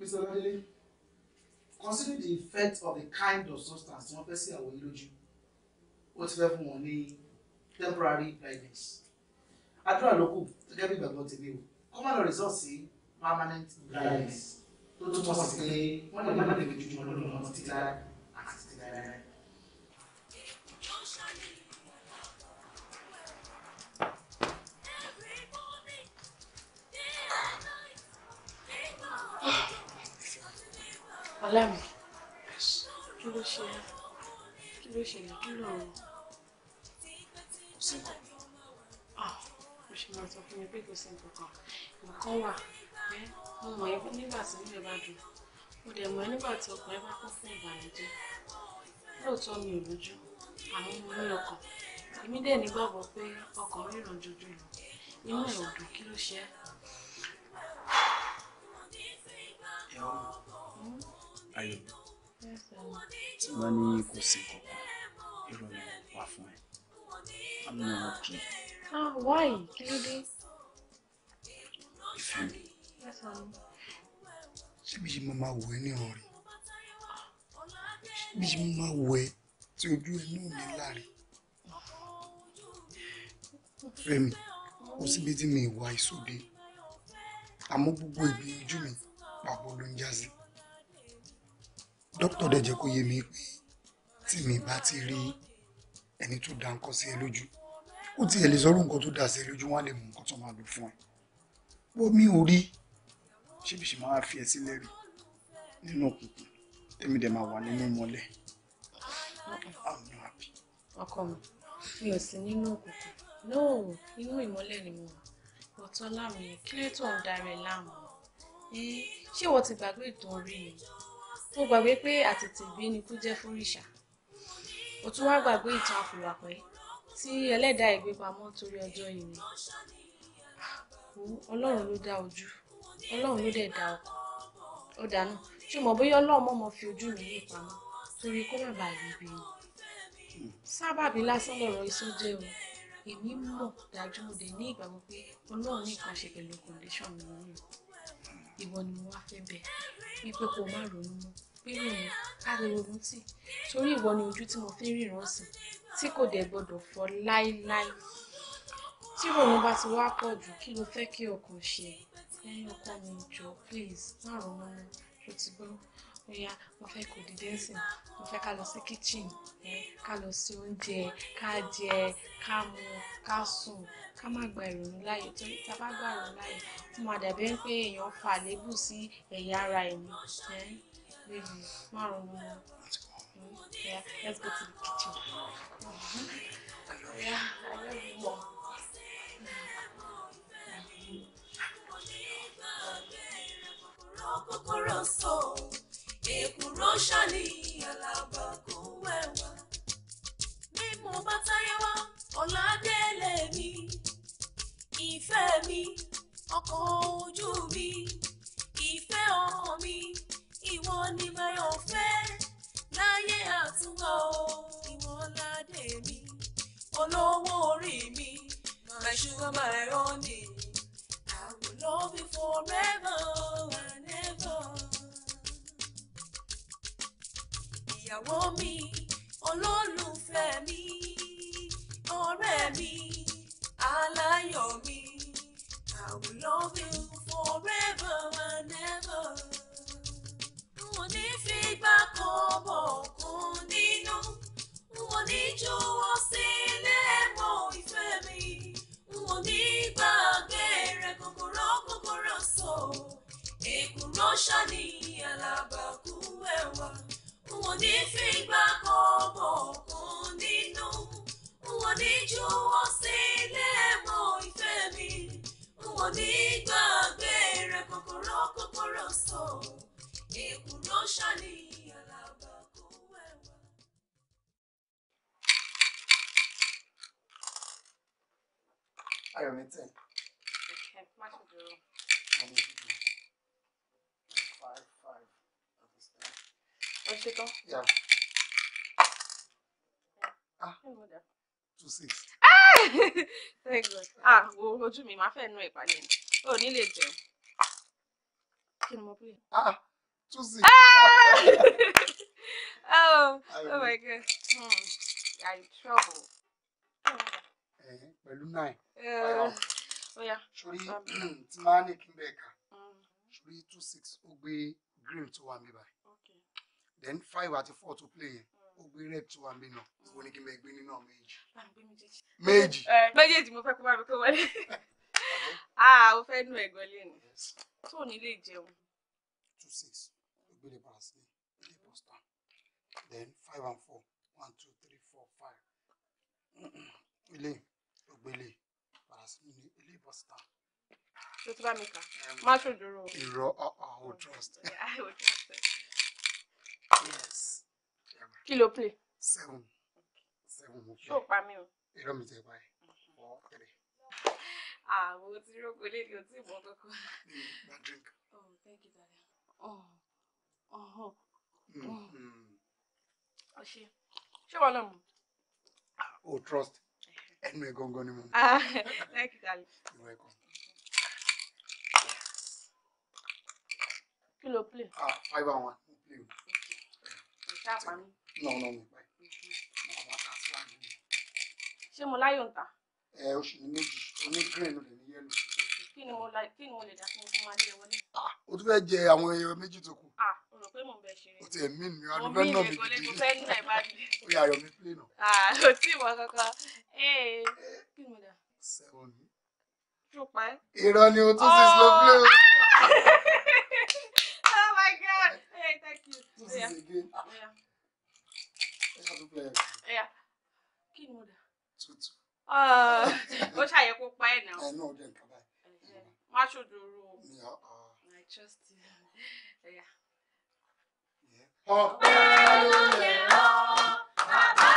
Mr. Ladele, consider the effect of the kind of substance tí wọ́n fẹ́ sí àwọn olójú. Ó ti fẹ́ fún temporary blindness. Àdúrà ló kù gẹ́gẹ́ bí ìgbàgbọ́ tèmi Common law permanent blindness. Tó túmọ̀ sí pé wọ́n lè má lè lójú ọlọ́run ọmọ títí lára àti títí Ọlámi, kí ló ṣe é? Kí ló ṣe é? Kí ló ń sí nǹkan? Ah, mo ṣe máa sọ fún mi pé kò sí nǹkan kan. Nǹkan wà pé mo mọ̀ ẹ́ nígbà tí nílẹ̀ bá dùn. Mo dẹ̀ mọ̀ ẹ́ nígbà tí ọkàn ẹ bá kún fún ìbànújẹ́. Lóòótọ́ mi ò lójú, àmọ́ mo ní ọkàn. Èmi dẹ̀ nígbàgbọ́ pé ọkàn ríran jọjú lọ. Inú ẹ̀ ò dùn kí ló ṣe é? ayé wọn ní kò sí kankan èrò ni fún ẹ i'm not okay. ah why kí ló dé. ìfẹ́ mi ṣé bí ṣe máa wọ ẹ ní ọ̀rẹ́ bí ṣe máa wọ ẹ tí ojú ẹ náà ní láàrin Fẹ́mi ó síbi tí mi ìwà ìsòdè àmọ́ gbogbo ìgbìyànjú mi pàbó ló ń já sí dókítà dẹ̀ jẹ́ kó yé mi pé tí mi bá ti rí ẹni tó dá nǹkan sí ẹ lójú ó tiẹ̀ lè sọ̀rọ̀ nǹkan tó dá sí ẹ lójú wọn lè mú nǹkan tó máa lò fún ẹ bó mi ò rí ṣebí ṣe máa fi ẹ sílẹ̀ rí nínú òkùnkùn tèmi dẹ̀ máa wà nínú mọ́lẹ̀ not happy. ọkọ mi mi ò sí nínú òkùnkùn náà inú ìmọ́lẹ̀ ni mo wà ọ̀tọ̀ láàmú yẹn kí ló tó ń darẹ̀ láàmú ṣé wọ́n ti gbàgbé ìtàn orí yìí tó gbàgbé pé àtètègbé ni kú jẹ́ fóríṣà ó tún wá gbàgbé ìtàn àfòwàpẹ́ tí ẹlẹ́dàá ìgbé pamọ́ torí ọjọ́ ìní ọlọ́run ló dá ojú ọlọ́run ló dẹ̀ dá ọkọ̀ ó dáná ṣùgbọ́n bóyá ọlọ́run mọ̀mọ́ fi ojú mi yí pamọ́ torí kó má bàa rí ibi ni sábàbí lásán lọ̀rọ̀ iṣó jẹ́ o èmi mọ̀ dájú mo dẹ̀ ní ìgbàgbọ́ pé ọlọ́run ní nǹkan ṣe pẹ̀lú kọ̀ǹdíṣọ̀n mi nínú ìwọ ni mo wá fẹ́ bẹ̀ wípé kó má ronú mọ́ pé ròyìn á lè ronú tì torí ìwọ ni ojú tí mo fi ń ríran sí tí kò dẹ̀ gbọ́dọ̀ fọ́ láéláé tí ròyìn bá ti wá pọ̀ jù kí ló fẹ́ kí ọkàn ṣe ẹ̀yin ọkọ mi jọ please má ronú mọ́ ṣó ti gbọ́ bóyá mo fẹ́ kó dìde sí mo fẹ́ ká lọ sí kitchen ká lọ sí oúnjẹ ká jẹ ká mu ká sùn ká má gba ìrònú láàyè torí tá a bá gba ìrònú láàyè tí mo dàbí ẹ pé èèyàn fa àléébù sí ẹ̀yà ara ẹ̀mí méjì márùn-ún Yeah, let's go to the kitchen. Mm-hmm. Yeah, I love you more. kòkòrò sọ èkùrọ́ ṣàní àlàbà kò wẹ̀wà bí mo ọ̀làdélé mi ìfẹ́ mi ọkọ̀ ojú mi ìfẹ́ ọkàn mi ìwọ ni mayọ̀ fẹ́ láyé àtúnwá ìwọ ládé mi olówó orí mi my sugar my honey I will love you forever and ever. ìyàwó mi olólùfẹ́ mi ọ̀rẹ́ mi aláyọ̀ mi I will love you forever and ever. Mo ní fìgbà kan bọ̀ kún nínú, mo ní jọ̀wọ́ sílẹ̀ mọ́ ìfẹ́ mi, mo ní gbàgbé rẹ̀ kòkòrò kòkòrò sọ, èkùrọ́ ṣáà ní alábàákú ẹ̀wà. Wọ́n ní fìgbà kan bọ̀ kún nínú. Wọ́n ní juwọ́ sílẹ̀ mọ́ ìfẹ́ mi. Wọ́n ní tẹ̀. ẹ ṣe tán. Ah. two six. Ah, thank <laughs> god ah wo ojú mi máa fẹ́ nu ìpàdé ni Oh, ní lè jẹun kí ni ah two six. Ah! <laughs> oh oh my god hmm. in trouble. Eh, pẹ̀lú nine. Eh, oh sori um, <clears throat> tí máa ní kí n bẹ̀ ká mm. sori two six ó gbé green to one mí báyìí then five àti four to play yẹn hmm. ó gbé red tó wà mí náà ó ní kí n bẹ gbé nínú méjì. méjì. méjèèjì mo fẹ́ kó bá mi kó wọlé ah o fẹ́ nu ẹ̀gọ́ lẹ́nu tó ní lè jẹun. two six ìgbélé parasite ilé posta then five and four one two three four five <clears throat> ilé ògbélé parasite ilé posta. tó tó bá mi kà má ṣòjòrò. ìrọ̀ ọ̀hún trust. I will trust it yes kí play. seven seven mo play. ṣó pa mí o. irọ́ mi tẹ pa ẹ four three. àwọn tí rògbò lè lò tí ìbọn kankan. na drink. oh thank you darling. oh oh oh. ọṣẹ mm-hmm. ṣé wọn náà mú. Ah, oh trust eh. ẹnu ẹ gangan ni mo. ah thank you darling. you're welcome. kí play. ah five and one Não, não nà pai. mi pa ẹ̀ ọmọ àtà sí wa nínú. ṣé mo láyò ń ta. ẹ o sì ní méjì o ní green o lè ní yellow. kí ni mo lè dá fún ah, o tún fẹ́ jẹ àwọn ẹyẹ méjì tó ah, o rò pé mò ń bẹ ṣeré. o tẹ̀ mí ni o adúgbò náà mi dìde. mo fẹ́ nà ẹ̀ bá mi. o <laughs> yà yọ mi pílẹ̀ náà. o ah, tí ìwọ kankan ee eh, kí ni mo dà. sẹ́wọ̀n mi. ṣùpẹ́. ìrọ̀ ni o tún ti slow oh, play <laughs> do yeah. this again. Ah. Yeah. Let's have to play again. Yeah. Kí ni mo dà? Tutu. Ah, ó ṣàyẹ̀ kó pa ẹ̀ náà. Ẹ náà dẹ̀ nǹkan báyìí. Má ṣòdòrò. Mi à á. I trust you. Ẹ̀yà. Ọ̀pẹ̀ ló lè rán bàbá.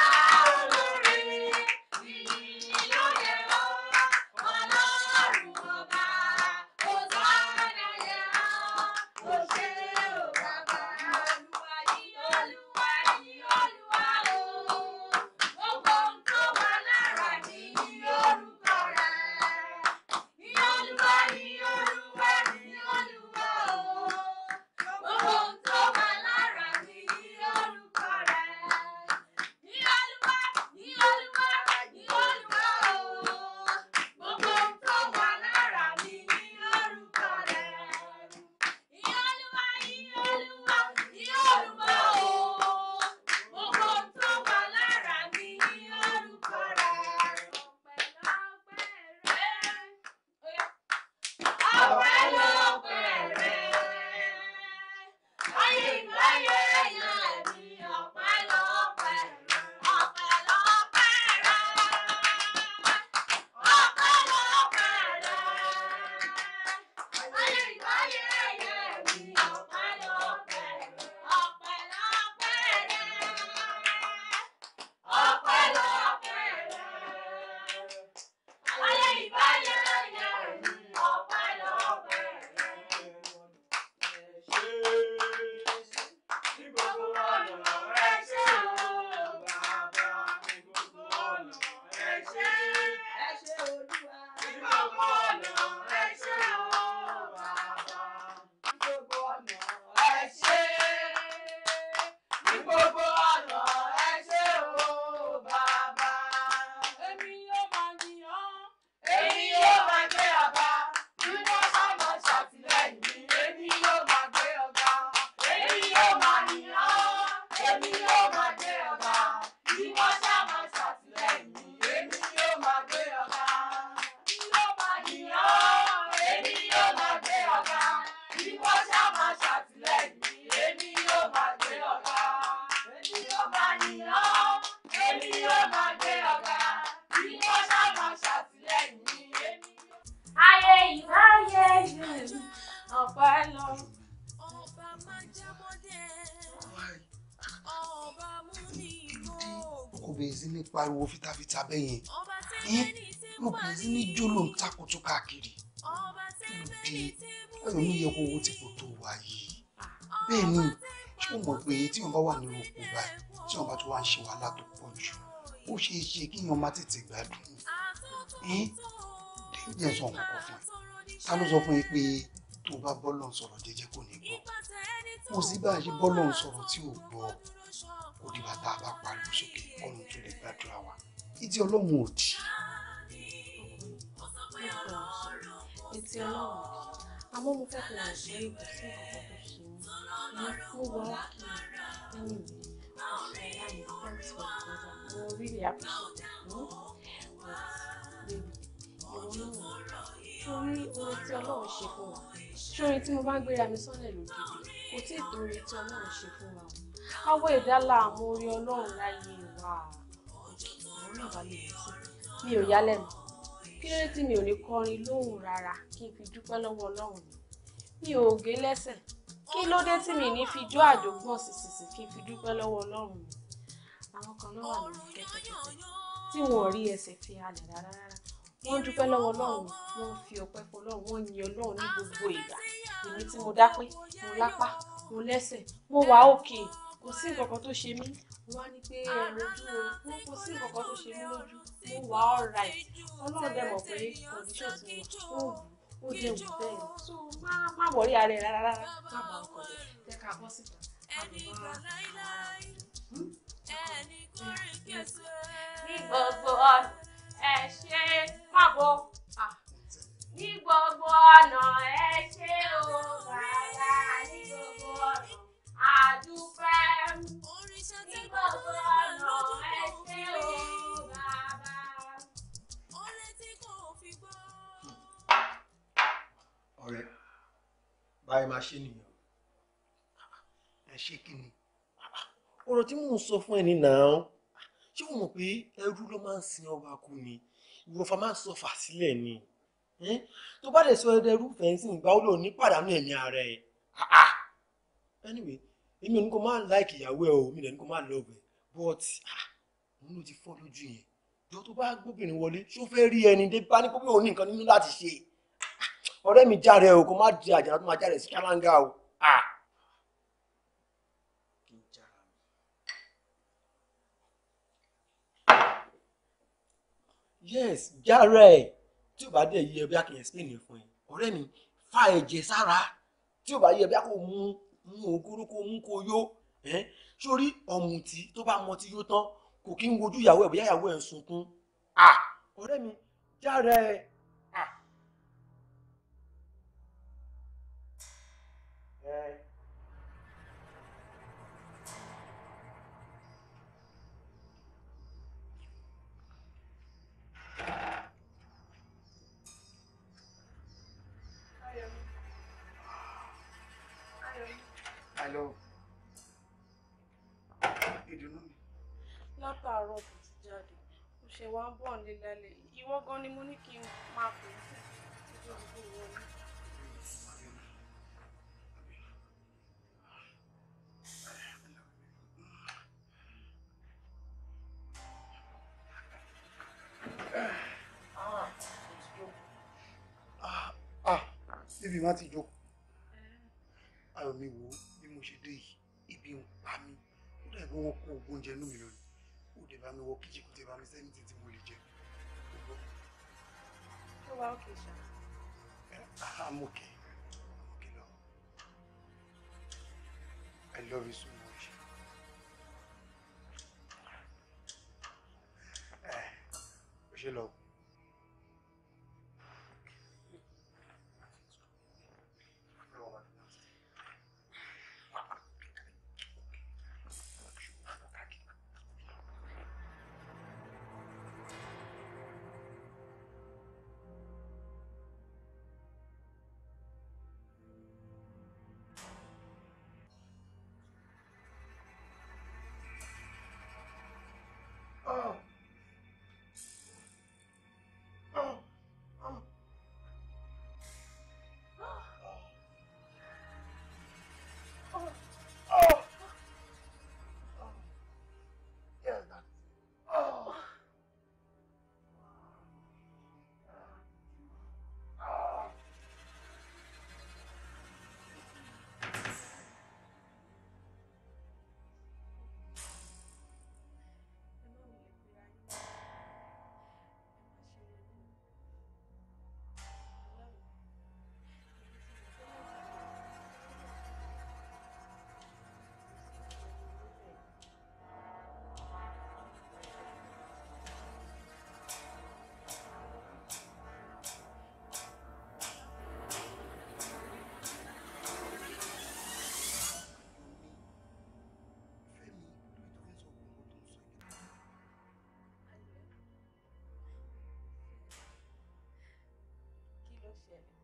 abẹ́ yẹn ẹ́ mo kì í ní jóló ń takoto káàkiri kí ló dé ẹlòmíì yẹ kó owó tí kò tó wà yìí ah, bẹ́ẹ̀ ni ṣé o mọ̀ pé tí wọ́n bá wà nínú oko báyìí tí wọ́n bá tó wá ń ṣe wàhálà tó pọ̀ jù ó ṣe é ṣe kíyàn má tètè gbádùn ẹ́ jẹ́ sọ nǹkan fún ẹ ta ló sọ fún yín pé tó bá bọ́lọ̀n sọ̀rọ̀ jẹ́jẹ́ kò ní gbọ́ kò sí bá a ṣe bọ́lọ̀n sọ̀rọ̀ tí ò gbọ́ kò dìbà tá a bá pariwo sókè kọ́nù tó lè gbàdúrà wa etí ọlọ́run ò jì. etí ọlọ́run àmọ́ mo fẹ́ kí wọ́n ṣe é kò sí ọ̀pọ̀ kò sí mi mo wà á kí ẹni mi ọ̀ṣẹ̀ láyé thanks for the program mo really appreciate it hmm? but baby ìwọ náà sórí oore tí ọlọ́run ṣe fún wa sórí tí mo bá ń gbéra mi sọ́lẹ̀ lòdìdì kò tí ì tó oore tí ọlọ́run ṣe fún wa káwọ́ ìdálà àmọ́ orí ọlọ́run láyé wa náà bá lè mú mi ò yálẹ̀nu kí ló dé tí mi ò ní kọrin lóhùn rárá kí n fi dúpẹ́ lọ́wọ́ ọlọ́run mi ò gé lẹ́sẹ̀ kí ló dé tí mi ní fi jó àjògbọ́n sísìsì kí n fi dúpẹ́ lọ́wọ́ ọlọ́run mi àwọn kan náà wà lórí kẹ́tẹ́kẹ́tẹ́ tí wọn rí ẹsẹ̀ fi halẹ̀ rárá rárá wọ́n dúpẹ́ lọ́wọ́ ọlọ́run wọ́n fi ọpẹ́ fún ọlọ́run wọ́n yin ọlọ́run ní gbogbo ìgbà èmi tí mo dápé mo lápá mo lẹ́sẹ̀ mo wà òkè kò sí nǹkan kan tó ṣe mí mo wá ní pé ẹ̀rọ ojú o kò sí nǹkan kan tó ṣe mí lójú mo wà alright ọlọ́run dẹ̀ mọ̀ pé condition ti wà ó wù ó jẹ́ wù bẹ́ẹ̀ so má má wọ̀rí ara ẹ̀ rárá rárá má bà ọkọ rẹ̀ jẹ́ ká bọ́ síta hmm? ní gbogbo ọ̀nà ẹ ṣe má bọ̀ ní gbogbo ọ̀nà ẹ ṣe o bàbá ní gbogbo ọ̀nà àdúpẹ́ ní gbogbo ọ̀nà ẹsẹ̀ o bàbá. ọ̀rẹ́ báyìí máa ṣe nìyẹn ẹ ṣe kí ni ọ̀rọ̀ tí mò ń sọ fún ẹ ní nàá ṣé o mọ̀ pé ẹrú ló máa ń sin ọba kú ni ìwọ̀fà máa ń sọ fà sílẹ̀ ni tó bá dẹ̀ sọ ẹrú fẹ̀yìntì ìgbà ó lò ní pàdánù ẹ̀mí ara ẹ̀ anyway èmi ò ní kó máa like ìyàwó ẹ o mi ò ní kó máa love ẹ but ah, òun ló ti fọ́ lójú yẹn jọ tó bá gbóbìnrin wọlé ṣó fẹ́ rí ẹni dé bá ní pé òun ní nǹkan nínú láti ṣe ah, ọ̀rẹ́ mi járe o kó má di àjàrà tó máa járe sí kálángà o. Ah. yes járe tí o bá dẹ̀ yí ẹ bí a kì í explain ẹ fún ẹ ọ̀rẹ́ mi fa ẹ̀jẹ̀ sára tí o bá yí ẹ bí a kò mú mu ògúrú kó mú kó yó sórí ọ̀mùtí tó bá mọtí yó tán kò kí ń wojú ìyàwó ẹ̀ bóyá ìyàwó ẹ̀ ń sunkún ọ̀rẹ́ mi járe ẹ̀. ń bọ̀ nílẹ̀ ìwọ gan ni mo ní kí n máa pè é níbi ah, má ti jókòó ayọ̀ mi wò ó bí mo ṣe dé yìí ibi ń pa mí ó dàgbé wọn kó oògùn oúnjẹ inú mi lónìí bá mi wọ kíjì kò tẹ mi sẹ́ni mo lè jẹ gbogbo. ṣé wàá òkè ṣá. ẹ àmọ́ òkè àmọ́ òkè I love you so much. Eh, o ṣe lọ. Thanksgiving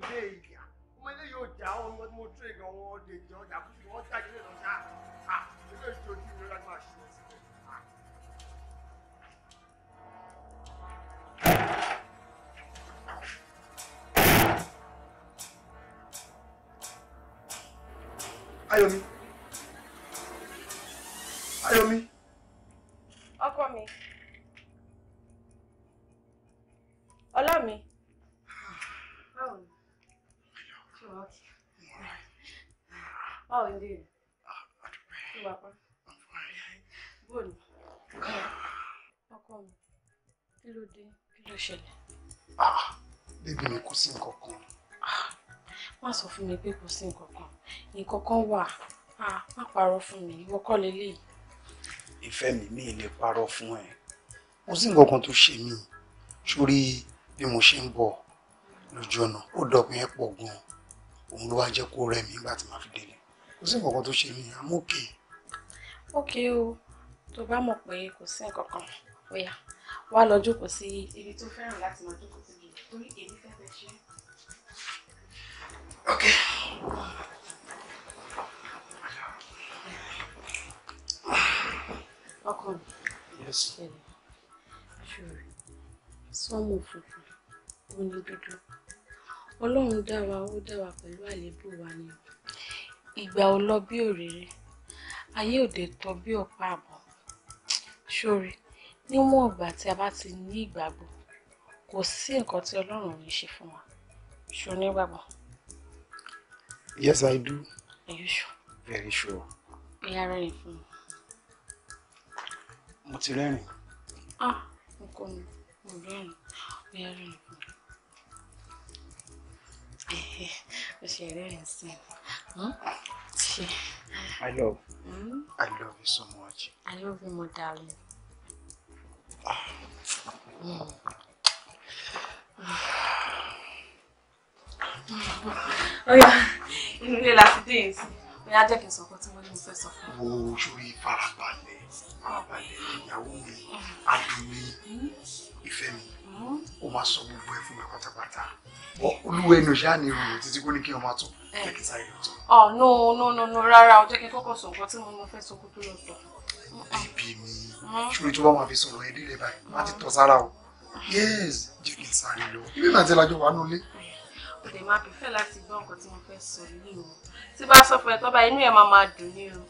累一点，我们有家，我怎没这个，我的交家，不是我带你这东西啊，啊，这个就钱就让他洗了，啊，哎呦你。ló ṣẹlẹ̀? Bébí ah, mi kò sí nǹkan kan. Ah, má sọ fún mi pé kò sí nǹkan kan. Nǹkan kan wà. Ah, má parọ́ fún mi. Ìwọ kọ́ leléyìí. Ìfẹ́ mi mi lè parọ́ fún ẹ. Kò sí nǹkan kan tó ṣe mí. Sórí bí mo ṣe ń bọ̀ lójú ọ̀nà, ó dọ̀pin ẹ̀ pọ̀ gan-an. Òun ló wá jẹ́ kó rẹ̀ mí nígbà tí màá fi délé. Kò sí nǹkan kan tó ṣe mí. I'm okay. Okay o. Tó bá mọ̀ pé kò sí nǹkan kan, ó yá wá lọ jókòó sí ibi tó fẹ́ràn láti máa jókòó sí jù torí èmi fẹ́ fẹ́ ṣe. ok. ọkùnrin. yes. ṣòro sọ́mù funfun ó ní dúdú ọlọ́run dá wa ó dá wa pẹ̀lú àléébù wa ni ìgbà ò lọ bí òréré ayé òde tọ bí ọ̀pá àbọ̀ ṣòro níwọ̀n ìgbà tí a bá ti ní ìgbàgbọ́ kò sí nǹkan tí ọlọ́run ò ní ṣe fún wa ṣo nígbàgbọ́. yes i do. are you sure. very sure. ìyá rẹ̀ fún mi. mo ti rẹ́rìn. ah n kò ní mo rẹ́rìn ìyá rẹ̀ fún mi. o ṣe rẹ́rìn sí i. Hmm? I love. Mm? I love you so much. I love you more, darling. Ọya, inú ilé la fi dé yìí sí. Bóyá jẹ́ kí n sọ ọkọ tí mo ní mo fẹ́ sọ fún. Wo sórí farabalẹ̀, farabalẹ̀ ìyàwó mi, Adùnní, ìfẹ́ mi, ó máa sọ gbogbo ẹ̀ fún mi pátápátá. Olúwa ẹnu ṣáà ní ìròyìn títí kó ní kí ọmọ tó, eh. jẹ́ kí sáré lọ tọ̀. Ọ̀ oh, no no no no rárá o jẹ́ kí n kọ́kọ́ sọ nǹkan tí mo ní mo fẹ́ sọ kó tó lọ tọ̀ bèbè mi ṣòro tó bá fi sọ̀rọ̀ ẹ̀dí rẹ̀ báyìí má ti sára o yes jẹ́ kí n sáré lọ ibi màá ti lajọ wà nulẹ̀. ọ̀dẹ̀ máa bí fẹ́ láti gbọ́ nǹkan tí mo fẹ́ sọ yìí o tí bá sọ fún ẹ tọ́ba inú ẹ máa máa dùn ní o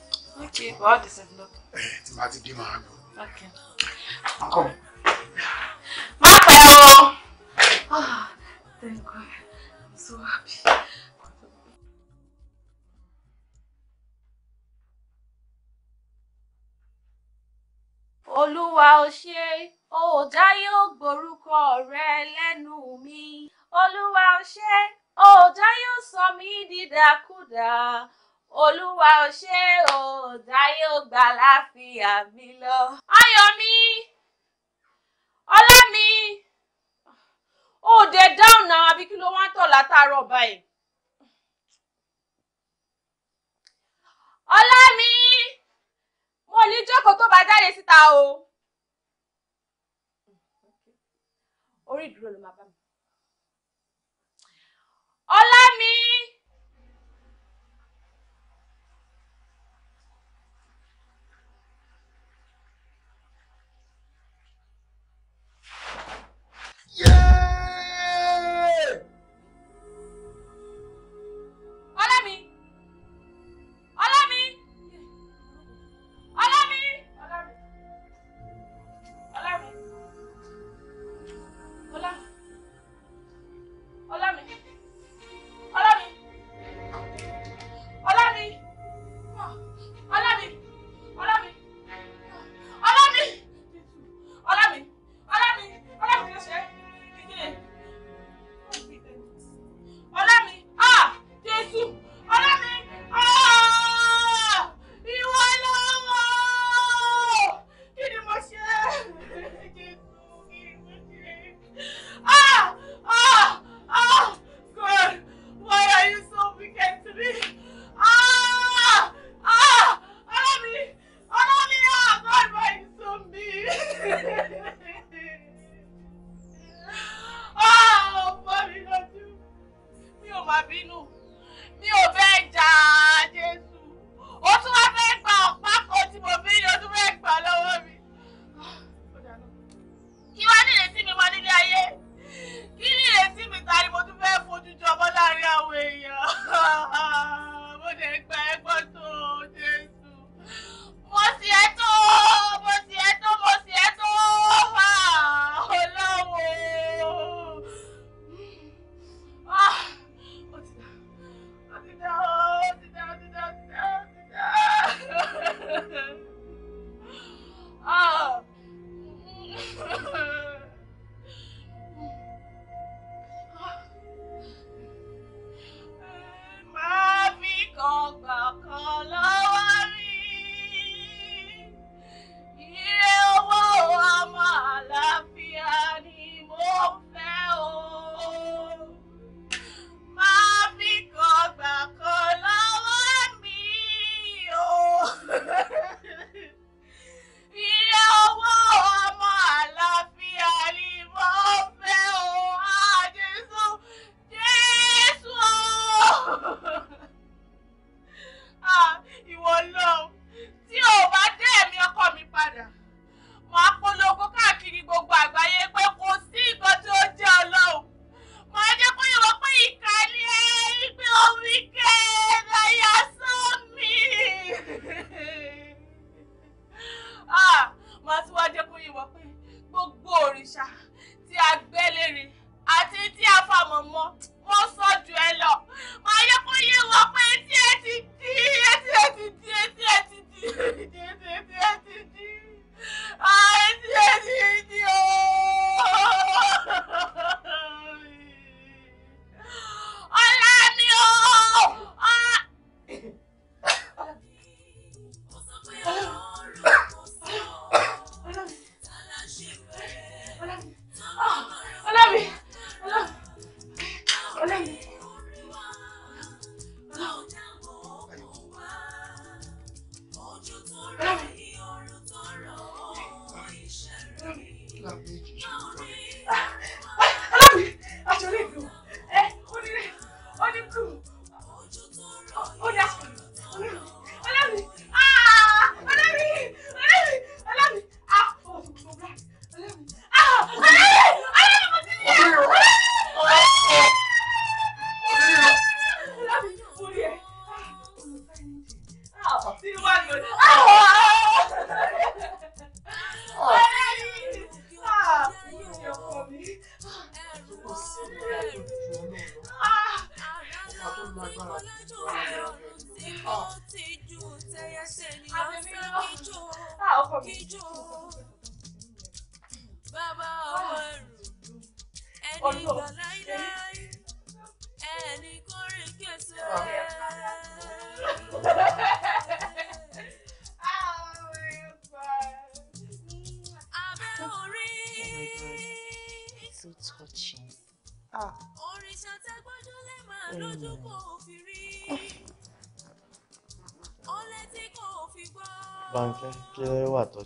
ok wà á dìsẹ̀ lọ. ẹ tí màá ti dé màá gbọ́. ok. ọkọ mi. pẹ́ o. Ah, thank God i'm so happy. olúwa o ṣé o ò dáyé ó gborúkọ rẹ lẹ́nu mi olúwa o ṣé o ò dáyé ó sọ mí dídàkudà olúwa o ṣé o ò dáyé ó gbà láfíà mi lọ. ayọ̀ mi ọlá mi ó dẹ̀ dáhùn náà àbí kí ló wá tọ̀ látàárọ̀ báyìí. ọlá mi o ní jókòó tó bá jáde síta o. orí ìdúró ló máa bá mi. ọlá mi.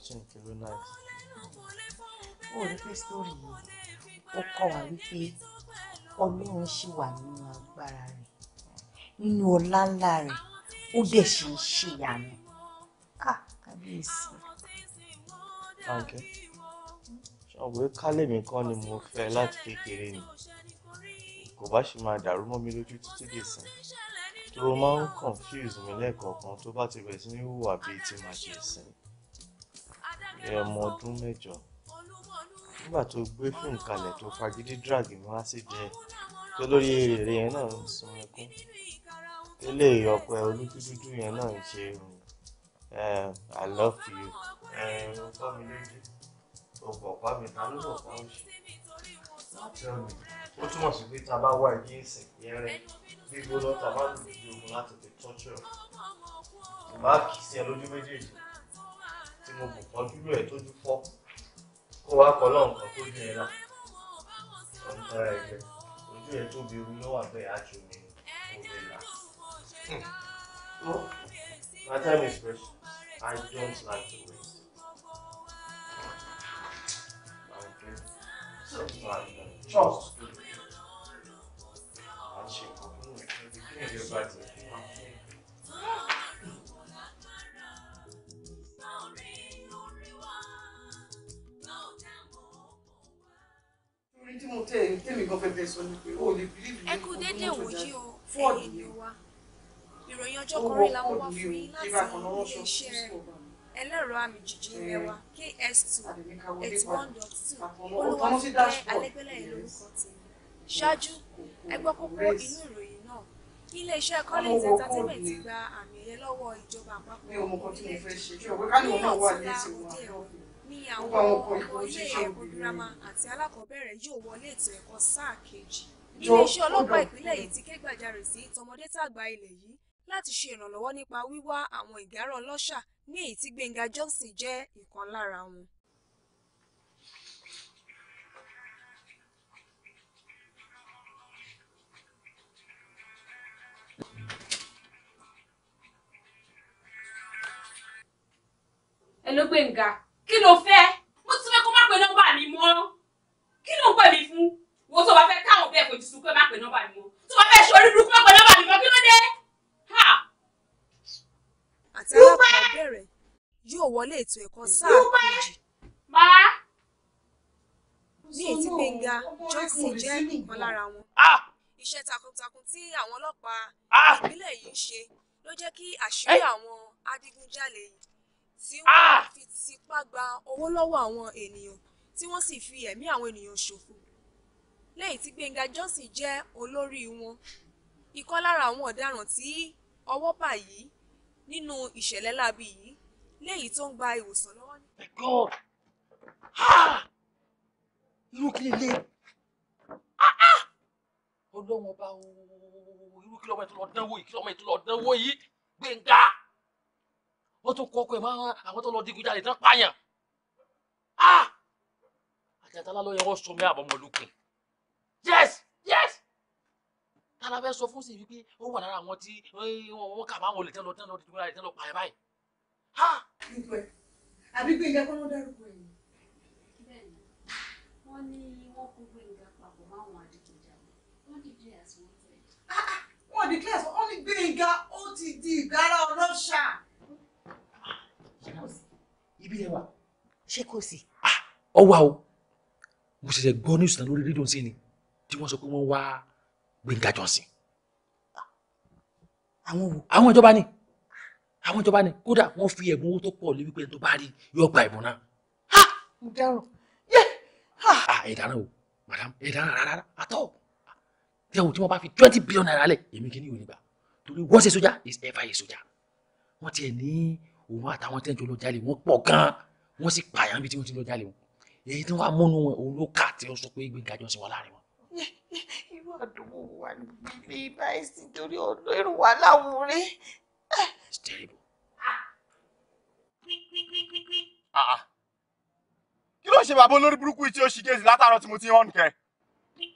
watching Kero Knight. Ó rí pé sórí yìí, ó kọ́ wa wípé Ọlọ́run ṣì wà nínú agbára rẹ̀, nínú ọlá ńlá rẹ̀, ó dẹ̀ ṣe ń ṣèyàmù. Ah, kábíyèsí. Àǹkẹ́, ṣọ̀wé kálẹ̀mí kan ni mo fẹ́ láti kékeré ni. Kò bá ṣe máa dàrú mọ́ mi lójú títí dèsìn tó máa ń confuse mi lẹ́ẹ̀kọ̀ọ̀kan tó bá ti bẹ̀rẹ̀ sí ní hùwà bíi ti màá sìn. ẹ̀wọ̀n ọdún mẹ́jọ nígbà tó gbé fíìmù kalẹ̀ tó drag mi wá sí jẹ tó lórí yẹn náà ń sun ẹkún yẹn náà ń ṣe i love you mi lójú mi ta ló ó ṣe ó pé ta bá wá ìsìn mo bù pọ́njú rẹ̀ tójú fọ́ kó wá kọ́ lọ́n kan tó dín ẹ lá ọ̀n tọ́ra ojú ẹ tóbi irú ló wà bẹ́ẹ̀ àjò mi ò lè là. My time is precious. I don't like to waste. Okay. So, my trust. I'll check up. Give me your back. orin tí mo tẹ tèmi gan fẹfẹ sọ ni pé wòye o ẹ̀yin ni wa ìròyìn ọjọ́ kọrin làwọn wá fún yín láti iléeṣẹ́ ẹlẹ́rọ àmì jìjì ilẹ̀ wa KS2 81.2 olúwàfẹ́ alẹ́gbẹ́lẹ́ ìlórúkọ tèmi ṣáájú ẹgbọ́ kókó inú ìròyìn náà iléeṣẹ́ Collins Entertainment gba àmì ẹ̀yẹ lọ́wọ́ ìjọba àpapọ̀ ilẹ̀ ìjọba àti àwòdì ẹ̀wọ̀n ni àwọn ọmọ ilé ẹ̀kọ́ girama àti alákọ̀ọ́bẹ̀rẹ̀ yóò wọlé ètò ẹ̀kọ́ sáà kejì iléeṣẹ́ ọlọ́pàá ìpínlẹ̀ yìí ti ké gbàjarè sí tọmọdé tàgbà ilẹ̀ yìí láti ṣe ìrànlọ́wọ́ nípa wíwá àwọn ìgárá ọlọ́ṣà ní èyí tí Gbénga Johnson jẹ́ ìkan lára wọn. Hello Gbénga kí ló fẹ́ mo ti fẹ́ kó má pe nọ́mbà mi mọ́ kí ló ń pè mí fún wo tó bá fẹ́ káwọn bẹ́ẹ̀ fojú sùn pé má pe nọ́mbà mi mọ́ tó bá fẹ́ ṣe orí burúkú má pe nọ́mbà mi mọ́ kí ló dé. àti alákọ̀ọ́bẹ̀rẹ̀ yóò wọlé ètò ẹ̀kọ́ sáà kejì. máa ní ètí gbẹ̀ngà johnson jẹ́ ọ̀kan lára wọn. Ah! iṣẹ́ takuntakun tí àwọn ọlọ́pàá ah! ìpínlẹ̀ yìí ń ṣe ló jẹ́ kí àṣírí eh! àwọn adigunjalè tí wọ́n ah! fi tipá gba owó lọ́wọ́ àwọn ènìyàn tí wọ́n sì fi ẹ̀mí àwọn ènìyàn ṣòfò lẹ́yìn tí Gbẹ́ngà Johnson jẹ́ olórí wọn ìkan lára àwọn ọ̀daràn tí ọwọ́ bà yìí nínú ìṣẹ̀lẹ̀ láabi yìí léyìí tó ń gba ìwòsàn lọ́wọ́ ní. My God! Ah! irú kí lè lé ọlọ́wọ́n bá irú kí lọ́mọ ètò lọ́ọ́ dánwó yìí kí lọ́mọ ètò lọ́ọ́ dánwó yìí Gbẹ́ngà wọ́n tún kọ́ ọkọ̀ ẹ̀ máa àwọn tó lọ digunjalè tán pààyàn ah! àjàntálá ló yẹ wọ́n sọ mí àbọ̀mọ̀lùkùn yes yes tala fẹ́ sọ fún sí wípé ó wà lára àwọn tí wọ́n kà máa ń wọlé tẹ́lọ tẹ́lọ digunjalè tẹ́lọ pààyàn báyìí. àbí gbẹ̀ngà kọ́ ló dárúkọ ẹ̀ bẹ́ẹ̀ ni wọ́n ní wọ́n kó gbẹ̀ngà papọ̀ máwọn adigunjalè wọ́n dìde àsìwọ́n tẹ̀. Ah! Ah! wọ́n di kílẹ̀ wọ́n ní gbẹ̀ngà ó ti di ìgbára ọlọ́ṣà ibi lẹwà. ṣé kò sí. ọ wá ah, o mo ṣẹ̀ṣẹ̀ gbọ́ ní ìsúná lórí rédíò sí ni tí wọ́n sọ pé wọ́n wá Gbẹ́ngà Johnson. àwọn wo. àwọn ìjọba ni àwọn ìjọba ni kódà wọ́n fi ẹ̀bùn owó tó pọ̀ lé wípé ẹni tó bá rí yóò gba ẹ̀bùn náà. ha mo dárò yé ha. Ah, ẹ dáná o madam ẹ dáná rárá àtọ́ tẹ o tí wọ́n bá fi twenty billion naira lẹ̀ èmi kì í ní ìwé nígbà torí wọ́n ṣe sójà is ever a sójà wọ́n tiẹ̀ ní òun àtàwọn tẹ́jọ́ lọ jalè wọ́n pọ̀ gan-an wọ́n sì pààyàn níbi tí wọ́n ti lọ jalè wọn èyí tí wọ́n á múnú wọn òun ló kà tí ó sọ pé gbẹ̀ngà jọ sí wọn láàrin wọn. irú àdúgbò wa ní báyìí sí torí ọ̀dọ́ irú wa láwùrẹ́. it's terrible. Ah, ah. kí ló ṣe bàbá olórí burúkú tí ó ṣì dé látàárọ̀ tí mo ti hàn kẹ́ kí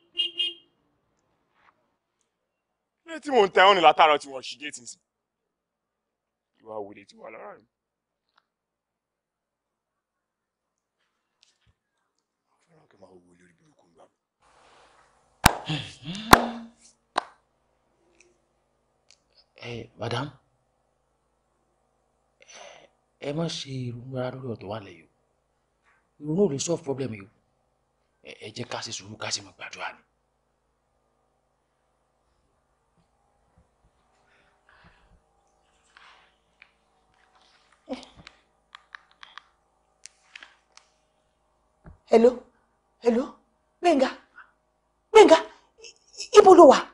tí mò ń tẹ ọ́nì látàárọ̀ tí wọ́n ṣì dé ìwà wèrè ti wà lára mi. fẹ́ràn kí máa wo lórí bí gbà ẹ madam ẹ má ṣe ìrònú ara lórí ọ̀tọ̀ wà lẹ́yìn o ìrònú ò lè solve problem yìí o ẹ jẹ́ ká ṣe sùúrù ká sì mọ̀ gbàdúrà ni. hello hello Gbénga Gbénga ibo ló wà.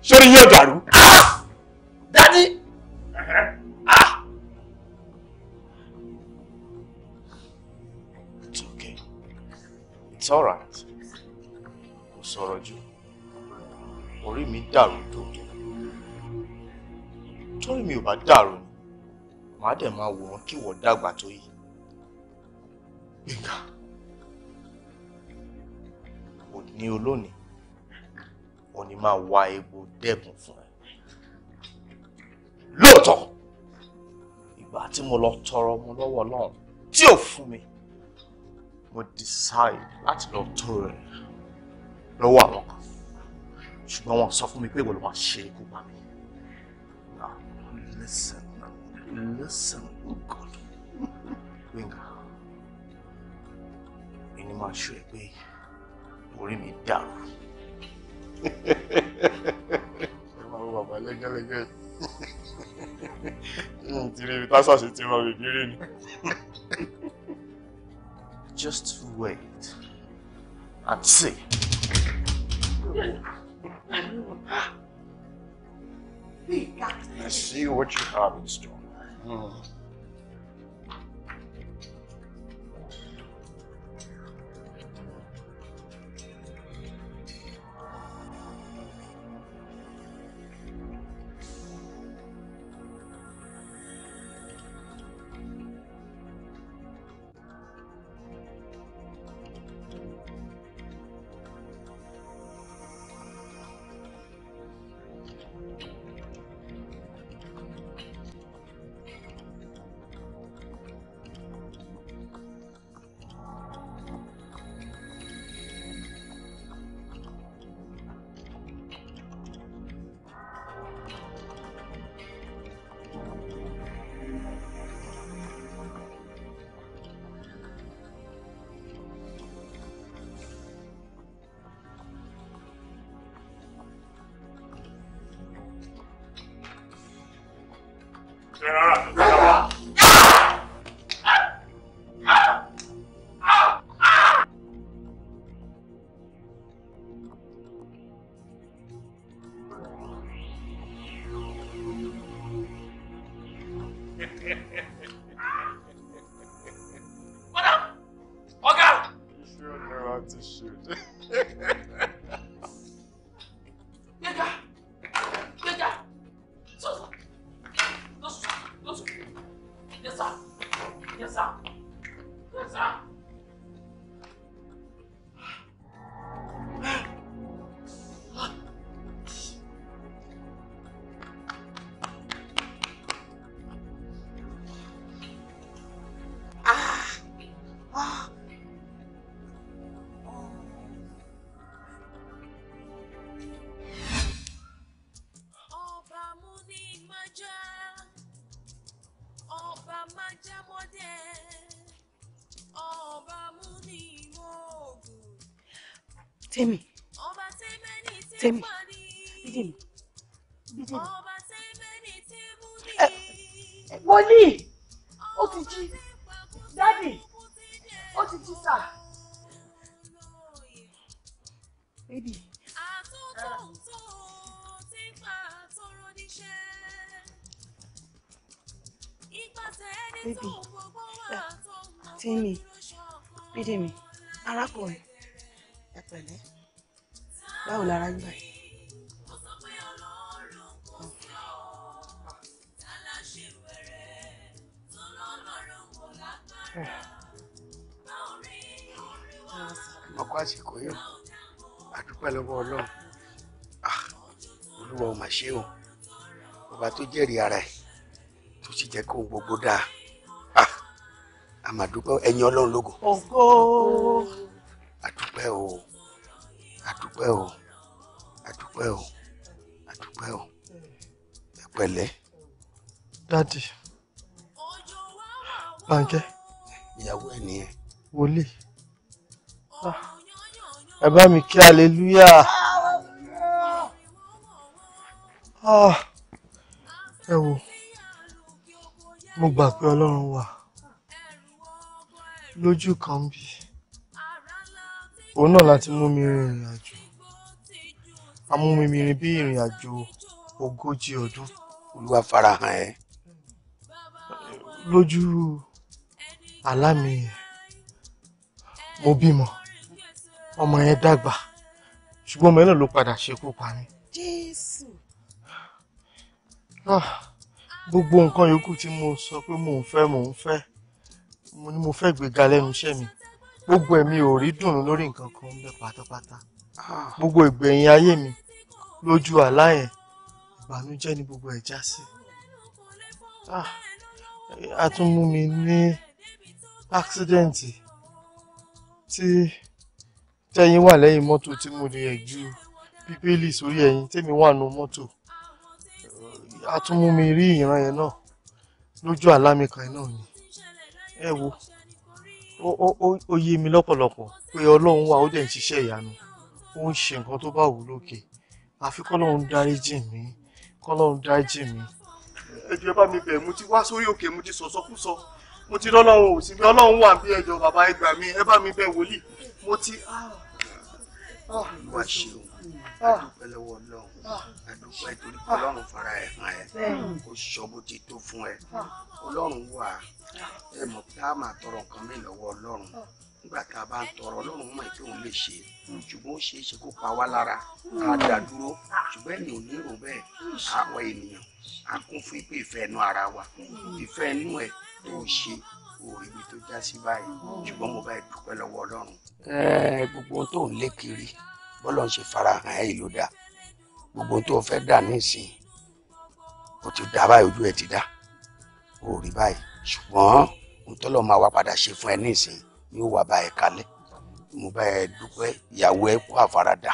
sórí yóò dàrú. Ah! dadi ah! it's okay it's alright kò sọ̀rọ̀ jù orí mi dàrú tó torí mi ò bá dàrú ni màá dẹ̀ máa wòran kí wọ́n dàgbà tó yìí. Gbẹ̀ngà òní ó ní máa wá egbò dẹ́kun fún ẹ. lóòótọ́ ìgbà tí mo lọ tọrọ ọmọ lọ́wọ́ ọlọ́run tí ò fún mi mo decide láti lọ tọrọ rẹ̀ lọ́wọ́ àwọn kan ṣùgbọ́n wọn sọ fún mi pé ìwọ ṣe ikú pa mi. listen listen good gbẹ̀ngà mi ni máa ṣe pé orí mi dàrú ẹ lẹ́gẹ́lẹ́gẹ́ yìí ní ìdílé ibi ti rọ bèbí rí ni. Just wait and see. I see what you have in store. Mm. tèmi tèmi bídìmí bídìmí. wòlíì. tó jẹ́rìí ara ẹ̀ tó sì jẹ́ kóhun gbogbo dáa àmàdúpẹ́ ẹ̀yin ọlọ́run lógo. ògo. àdúpẹ́ o àdúpẹ́ o àdúpẹ́ o àdúpẹ́ o ẹ pẹ̀lẹ́. dádì bànkẹ́. ìyàwó ẹ nìyẹn. wòlíì ah, ẹ bá mi kí aleluya. Ah ẹ wo mo gbà pé ọlọ́run wà lójú kan bí òun náà láti mú mi rin ìrìn àjò amúmimirin bí ìrìn àjò ogójì ọdún. olúwa farahàn ẹ. lójú àlá mo bímọ ọmọ yẹn dàgbà ṣùgbọ́n ọmọ yẹn náà ló padà ṣekú pa mí. jésù. Ah, gbogbo nǹkan yòókù tí mo sọ pé mò ń fẹ́ mò ń fẹ́ mo ní mo fẹ́ gbéga lẹ́nu iṣẹ́ mi gbogbo ẹ̀mí ò rí dùnnú lórí nǹkan kan ń bẹ pátápátá ah. gbogbo ìgbẹ̀yìn ayé mi lójú àlá yẹn ìbànújẹ́ ni gbogbo ẹ̀ já sí ah, a tún mú mi ní àksidẹ̀ǹtì tí tẹ́yìn wà lẹ́yìn mọ́tò tí mo lè yẹ ju bíbélì sórí ẹ̀yìn tẹ́mi wà nù mọ́tò a tún mú mi rí ìran yẹn náà lójú àlá mi kan náà ni ẹ wo ó yé mi lọ́pọ̀lọpọ̀ pé ọlọ́run wà ó dẹ̀ ń ṣiṣẹ́ ìyanu ó ń ṣe nǹkan tó bá wù lókè àfi kọ́lọ́run dáríjì mi kọ́lọ́run dáríjì mi. ẹjọ́ ẹ bá mi bẹ̀ mo ti wá sórí òkè mo ti sọ̀sọ́kúsọ mo ti lọ́lọ́run ò sí bí ọlọ́run wà bí ẹjọ́ bàbá ẹ gbà mí ẹ bá mi bẹ̀ wòlíì mo ti. Ah, ah, wá ṣe o adúpẹ́ lọ́wọ́ ọlọ́run ah. adúpẹ́ torí pé ọlọ́run fara ẹ̀ hàn ẹ́ kó sọ bó ti tó fún ẹ ah. ọlọ́run wà ẹ mọ̀ pé a máa tọrọ nǹkan mi lọ́wọ́ ọlọ́run ah. nígbà tá a bá ń tọrọ ọlọ́run mọ̀ pé òun lè ṣe hmm. ṣùgbọ́n ó ṣeé ṣe kó pa wá lára ká hmm. dá dúró ṣùgbọ́n ẹ̀yìn ò ní bẹ́ẹ̀ hmm. àwọn ènìyàn á kún fún pé ìfẹ́ inú ara wa ìfẹ́ inú ẹ̀ tó ṣe òrìbí tó já sí báyìí ṣùgbọ́n mo bá ẹ dúpẹ́ lọ́wọ́ ọlọ́run. ẹ gbogbo ohun tó ń lé kiri bọ́lọ̀ ń ṣe farahàn ẹ̀ ìlú dá gbogbo tó o fẹ́ dà nísìnyí o ti dá báyìí ojú ẹ ti dá o rí báyìí ṣùgbọ́n ntọ́lọ́ máa wá padà ṣe fún ẹ nísìnyí yóò wà báyìí kalẹ̀ mo bá ẹ dúpẹ́ ìyàwó ẹ kó àfaradà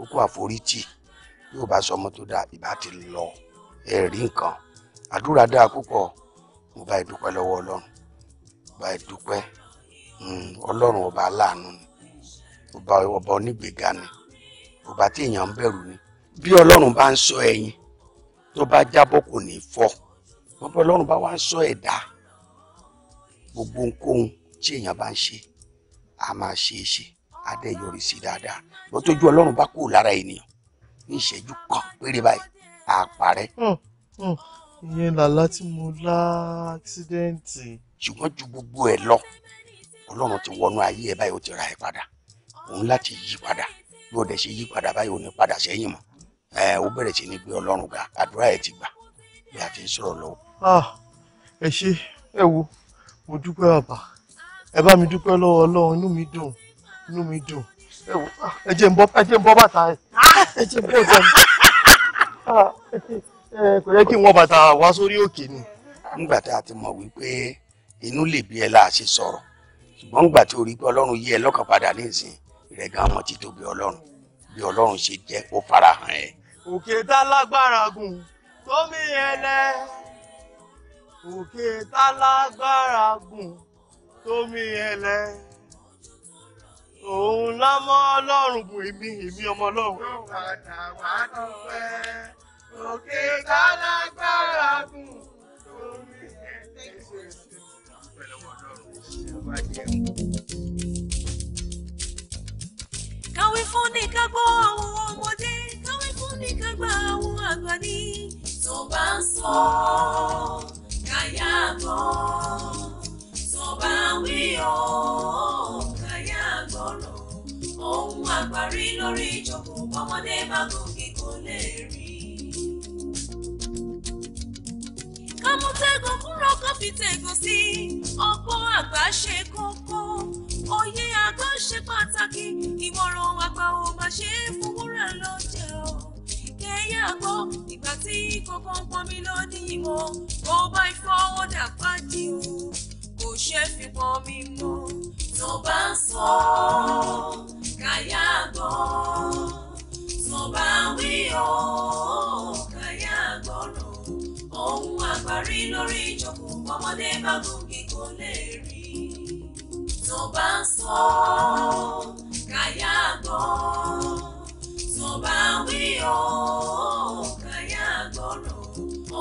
ó kó àforítì yóò bá sọ ọmọ tó dáa ìbá ti lọ ẹ rí nǹkan àdúrà dáa púpọ̀ mo bá ẹ dúpẹ́ lọ́wọ́ ọlọ́run bá ẹ dúpẹ́ hmm, ọlọ́run ọba aláàánú ni ọba onígbèéga ni bùbá tí èèyàn ń bẹ̀rù ni bí ọlọ́run bá ń sọ ẹyin tó bá jábọ́ kò ní fọ́ wọn ọlọ́run bá wá ń sọ ẹ̀dá gbogbo ohunkóhun tí èèyàn bá ń ṣe a máa ṣe é ṣe á dẹ̀ yọrí sí dáadáa wọ́n tójú ọlọ́run bá kúrò lára ènìyàn ní ìṣẹ́jú kan péré báyìí á parẹ́. Hmm, hmm. ìyẹn làlá tí mo lá àksidẹ́ǹtì. ṣùgbọ́n ju gbogbo ẹ̀ lọ ọlọ́run ti wọnú ayé ẹ̀ báyìí ó ti ra ẹ̀ padà òun láti yí padà. bí ọdẹ ṣe yí padà báyìí ò ní padà sẹ́yìn mọ́ ẹ ó sí ga àdúrà ẹ̀ ti gbà bí a ti ń sọ̀rọ̀ lọ́wọ́. Ah, ẹ ṣe ẹ wo mo dúpẹ́ ẹ bá mi dúpẹ́ lọ́wọ́ ọlọ́run inú mi dùn inú mi dùn ẹ wo ah, ẹ jẹ́ ń bọ́ ẹ jẹ́ ń bọ́ bàtà ẹ ẹ wá sórí òkè ni. nígbà ti mọ̀ wípé inú lè bí ẹ láà ṣe sọ̀rọ̀ ṣùgbọ́n tí orí pé rẹ̀ gan mọ̀ títóbi ọlọ́run bí ọlọ́run ṣe jẹ́ ó farahàn ẹ̀. òkè tá lágbára gùn tómi ẹlẹ òkè tá lágbára gùn tómi ẹlẹ òun lámọ ọlọ́run gùn èmi èmi ọmọ ọlọ́run. yóò padà wá òkè tá lágbára gùn Thank you. káwí fún ní kágbọ́ àwọn ọmọdé káwí fún ní kágbà àwọn àgbà ní. tó bá ń sọ káyà gbọ́ tó bá ń wí o káyà gbọ́rọ̀ ohun àgbà lórí ìjókòó ọmọdé bá gòkè kò lè rí. kámútẹ́gùn kúrò kó fi tẹ̀gùn sí ọgbọ́n àgbà ṣe kókó òye àgọ́ ṣe pàtàkì ìmọ̀ràn àgbà ò má ṣe é fún wúrà lọ́jẹ̀ o kẹ́yà gbọ́ ìgbà tí kankan pọnmi lódì mọ́ bó bá ìfọwọ́dà pàdé o kò ṣe fi pọnmi mọ́ tó bá ń sọ káyà gbọ́ tó bá wí o káyà gbọ́rọ̀ ohun àgbárí lórí ìjókòó ọmọdé bá gùn kò lè rí tó bá ń sọ káyà gbọ́ tó bá wí o káyà gbọ́rọ̀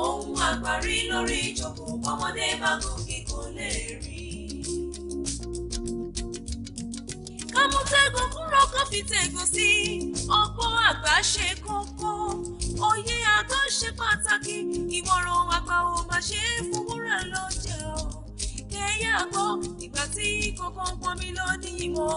ohun àgbárí lórí ìjókòó ọmọdé bá gòkè kò lè rí. ìmọ̀ràn àgbà ò máa ṣe é fún wúrà lọ́jọ́ kẹ́yà gbọ́ ìgbà tí kọ̀ọ̀kan pọn mi lónìí mo.